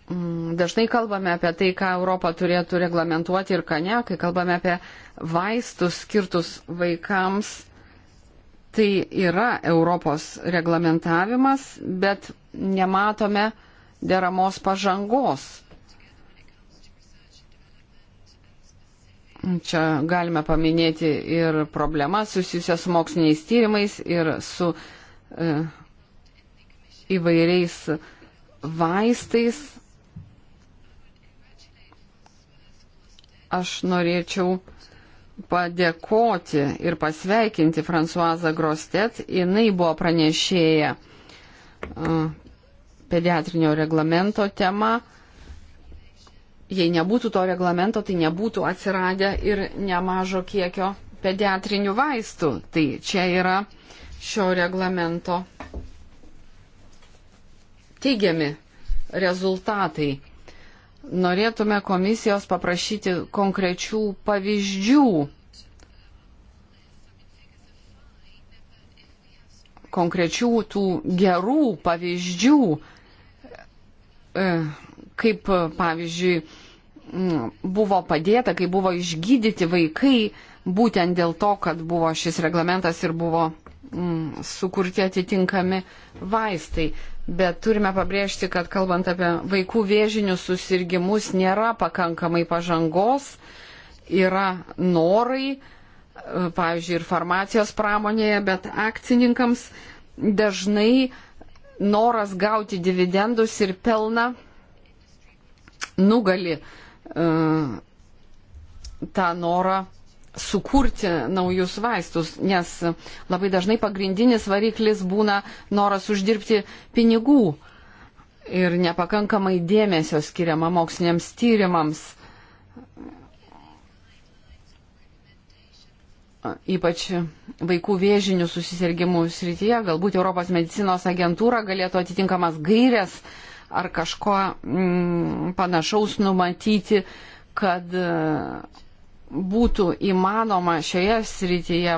Mm, dažnai kalbame apie tai, ką Europa turėtų reglamentuoti ir ką ne, kai kalbame apie vaistus skirtus vaikams, tai yra Europos reglamentavimas, bet nematome deramos pažangos. Čia galime paminėti ir problemas susijusias su moksliniais tyrimais ir su e, įvairiais vaistais, aš norėčiau padėkoti ir pasveikinti Fransuazą Grostet. Jis buvo pranešėja pediatrinio reglamento tema. Jei nebūtų to reglamento, tai nebūtų atsiradę ir nemažo kiekio pediatrinių vaistų. Tai čia yra šio reglamento teigiami rezultatai norėtume komisijos paprašyti konkrečių pavyzdžių. Konkrečių tų gerų pavyzdžių, e, kaip pavyzdžiui buvo padėta, kai buvo išgydyti vaikai būtent dėl to, kad buvo šis reglamentas ir buvo mm, sukurti atitinkami vaistai. Bet turime pabrėžti, kad kalbant apie vaikų vėžinius susirgymus nėra pakankamai pažangos, yra norai, pavyzdžiui, ir farmacijos pramonėje, bet akcininkams dažnai noras gauti dividendus ir pelną nugali e, tą norą sukurti naujus vaistus, nes labai dažnai pagrindinis variklis būna noras uždirbti pinigų ir nepakankamai dėmesio skiriama moksliniams tyrimams. Ypač vaikų vėžinių susisirgymų srityje, galbūt Europos medicinos agentūra galėtų atitinkamas gairias ar kažko mm, panašaus numatyti, kad mm, būtų įmanoma šioje srityje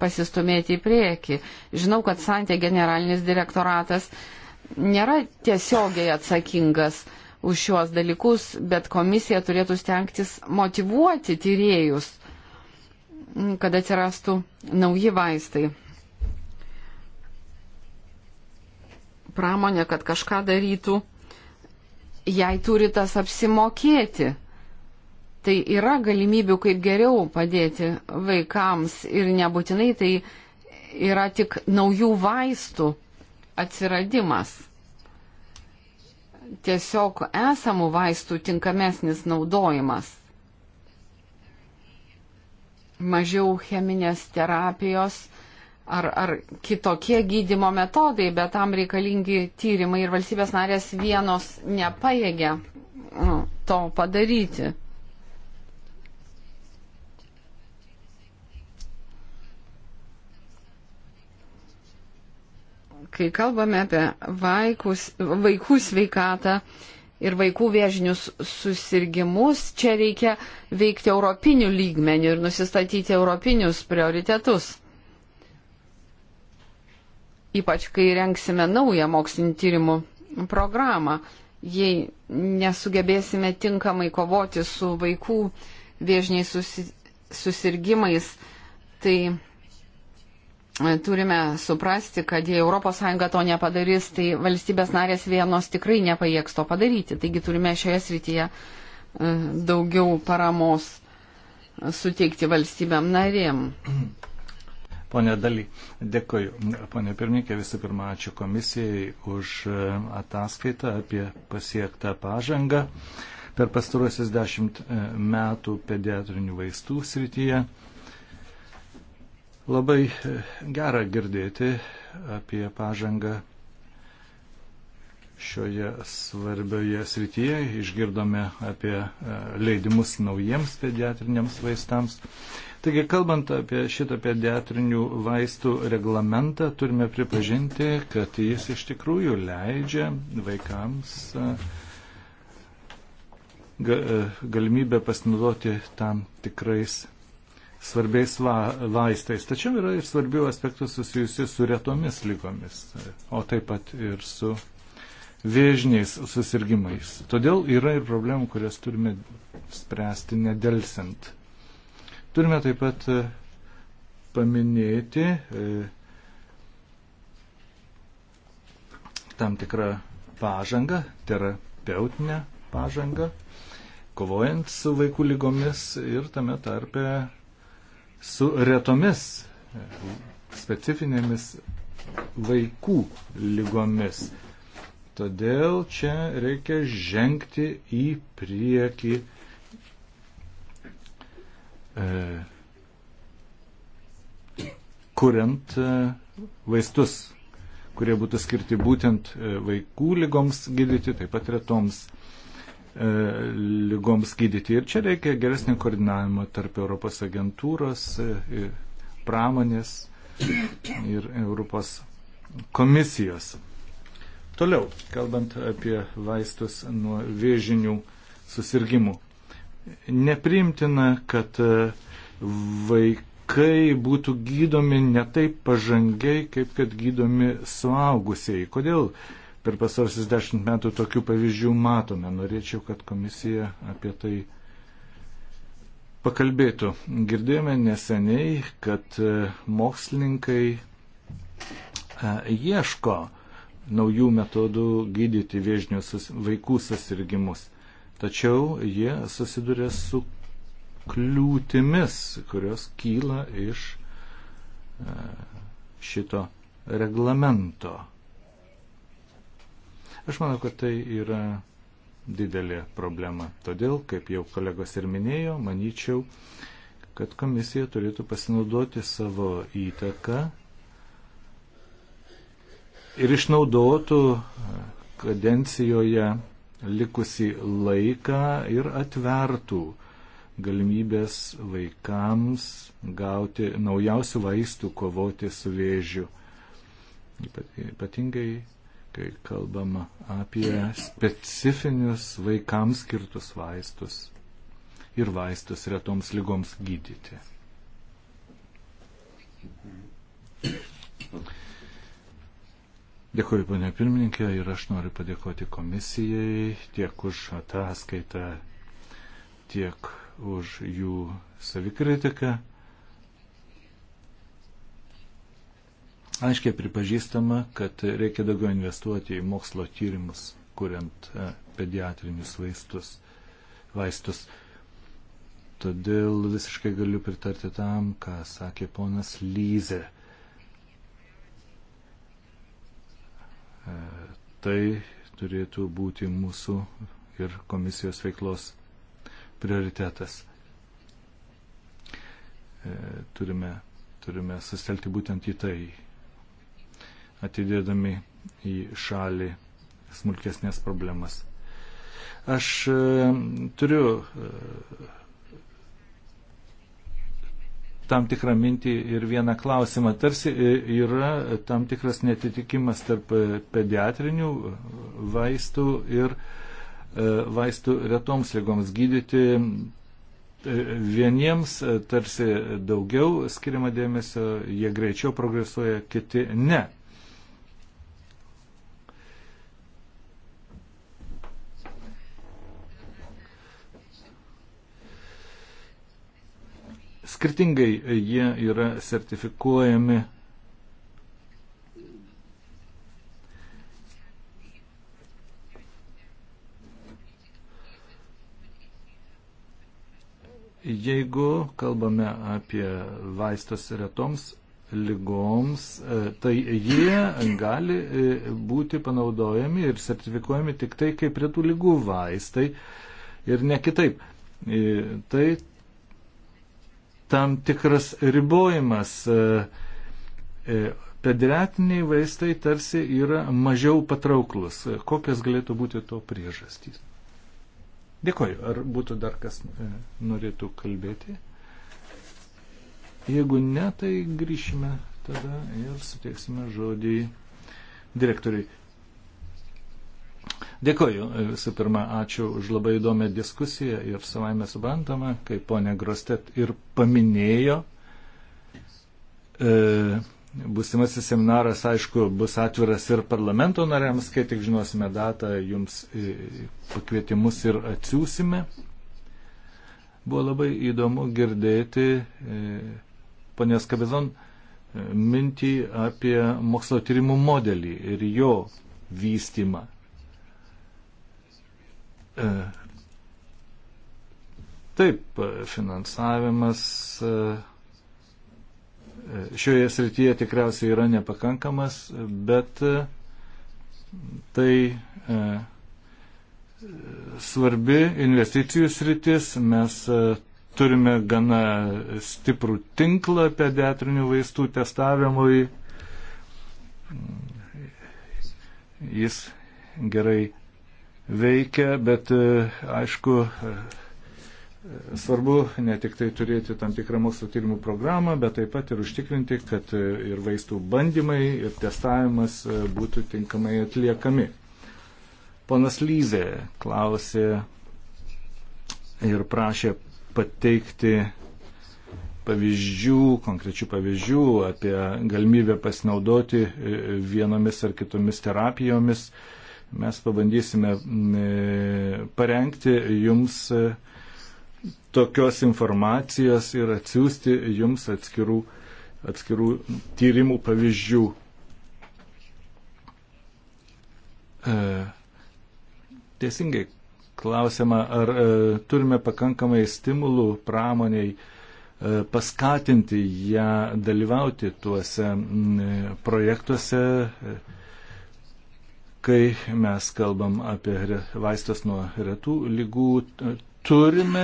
pasistumėti į priekį. Žinau, kad Santė generalinis direktoratas nėra tiesiogiai atsakingas už šiuos dalykus, bet komisija turėtų stengtis motivuoti tyriejus, kad atsirastų nauji vaistai. Pramonė, kad kažką darytų, jai turi tas apsimokėti tai yra galimybių, kaip geriau padėti vaikams ir nebūtinai tai yra tik naujų vaistų atsiradimas. Tiesiog esamų vaistų tinkamesnis naudojimas. Mažiau cheminės terapijos ar, ar kitokie gydimo metodai, bet tam reikalingi tyrimai ir valstybės narės vienos nepaėgia mm, to padaryti. kai kalbame apie vaikus, vaikų sveikatą ir vaikų viežinius susirgymus, čia reikia veikti europinių lygmenių ir nusistatyti europinius prioritetus. Ypač kai renksime naują mokslinį tyrimų programą, jei nesugebėsime tinkamai kovoti su vaikų viežiniais susirgymais, tai turime suprasti, kad jei ES to nepadarys, tai valstybės narės vienos tikrai nepajėgs to padaryti. Taigi turime šioje srityje e, daugiau paramos suteikti valstybėm narėm.
Pone Daly, dėkoju. Pone pirmininkė, visų pirma, ačiū komisijai už e, ataskaitą apie pasiektą pažangą per pastaruosius dešimt e, metų pediatrinių vaistų srityje. Labai gera girdėti apie pažangą šioje svarbioje srityje. Išgirdome apie e, leidimus naujiems pediatriniams vaistams. Taigi, kalbant apie šitą pediatrinių vaistų reglamentą, turime pripažinti, kad jis iš tikrųjų leidžia vaikams e, e, galimybę pasinaudoti tam tikrais svarbiais va, vaistais. Tačiau yra ir svarbių aspektų susijusių su retomis lygomis, o taip pat ir su vėžiniais susirgymais. Todėl yra ir problemų, kurias turime spręsti nedelsint. Turime taip pat e, paminėti e, tam tikrą pažangą, terapeutinę pažangą, kovojant su vaikų lygomis ir tame tarpe su retomis e, specifinėmis vaikų lygomis. Todėl čia reikia žengti į priekį. E, kuriant e, vaistus, kurie būtų skirti būtent e, vaikų lygoms gydyti, taip pat retoms E, lygoms gydyti. Ir čia reikia geresnio koordinavimo tarp Europos agentūros, e, pramonės
ir
Europos komisijos. Toliau, kalbant apie vaistus nuo vėžinių susirgymų. Nepriimtina, kad e, vaikai būtų gydomi ne taip pažangiai, kaip kad gydomi suaugusieji. Kodėl? Uh, per pasarsis dešimt metų tokių pavyzdžių matome. Norėčiau, kad komisija apie tai pakalbėtų. Girdėjome neseniai, kad e, mokslininkai e, ieško naujų metodų gydyti viežinius vaikų susirgymus. Tačiau jie susiduria su kliūtimis, kurios kyla iš e, šito reglamento. Aš manau, kad tai yra didelė problema. Todėl, kaip jau kolegos ir minėjo, manyčiau, kad komisija turėtų pasinaudoti savo įtaką ir išnaudotų e, kadencijoje likusi laiką ir atvertų galimybės vaikams gauti naujausių vaistų kovoti su vėžiu. Ypatingai kai kalbama apie specifinius vaikams skirtus vaistus ir vaistus retoms lygoms gydyti. Dėkuoju, ponė pirmininkė, ir aš noriu padėkoti komisijai tiek už ataskaitą, tiek už jų savikritiką. aiškiai pripažįstama, kad reikia daugiau investuoti į mokslo tyrimus, kuriant e, pediatrinius vaistus. vaistus. Todėl visiškai galiu pritarti tam, ką sakė ponas Lyze. E, tai turėtų būti mūsų ir komisijos veiklos prioritetas. E, turime, turime sustelti būtent į tai, atidėdami į šalį smulkesnės problemas. Aš e, turiu e, tam tikrą mintį ir vieną klausimą. Tarsi e, yra tam tikras netitikimas tarp pediatrinių vaistų ir vaistų retoms lygoms gydyti. Vieniems tarsi daugiau skiriama dėmesio, jie greičiau progresuoja, kiti ne. skirtingai jie yra sertifikuojami. Jeigu kalbame apie vaistus retoms lygoms, e, tai jie gali e, būti panaudojami ir sertifikuojami tik tai kaip retų lygų vaistai ir ne kitaip. E, tai tam tikras ribojimas. E, e, Pediatriniai vaistai tarsi yra mažiau patrauklus. E, kokios galėtų būti to priežastys? Dėkoju. Ar būtų dar kas norėtų kalbėti? Jeigu ne, tai grįšime tada ir suteiksime žodį direktoriui. Dėkoju. Visų pirma, ačiū už labai įdomią diskusiją ir savaime suprantama, kaip ponė Grostet ir paminėjo. E, Būsimasis seminaras, aišku, bus atviras ir parlamento nariams, kai tik žinosime datą, jums pakvietimus ir atsiūsime. Buvo labai įdomu girdėti e, ponios Kabizon e, mintį apie mokslo tyrimų modelį ir jo vystimą. E, taip, finansavimas e, e, šioje srityje tikriausiai yra nepakankamas, bet tai svarbi investicijų sritis. Mes turime gana stiprų tinklą pediatrinių vaistų testavimui. Jis gerai veikia, bet e, aišku, e, e, svarbu ne tik tai turėti tam tikrą mokslo tyrimų programą, bet taip pat ir užtikrinti, kad ir vaistų bandymai, ir testavimas būtų tinkamai atliekami. Ponas Lyzė klausė ir prašė pateikti pavyzdžių, konkrečių pavyzdžių apie galimybę pasinaudoti vienomis ar kitomis terapijomis. Uh, Mes pabandysime e, parengti jums e, tokios informacijos ir atsiųsti jums atskirų, atskirų tyrimų pavyzdžių. E, teisingai klausimą, ar e, turime pakankamai stimulų pramoniai e, paskatinti ją dalyvauti tuose m, projektuose, e, kai mes kalbam apie vaistas nuo retų lygų, turime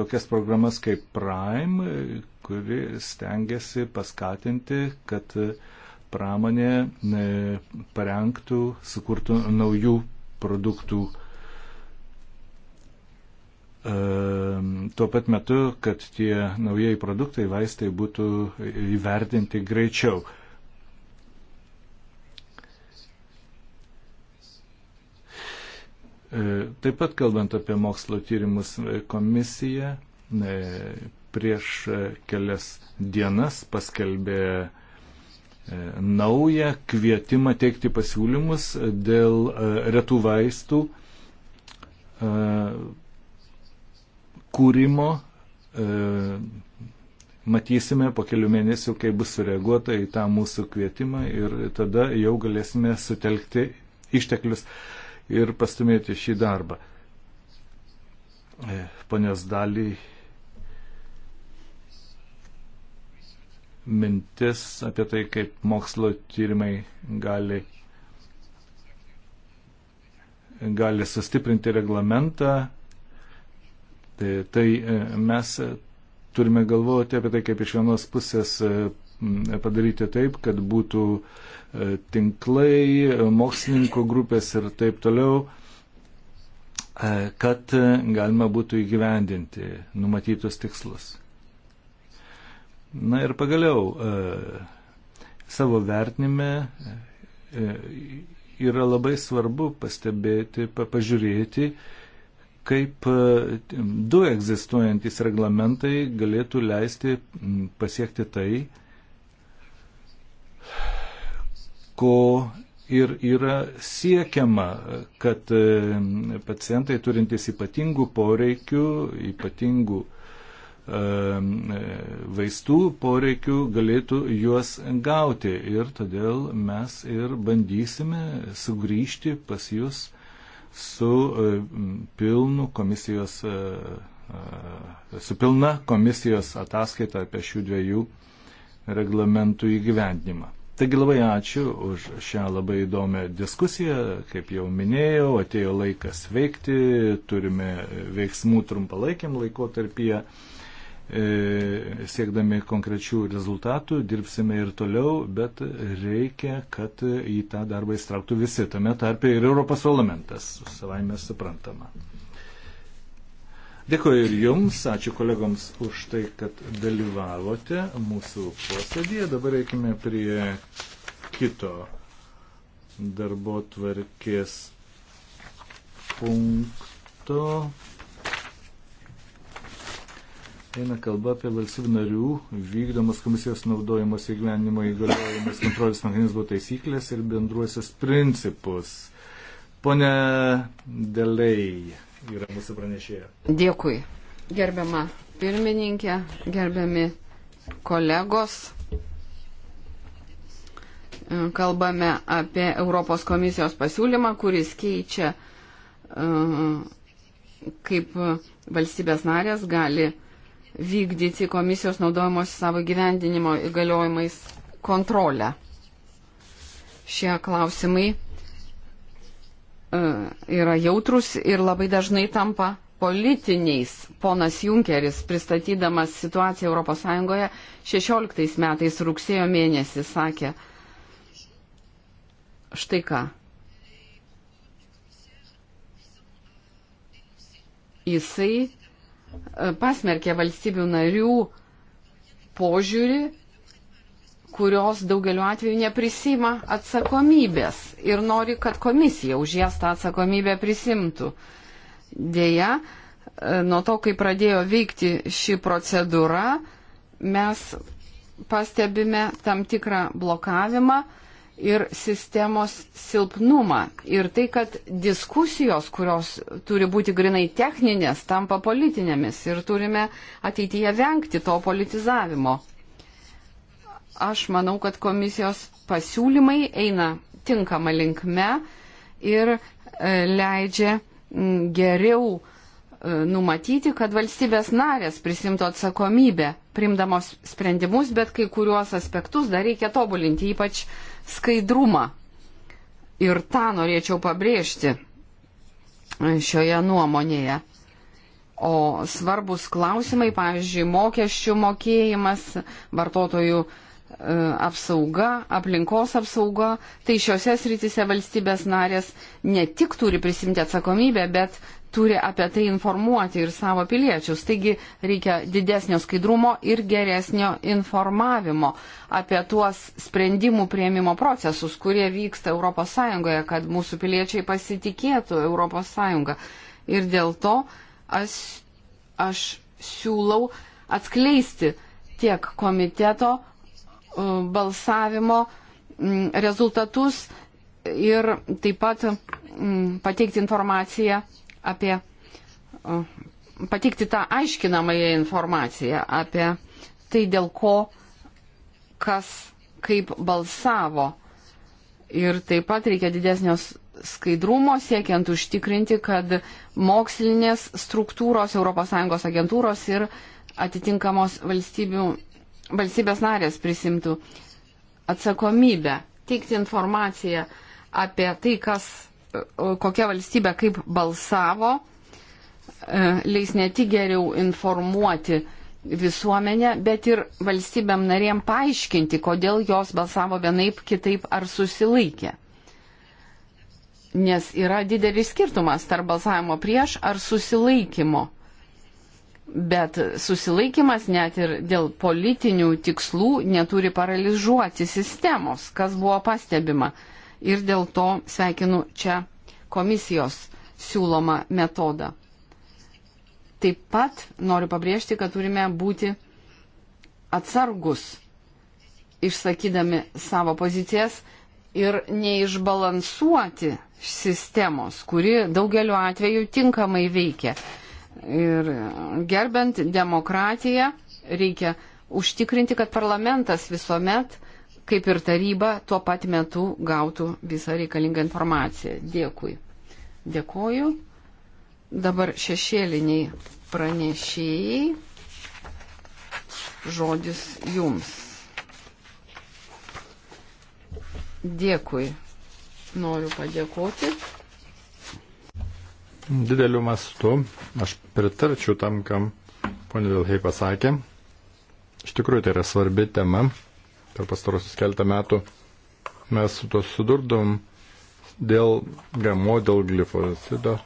tokias programas kaip Prime, kuri stengiasi paskatinti, kad pramonė e, parengtų, sukurtų naujų produktų. E, tuo pat metu, kad tie naujieji produktai, vaistai būtų įvertinti greičiau. E, taip pat kalbant apie mokslo tyrimus e, komisija, e, prieš kelias dienas paskelbė naują kvietimą teikti pasiūlymus dėl retų vaistų kūrimo. Matysime po kelių mėnesių, kai bus sureaguota į tą mūsų kvietimą ir tada jau galėsime sutelkti išteklius ir pastumėti šį darbą. E, ponios dalį mintis apie tai, kaip mokslo tyrimai gali, gali sustiprinti reglamentą. Tai, tai e, mes turime galvoti apie tai, kaip iš vienos pusės e, padaryti taip, kad būtų e, tinklai, mokslininkų grupės ir taip toliau, e, kad galima būtų įgyvendinti numatytus tikslus. Na ir pagaliau e, savo vertinime yra labai svarbu pastebėti, pažiūrėti, kaip du egzistuojantys reglamentai galėtų leisti pasiekti tai, ko ir yra siekiama, kad e, pacientai turintys ypatingų poreikių, ypatingų e, vaistų poreikių galėtų juos gauti. Ir todėl mes ir bandysime sugrįžti pas jūs su e, pilnu komisijos su pilna komisijos ataskaita apie šių dviejų reglamentų įgyvendinimą. Taigi labai ačiū už šią labai įdomią diskusiją. Kaip jau minėjau, atėjo laikas veikti, turime veiksmų trumpalaikiam laikotarpyje. E, siekdami konkrečių rezultatų dirbsime ir toliau, bet reikia, kad į tą darbą įstrauktų visi, tame tarpe ir Europos parlamentas, savaime suprantama. Dėkuoju ir jums, ačiū kolegoms už tai, kad dalyvavote mūsų posėdėje. Dabar reikime prie kito darbo tvarkės punkto. Eina kalba apie valstybių narių vykdomas komisijos naudojimas įgyvenimo įgaliojimas kontrolės mechanizmo taisyklės ir bendruosius principus. Pone Delei yra mūsų
pranešėja. Dėkui. Gerbiama pirmininkė, gerbiami kolegos. Kalbame apie Europos komisijos pasiūlymą, kuris keičia, e, kaip valstybės narės gali vykdyti komisijos naudojamos savo gyvendinimo įgaliojimais kontrolę. Šie klausimai E, yra jautrus ir labai dažnai tampa politiniais. Ponas Junkeris, pristatydamas situaciją ES, 16 metais rugsėjo mėnesį sakė štai ką. Jisai e, pasmerkė valstybių narių požiūrį kurios daugeliu atveju neprisima atsakomybės ir nori, kad komisija už jas tą atsakomybę prisimtų. Deja, e, nuo to, kai pradėjo veikti ši procedūra, mes pastebime tam tikrą blokavimą ir sistemos silpnumą. Ir tai, kad diskusijos, kurios turi būti grinai techninės, tampa politinėmis ir turime ateityje vengti to politizavimo. Aš manau, kad komisijos pasiūlymai eina tinkama linkme ir e, leidžia geriau e, numatyti, kad valstybės narės prisimtų atsakomybę, primdamos sprendimus, bet kai kuriuos aspektus dar reikia tobulinti, ypač skaidrumą. Ir tą norėčiau pabrėžti e, šioje nuomonėje. O svarbus klausimai, pavyzdžiui, mokesčių mokėjimas, vartotojų uh, E, apsauga, aplinkos apsauga, tai šiuose srityse valstybės narės ne tik turi prisimti atsakomybę, bet turi apie tai informuoti ir savo piliečius. Taigi reikia didesnio skaidrumo ir geresnio informavimo apie tuos sprendimų prieimimo procesus, kurie vyksta ES, kad mūsų piliečiai pasitikėtų ES. Ir dėl to aš, aš siūlau atskleisti tiek komiteto E, balsavimo rezultatus ir taip pat pateikti informaciją apie, e, pateikti tą aiškinamąją informaciją apie tai, dėl ko kas kaip balsavo. Ir taip pat reikia didesnio skaidrumo siekiant užtikrinti, kad mokslinės struktūros, ES agentūros ir atitinkamos valstybių valstybės narės prisimtų atsakomybę teikti informaciją apie tai, kas, e, kokia valstybė kaip balsavo, e, leis ne tik geriau informuoti visuomenę, bet ir valstybėm narėm paaiškinti, kodėl jos balsavo vienaip, kitaip ar susilaikė. Nes yra didelis skirtumas tarp balsavimo prieš ar susilaikymo. Bet susilaikimas net ir dėl politinių tikslų neturi paralyžuoti sistemos, kas buvo pastebima. Ir dėl to sveikinu čia komisijos siūlomą metodą. Taip pat noriu pabrėžti, kad turime būti atsargus išsakydami savo pozicijas ir neišbalansuoti sistemos, kuri daugeliu atveju tinkamai veikia. Ir gerbent demokratiją reikia užtikrinti, kad parlamentas visuomet, kaip ir taryba, tuo pat metu gautų visą reikalingą informaciją. Dėkui. Dėkoju. Dabar šešėliniai pranešėjai. Žodis jums. Dėkui. Noriu padėkoti
dideliu mastu. Aš pritarčiau tam, kam ponė Vilhei pasakė. Iš tikrųjų, tai yra svarbi tema. Per pastarosius keltą metų mes su to sudurdom dėl gamo, dėl glifosido.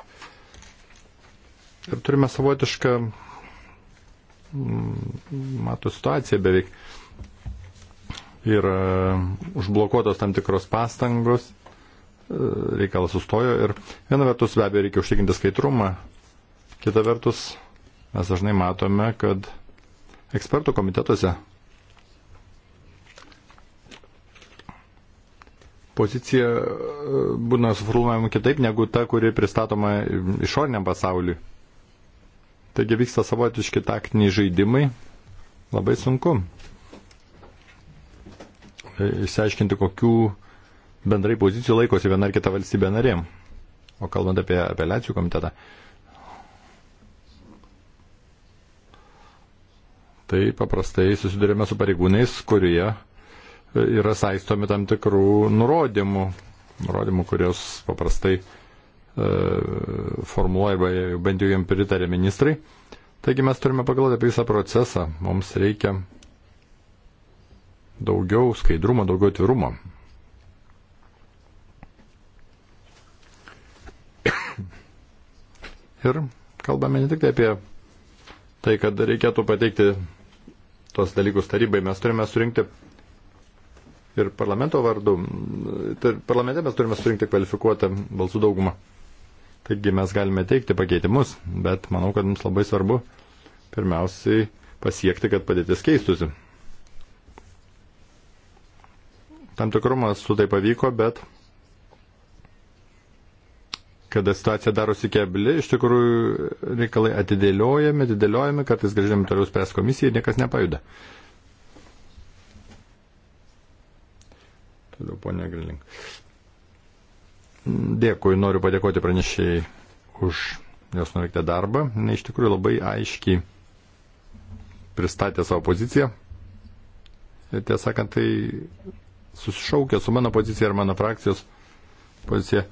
Ir turime savotišką, mm, matau, situaciją beveik. Yra užblokuotos tam tikros pastangos reikalas sustojo ir viena vertus be abejo reikia užtikrinti skaidrumą, kita vertus mes dažnai matome, kad ekspertų komitetuose pozicija e, būna suformuojama kitaip negu ta, kuri pristatoma išoriniam pasauliui. Taigi vyksta savotiški taktiniai žaidimai, labai sunku išsiaiškinti, kokių bendrai pozicijų laikosi viena ar kita valstybė narėm. O kalbant apie apeliacijų komitetą, tai paprastai susidurime su pareigūnais, kurie yra saistomi tam tikrų nurodymų, nurodymų, kurios paprastai e, formuoja arba bent jau jam pritarė ministrai. Taigi mes turime pagalvoti apie visą procesą. Mums reikia daugiau skaidrumo, daugiau atvirumo. Ir kalbame ne tik tai apie tai, kad reikėtų pateikti tos dalykus tarybai, mes turime surinkti ir parlamento vardu. Tai parlamente mes turime surinkti kvalifikuotą balsų daugumą. Taigi mes galime teikti pakeitimus, bet manau, kad mums labai svarbu pirmiausiai pasiekti, kad padėtis keistusi. Tam tikrų mastų tai pavyko, bet kada situacija darosi kebli, iš tikrųjų reikalai atidėliojami, atidėliojami, kartais grįžtami toliau spręs komisijai ir niekas nepajuda. Toliau, ponia Grilink. Dėkui, noriu padėkoti pranešėjai už jos nuveiktą darbą. Ne, iš tikrųjų labai aiškiai pristatė savo poziciją. Ir tiesą sakant, tai susišaukė su mano pozicija ir mano frakcijos pozicija.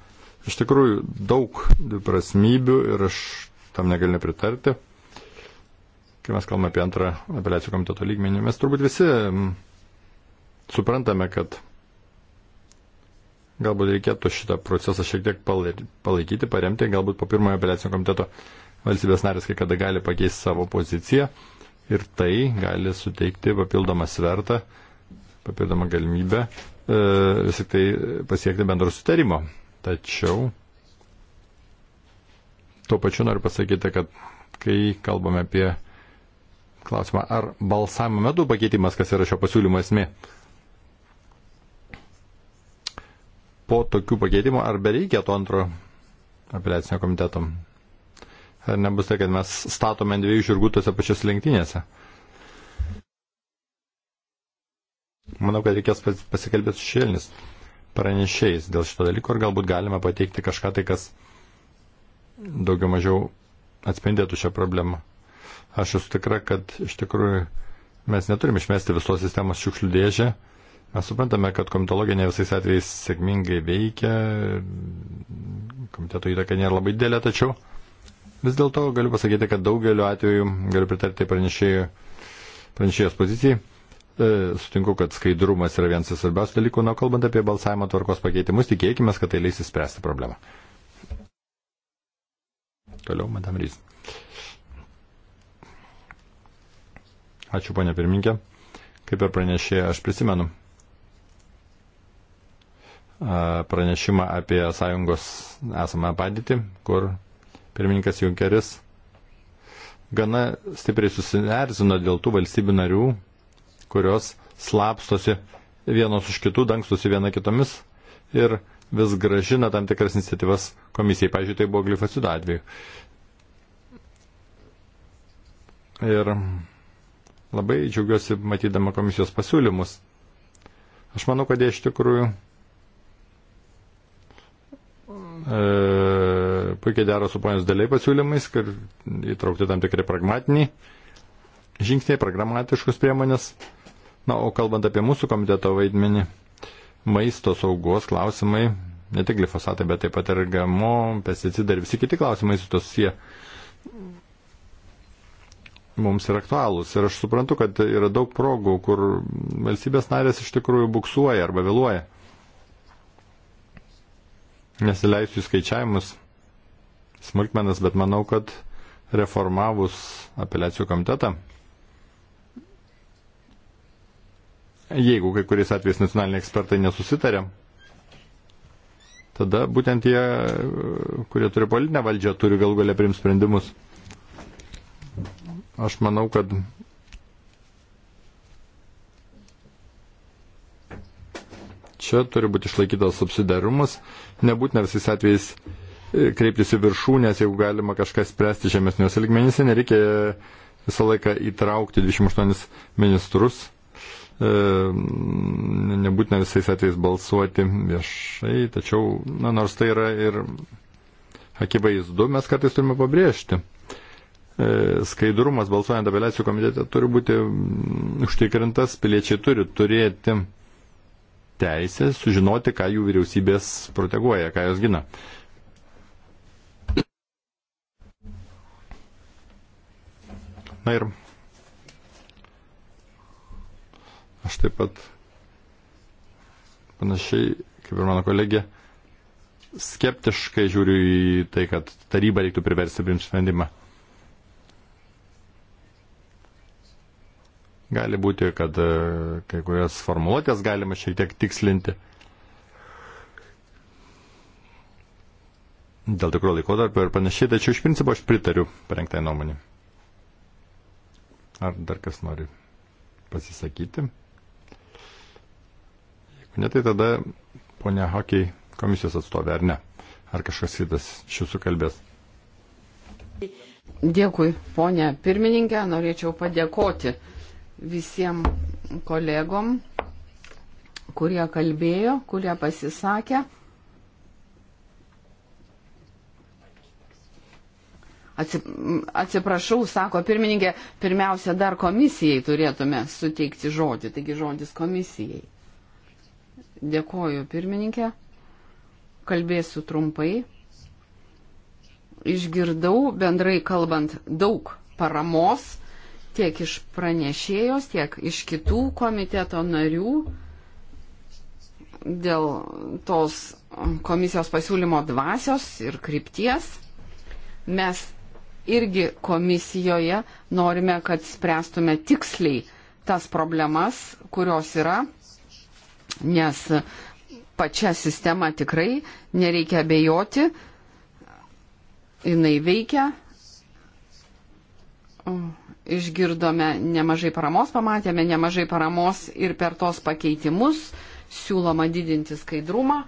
Iš tikrųjų, daug dviprasmybių ir aš tam negaliu nepritarti. Kai mes kalbame apie antrą apeliacijų komiteto lygmenį, mes turbūt visi mm, suprantame, kad galbūt reikėtų šitą procesą šiek tiek palaikyti, paremti, galbūt po pirmojo apeliacinio komiteto valstybės narės kai kada gali pakeisti savo poziciją ir tai gali suteikti papildomą svertą, papildomą galimybę e, vis tik tai pasiekti bendro sutarimo. Tačiau tuo pačiu noriu pasakyti, kad kai kalbame apie klausimą, ar balsavimo metu pakeitimas, kas yra šio pasiūlymo esmė, po tokių pakeitimų ar bereikia to antro apeliacinio komiteto? Ar nebus tai, kad mes statome dviejų žirgų tose pačiose lenktynėse? Manau, kad reikės pasikalbėti su šėlnis pranešiais dėl šito dalyko ir galbūt galime pateikti kažką tai, kas daugiau mažiau atspindėtų šią problemą. Aš esu tikra, kad iš tikrųjų mes neturim išmesti visos sistemos šiukšlių dėžę. Mes suprantame, kad komitologija ne visais atvejais sėkmingai veikia, komiteto įtaka nėra labai didelė, tačiau vis dėlto galiu pasakyti, kad daugeliu atveju galiu pritarti pranešėjų, pranešėjos pozicijai. E, sutinku, kad skaidrumas yra vienas svarbiausių dalykų, na, kalbant apie balsavimo tvarkos pakeitimus, tikėkime, kad tai leis įspręsti problemą. Toliau, madam Rys. Ačiū, ponė pirminkė. Kaip ir pranešė, aš prisimenu e, pranešimą apie sąjungos esamą padėtį, kur pirmininkas Junkeris gana stipriai susierzino dėl tų valstybių narių, kurios slapstosi vienos už kitų, dangstosi viena kitomis ir vis gražina tam tikras iniciatyvas komisijai. Pavyzdžiui, tai buvo glifocido atveju. Ir labai džiaugiuosi matydama komisijos pasiūlymus. Aš manau, kad jie iš tikrųjų e, puikiai dera su ponios dėliai pasiūlymais, kad įtraukti tam tikri pragmatiniai žingsniai, pragmatiškus priemonės. E, Na, o kalbant apie mūsų komiteto vaidmenį, maisto saugos klausimai, ne tik glifosatai, bet taip pat ir gamo, pesticidai ir visi kiti klausimai su tos jie mums yra aktualūs. Ir aš suprantu, kad yra daug progų, kur valstybės narės iš tikrųjų buksuoja arba vėluoja. Nesileisiu į skaičiavimus smulkmenas, bet manau, kad reformavus apeliacijų komitetą Jeigu kai kuriais atvejais nacionaliniai ekspertai nesusitarė, tada būtent tie, kurie turi politinę valdžią, turi gal galę priimti sprendimus. Aš manau, kad čia turi būti išlaikytas subsidarumas, nebūtina visais atvejais e, kreiptis į viršūnės, jeigu galima kažką spręsti žemesniuose ligmenyse, nereikia visą laiką įtraukti 28 ministrus E, nebūtina visais atvejais balsuoti viešai, tačiau, na, nors tai yra ir akivaizdu, mes kartais turime pabrėžti. E, skaidrumas balsuojant apeliacijų komitete turi būti mm, užtikrintas, piliečiai turi turėti teisę sužinoti, ką jų vyriausybės proteguoja, ką jos gina. Na ir Aš taip pat panašiai, kaip ir mano kolegė, skeptiškai žiūriu į tai, kad taryba reiktų priversti priimti sprendimą. Gali būti, kad e, kai kurias formuluotės galima šiek tiek tikslinti. Dėl tikro laikotarpio ir panašiai, tačiau iš principo aš pritariu parengtai nuomonį. Ar dar kas nori pasisakyti? Ne tai tada ponia Hokiai komisijos atstovė, ar ne? Ar kažkas kitas iš jūsų kalbės?
Dėkui, ponia pirmininkė, norėčiau padėkoti visiems kolegom, kurie kalbėjo, kurie pasisakė. Atsiprašau, sako pirmininkė, pirmiausia, dar komisijai turėtume suteikti žodį, taigi žodis komisijai. Dėkoju, pirmininkė. Kalbėsiu trumpai. Išgirdau bendrai kalbant daug paramos tiek iš pranešėjos, tiek iš kitų komiteto narių dėl tos komisijos pasiūlymo dvasios ir krypties. Mes irgi komisijoje norime, kad spręstume tiksliai tas problemas, kurios yra nes pačią sistemą tikrai nereikia abejoti, jinai veikia. Išgirdome nemažai paramos, pamatėme nemažai paramos ir per tos pakeitimus siūloma didinti skaidrumą.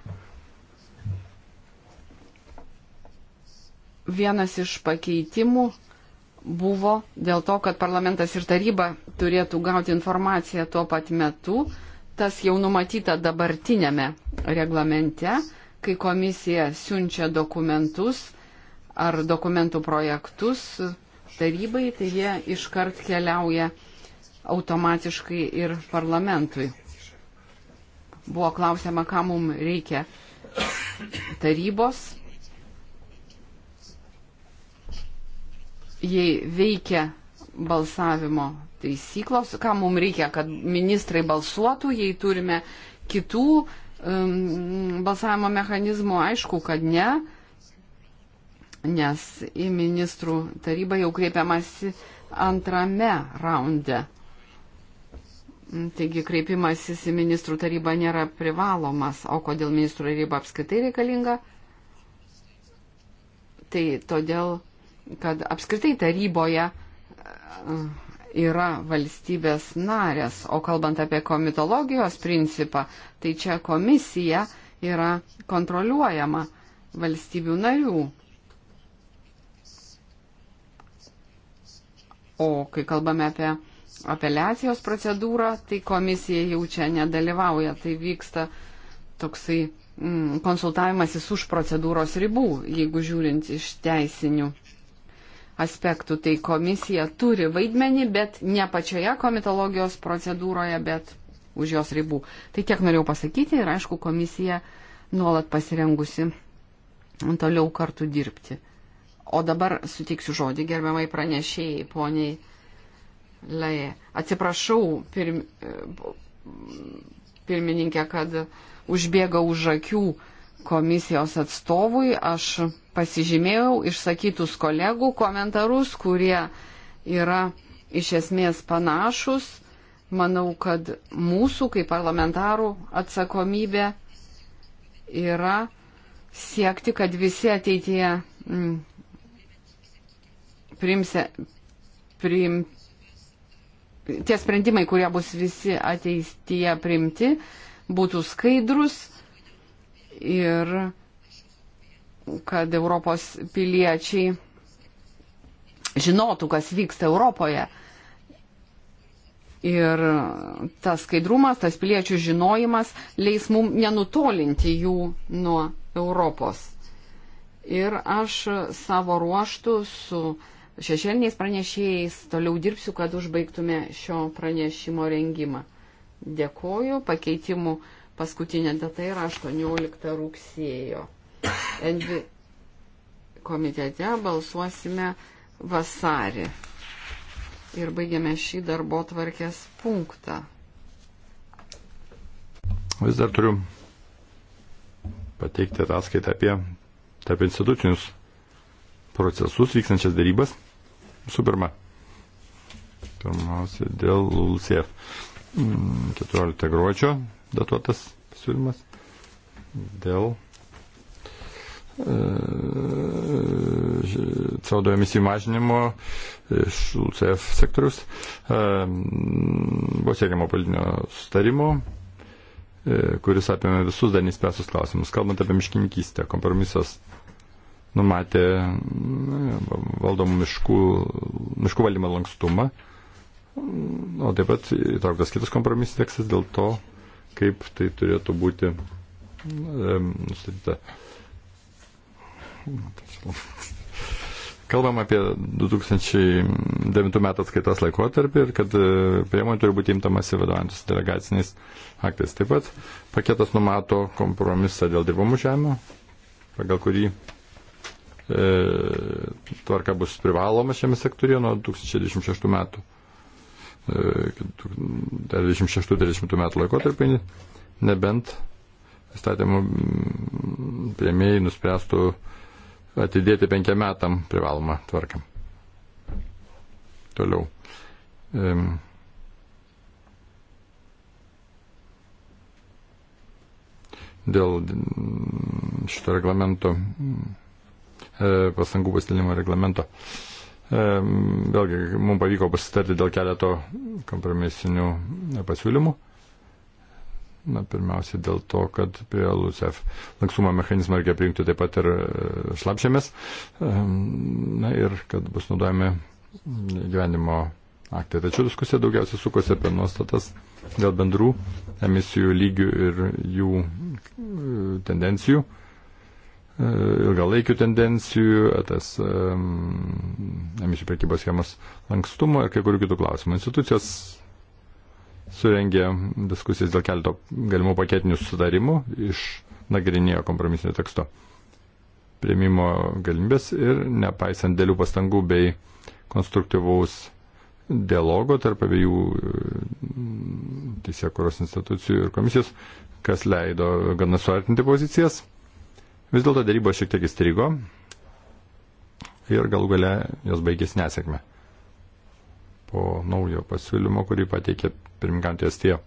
Vienas iš pakeitimų buvo dėl to, kad parlamentas ir taryba turėtų gauti informaciją tuo pat metu, tas jau numatyta dabartinėme reglamente, kai komisija siunčia dokumentus ar dokumentų projektus tarybai, tai jie iškart keliauja automatiškai ir parlamentui. Buvo klausima, ką mums reikia tarybos. Jei veikia balsavimo taisyklos, ką mums reikia, kad ministrai balsuotų, jei turime kitų um, balsavimo mechanizmų, aišku, kad ne, nes į ministrų tarybą jau kreipiamasi antrame raunde. Taigi kreipimasis į ministrų tarybą nėra privalomas, o kodėl ministrų taryba apskritai reikalinga? Tai todėl, kad apskritai taryboje uh, yra valstybės narės. O kalbant apie komitologijos principą, tai čia komisija yra kontroliuojama valstybių narių. O kai kalbame apie apeliacijos procedūrą, tai komisija jau čia nedalyvauja, tai vyksta toksai mm, konsultavimasis už procedūros ribų, jeigu žiūrint iš teisinių aspektų. Tai komisija turi vaidmenį, bet ne pačioje komitologijos procedūroje, bet už jos ribų. Tai tiek norėjau pasakyti ir aišku, komisija nuolat pasirengusi toliau kartu dirbti. O dabar sutiksiu žodį gerbiamai pranešėjai, poniai Leje. Atsiprašau, pirm, pirmininkė, kad užbėga už akių komisijos atstovui. Aš pasižymėjau išsakytus kolegų komentarus, kurie yra iš esmės panašus. Manau, kad mūsų kaip parlamentarų atsakomybė yra siekti, kad visi ateityje mm, primse, prim, tie sprendimai, kurie bus visi ateityje primti, būtų skaidrus ir kad Europos piliečiai žinotų, kas vyksta Europoje. Ir tas skaidrumas, tas piliečių žinojimas leis mums nenutolinti jų nuo Europos. Ir aš savo ruoštų su šešėliniais pranešėjais toliau dirbsiu, kad užbaigtume šio pranešimo rengimą. Dėkoju, pakeitimų Paskutinė data yra 18 rugsėjo. Envi komitete balsuosime vasarį. Ir baigiame šį darbo tvarkės punktą.
Vis dar turiu pateikti ataskaitą apie tarp institucinius procesus vykstančias darybas. Visų pirma, pirmiausia, dėl LULCF 14 mm, gruodžio datuotas pasiūlymas dėl e, CO2 emisijų mažinimo iš LCF sektorius e, buvo siekiama politinio sustarimo, e, kuris apėmė visus dar neįspręstus klausimus. Kalbant apie miškininkystę, kompromisas numatė valdomų miškų, miškų valdymo lankstumą, o taip pat įtrauktas kitas kompromisas tekstas dėl to, kaip tai turėtų būti nustatyta. Kalbam apie 2009 metų atskaitos laikotarpį ir kad e, priemonių turi būti imtamasi vadovantis delegaciniais aktais. Taip pat paketas numato kompromisą dėl dirbamų žemių, pagal kurį e, tvarka bus privaloma šiame sektoriuje nuo 2026 metų. 46-30 metų laikotarpį, nebent įstatymų mm, prieimėjai nuspręstų atidėti penkiam metam privalomą tvarką. Toliau. Dėl mm, šito reglamento, mm, e, pasangų pasilinimo reglamento. E, E, vėlgi, mums pavyko pasitarti dėl keleto kompromisinių pasiūlymų. Na, pirmiausia, dėl to, kad prie LUCF lankstumo mechanizmą reikia prijungti taip pat ir šlapšėmės. E, e, na ir kad bus naudojami gyvenimo aktai. Tačiau diskusija daugiausiai sukosi apie nuostatas dėl bendrų emisijų lygių ir jų tendencijų ilgalaikių tendencijų, tas emisijų prekybos schemos lankstumo ir kai kurių kitų klausimų. Institucijos surengė diskusijas dėl kelto galimų paketinių sudarimų, išnagrinėjo kompromisinio teksto prieimimo galimybės ir nepaisant dėlių pastangų bei konstruktyvaus dialogo tarp abiejų teisėkuros institucijų ir komisijos, kas leido gana suartinti pozicijas. Vis dėlto dėrybos šiek tiek įstrigo ir galų gale jos baigėsi nesėkme. Po naujo pasiūlymo, kurį pateikė pirmininkantį Estiją.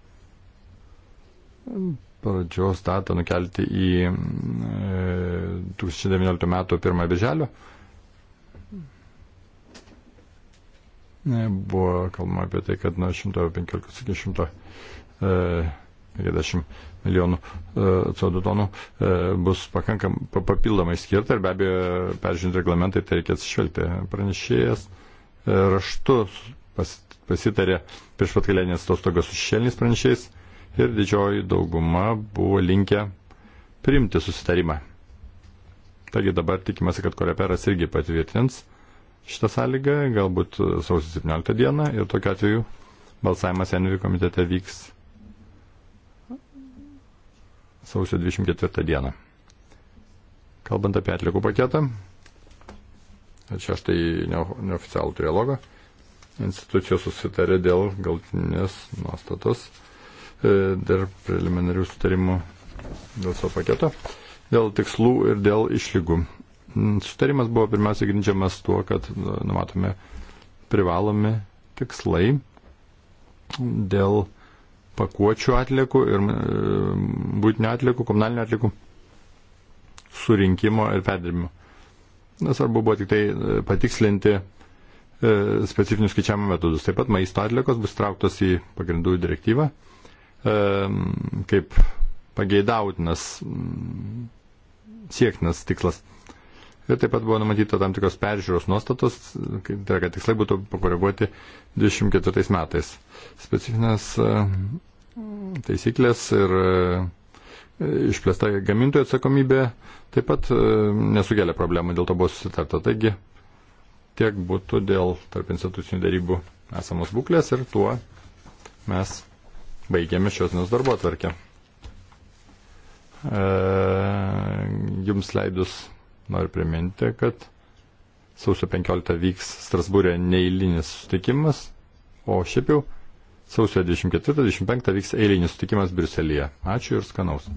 Pradžios datą nukelti į 2019 m. 1 birželio. E, buvo kalbama apie tai, kad nuo 115 iki 150 milijonų e, CO2 tonų e, bus pakankam papildomai skirta ir be abejo, peržiūrint reglamentai, tai reikės išvelgti. Pranešėjas e, raštu pas, pasitarė prieš pat kalėdinės atostogas su šešėliniais pranešėjais ir didžioji dauguma buvo linkę priimti susitarimą. Taigi dabar tikimasi, kad koreperas irgi patvirtins šitą sąlygą, galbūt sausio 17 dieną ir tokiu atveju balsavimas Envi komitete vyks sausio 24 dieną. Kalbant apie atlikų paketą, čia aš tai neoficialų trialogą, institucijos susitarė dėl galtinės nuostatos e, dar preliminarių sutarimų dėl savo paketo, dėl tikslų ir dėl išlygų. Mm, sutarimas buvo pirmiausia grindžiamas tuo, kad e, numatome privalomi tikslai dėl pakuočių atlikų ir e, būtinių atlikų, komunalinių atlikų surinkimo ir perdirbimo. Nesvarbu buvo tik tai e, patikslinti e, specifinius skaičiavimo metodus. Taip pat maisto atlikos bus trauktos į pagrindų direktyvą kaip pageidautinas mm, siektinas tikslas. Ir taip pat buvo numatyta tam tikros peržiūros nuostatos, tai kad tikslai būtų pakoreguoti 24 metais. Specifinės taisyklės ir e, išplėsta gamintojų atsakomybė taip pat e, nesukelia problemų, dėl to buvo susitarta. Taigi tiek būtų dėl tarp institucinių darybų esamos būklės ir tuo mes baigėme šios dienos darbo atvarkę. E, jums leidus noriu priminti, kad sausio 15 vyks Strasbūrė neįlinis sutikimas, o šiaip jau Sausio 24-25 vyks eilinis sutikimas Briuselėje. Ačiū ir skanaus.